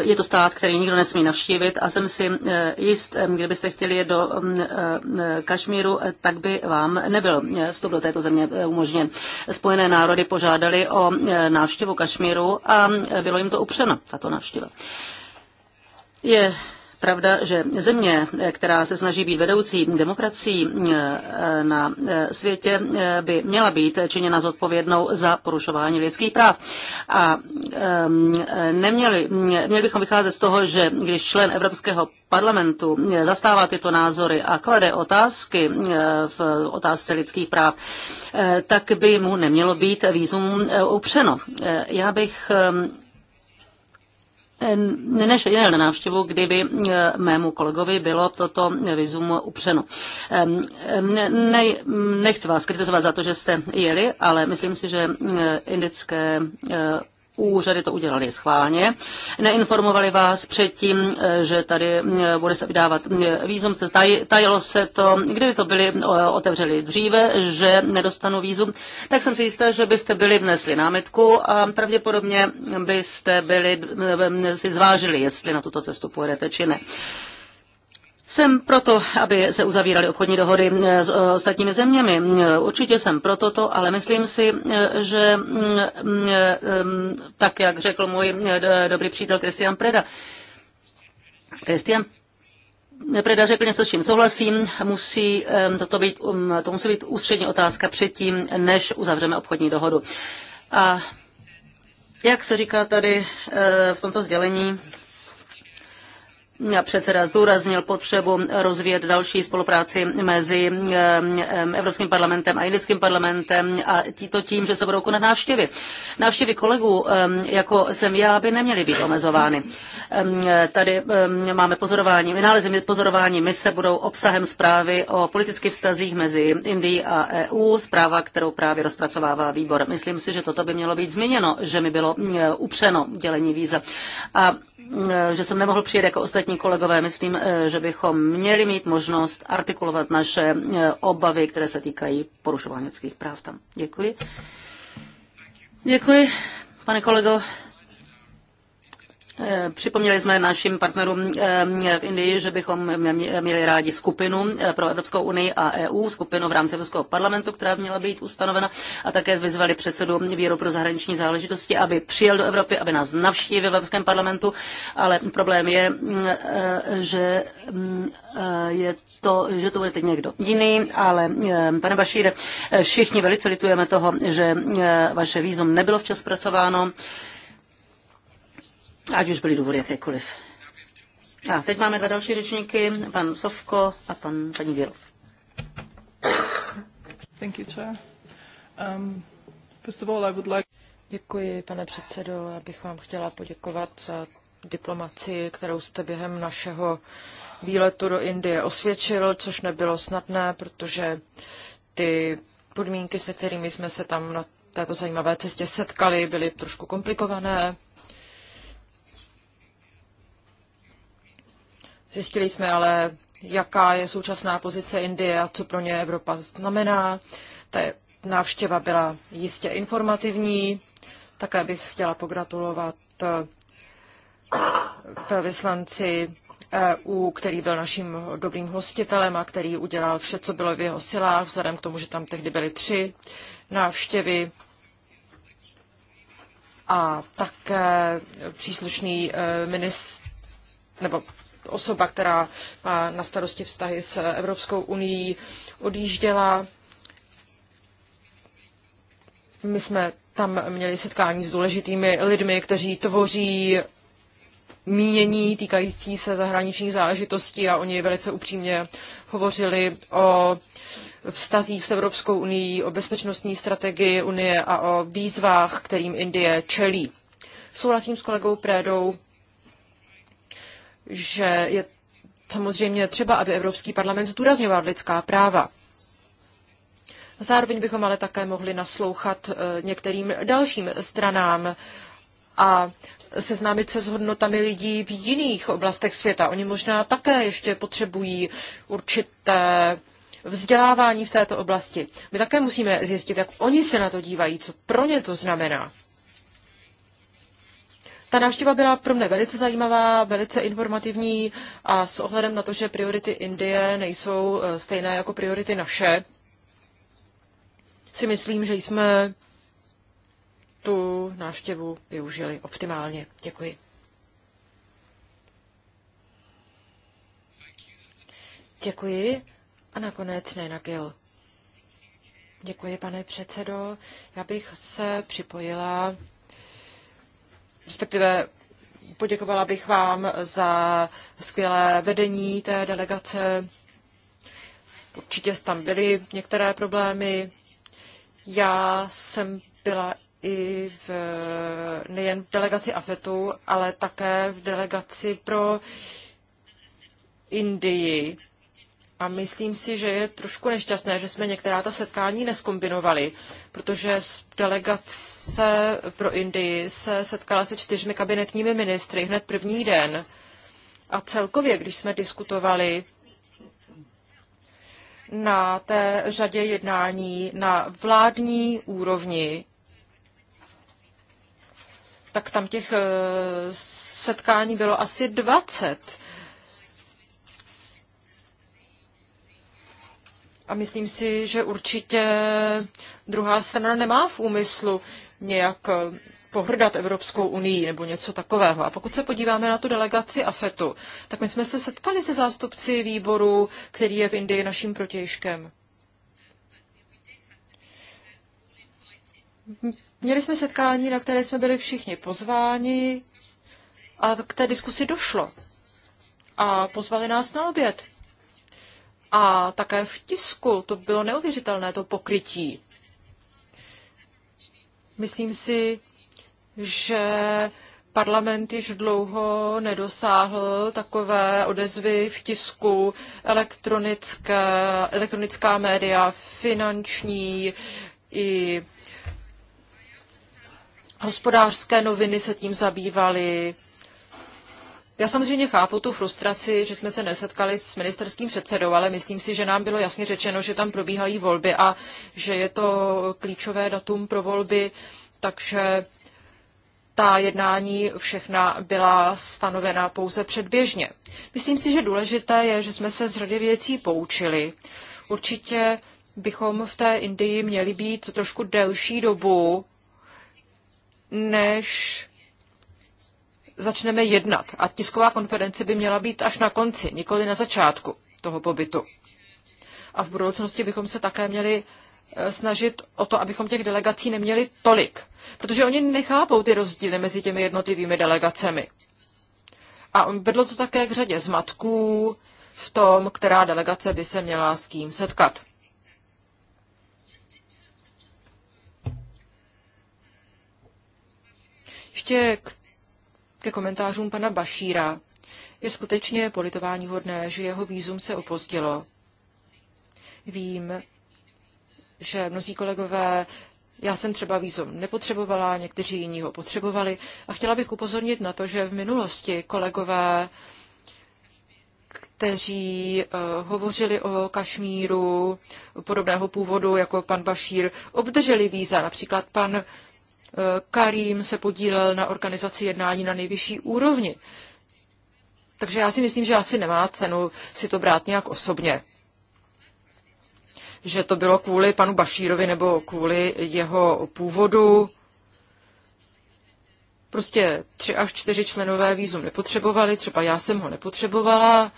je to stát, který nikdo nesmí navštívit a jsem si eh, jist, ehm, kdybyste chtěli jít do ehm, eh, Kašmíru, eh, tak by vám nebyl vstup do této země umožněn. Spojené národy požádali o návštěvu Kašmíru a bylo jim to upřeno, tato návštěva. Je pravda, že země, která se snaží být vedoucí demokracií eh, na eh, světě, eh, by měla být činěna zodpovědnou za porušování lidských práv. A ehm, neměli, měli bychom vycházet z toho, že když člen Evropského parlamentu zastává tyto názory a klade otázky v otázce lidských práv, tak by mu nemělo být výzum upřeno. Já bych ehm, než jel na návštěvu, kdyby e, mému kolegovi bylo toto vizum upřeno. Ne, nechci vás kritizovat za to, že jste jeli, ale myslím si, že e, indické e, úřady to udělali schválně. Neinformovali vás předtím, eh, že tady eh, bude se vydávat eh, výzum, se tajilo se to, kdyby to byli otevřeli dříve, že nedostanu výzum, tak jsem si jistá, že byste byli vnesli námitku a pravděpodobně byste byli, si zvážili, jestli na tuto cestu pojedete či ne. Jsem proto, aby se uzavíraly obchodní dohody eh, s eh, ostatními zeměmi. Určitě jsem proto to, ale myslím si, eh, že mm, mm, tak, jak řekl můj dobrý přítel Christian Preda, Christian Preda řekl něco, s čím souhlasím. Musí toto být, um, to musí být ústřední otázka předtím, než uzavřeme obchodní dohodu. A jak se říká tady v tomto sdělení, Předseda zdůraznil potřebu rozvíjet další spolupráci mezi eh, eh, Evropským parlamentem a Indickým parlamentem a to tím, že se budou konat návštěvy. Návštěvy kolegů, eh, jako jsem já, by neměly být omezovány. Tady máme pozorování, vynálezy pozorování mise budou obsahem zprávy o politických vztazích mezi Indií a EU, zpráva, kterou právě rozpracovává výbor. Myslím si, že toto by mělo být změněno, že mi bylo upřeno dělení víza. A Eh, že jsem nemohl přijet jako ostatní kolegové. Myslím, eh, že bychom měli mít možnost artikulovat naše eh, obavy, které se týkají porušování lidských práv tam. Děkuji. Děkuji, pane kolego. Eh, připomněli jsme našim partnerům eh, v Indii, že bychom měli rádi skupinu eh, pro Evropskou unii a EU, skupinu v rámci Evropského parlamentu, která měla být ustanovena a také vyzvali předsedu Víru pro zahraniční záležitosti, aby přijel do Evropy, aby nás navštívil v Evropském parlamentu, ale problém je, že je to, že to bude teď někdo jiný, ale pane Bašíre, všichni velice litujeme toho, že vaše výzum nebylo včas zpracováno ať už byly důvody jakékoliv. A teď máme dva další řečníky, pan Sovko a pan paní Věl. Um, Děkuji, pane předsedo. Já bych vám chtěla poděkovat za diplomaci, kterou jste během našeho výletu do Indie osvědčil, což nebylo snadné, protože ty podmínky, se kterými jsme se tam na této zajímavé cestě setkali, byly trošku komplikované. Zjistili jsme ale, jaká je současná pozice Indie a co pro ně Evropa znamená. Ta návštěva byla jistě informativní. Také bych chtěla pogratulovat eh, velvyslanci EU, který byl naším dobrým hostitelem a který udělal vše, co bylo v jeho silách, vzhledem k tomu, že tam tehdy byly tři návštěvy a také příslušný eh, ministr nebo osoba, která má na starosti vztahy s Evropskou unii, odjížděla. My jsme tam měli setkání s důležitými lidmi, kteří tvoří mínění týkající se zahraničních záležitostí a oni velice upřímně hovořili o vztazích s Evropskou unii, o bezpečnostní strategii Unie a o výzvách, kterým Indie čelí. Souhlasím s kolegou Prédou že je samozřejmě třeba, aby Evropský parlament zdůrazňoval lidská práva. Zároveň bychom ale také mohli naslouchat eh, některým dalším stranám a seznámit se s hodnotami lidí v jiných oblastech světa. Oni možná také ještě potřebují určité vzdělávání v této oblasti. My také musíme zjistit, jak oni se na to dívají, co pro ně to znamená. Ta návštěva byla pro mě velice zajímavá, velice informativní a s ohledem na to, že priority Indie nejsou eh, stejné jako priority naše, si myslím, že jsme tu návštěvu využili optimálně. Děkuji. Děkuji. A nakonec Nena Gill. Děkuji, pane předsedo. Já bych se připojila respektive poděkovala bych vám za skvělé vedení té delegace. Určitě tam byly některé problémy. Já jsem byla i v, nejen v delegaci AFETu, ale také v delegaci pro Indii. A myslím si, že je trošku nešťastné, že jsme některá ta setkání neskombinovali, protože delegace pro Indii se setkala se čtyřmi kabinetními ministry hned první den. A celkově, když jsme diskutovali na té řadě jednání na vládní úrovni, tak tam těch eh, setkání bylo asi 20 A myslím si, že určitě druhá strana nemá v úmyslu nějak eh, pohrdat Evropskou unii nebo něco takového. A pokud se podíváme na tu delegaci AFETu, tak my jsme se setkali se zástupci výboru, který je v Indii naším protějškem. Měli jsme setkání, na které jsme byli všichni pozváni a k té diskusi došlo. A pozvali nás na oběd a také v tisku. To bylo neuvěřitelné, to pokrytí. Myslím si, že parlament již dlouho nedosáhl takové odezvy v tisku, elektronické, elektronická média, finanční i hospodářské noviny se tím zabývaly. Já samozřejmě chápu tu frustraci, že jsme se nesetkali s ministerským předsedou, ale myslím si, že nám bylo jasně řečeno, že tam probíhají volby a že je to klíčové datum pro volby, takže ta jednání všechna byla stanovena pouze předběžně. Myslím si, že důležité je, že jsme se z řady věcí poučili. Určitě bychom v té Indii měli být trošku delší dobu, než začneme jednat. A tisková konference by měla být až na konci, nikoli na začátku toho pobytu. A v budoucnosti bychom se také měli e, snažit o to, abychom těch delegací neměli tolik, protože oni nechápou ty rozdíly mezi těmi jednotlivými delegacemi. A vedlo to také k řadě zmatků v tom, která delegace by se měla s kým setkat. Ještě k ke komentářům pana Bašíra. Je skutečně politováníhodné, že jeho výzum se opozdilo. Vím, že mnozí kolegové, já jsem třeba výzum nepotřebovala, někteří jiní ho potřebovali a chtěla bych upozornit na to, že v minulosti kolegové, kteří uh, hovořili o Kašmíru podobného původu jako pan Bašír, obdrželi víza, například pan Karim se podílel na organizaci jednání na nejvyšší úrovni. Takže já si myslím, že asi nemá cenu si to brát nějak osobně. Že to bylo kvůli panu Bašírovi nebo kvůli jeho původu. Prostě tři až čtyři členové výzum nepotřebovali, třeba já jsem ho nepotřebovala.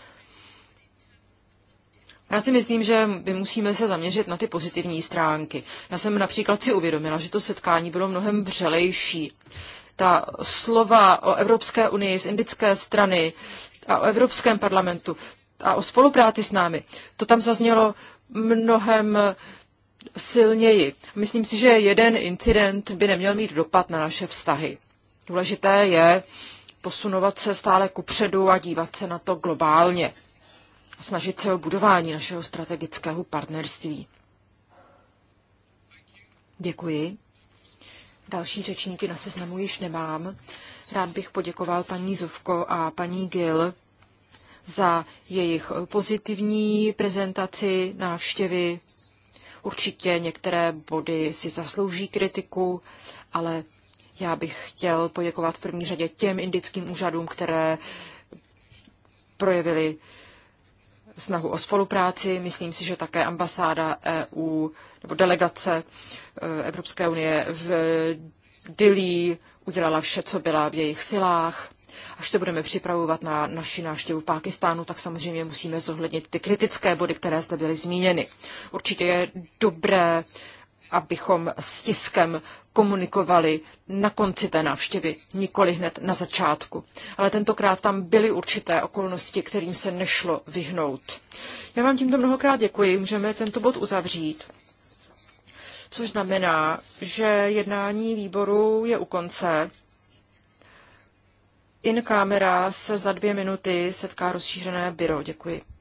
Já si myslím, že my musíme se zaměřit na ty pozitivní stránky. Já jsem například si uvědomila, že to setkání bylo mnohem vřelejší. Ta slova o Evropské unii z indické strany a o Evropském parlamentu a o spolupráci s námi, to tam zaznělo mnohem silněji. Myslím si, že jeden incident by neměl mít dopad na naše vztahy. Důležité je posunovat se stále kupředu a dívat se na to globálně snažit se o budování našeho strategického partnerství. Děkuji. Další řečníky na seznamu již nemám. Rád bych poděkoval paní Zovko a paní Gil za jejich pozitivní prezentaci návštěvy. Určitě některé body si zaslouží kritiku, ale já bych chtěl poděkovat v první řadě těm indickým úřadům, které projevili snahu o spolupráci. Myslím si, že také ambasáda EU nebo delegace e, Evropské unie v Dili udělala vše, co byla v jejich silách. Až se budeme připravovat na naši návštěvu Pákistánu, tak samozřejmě musíme zohlednit ty kritické body, které zde byly zmíněny. Určitě je dobré abychom s tiskem komunikovali na konci té návštěvy, nikoli hned na začátku. Ale tentokrát tam byly určité okolnosti, kterým se nešlo vyhnout. Já vám tímto mnohokrát děkuji, můžeme tento bod uzavřít. Což znamená, že jednání výboru je u konce. In kamera se za dvě minuty setká rozšířené byro. Děkuji.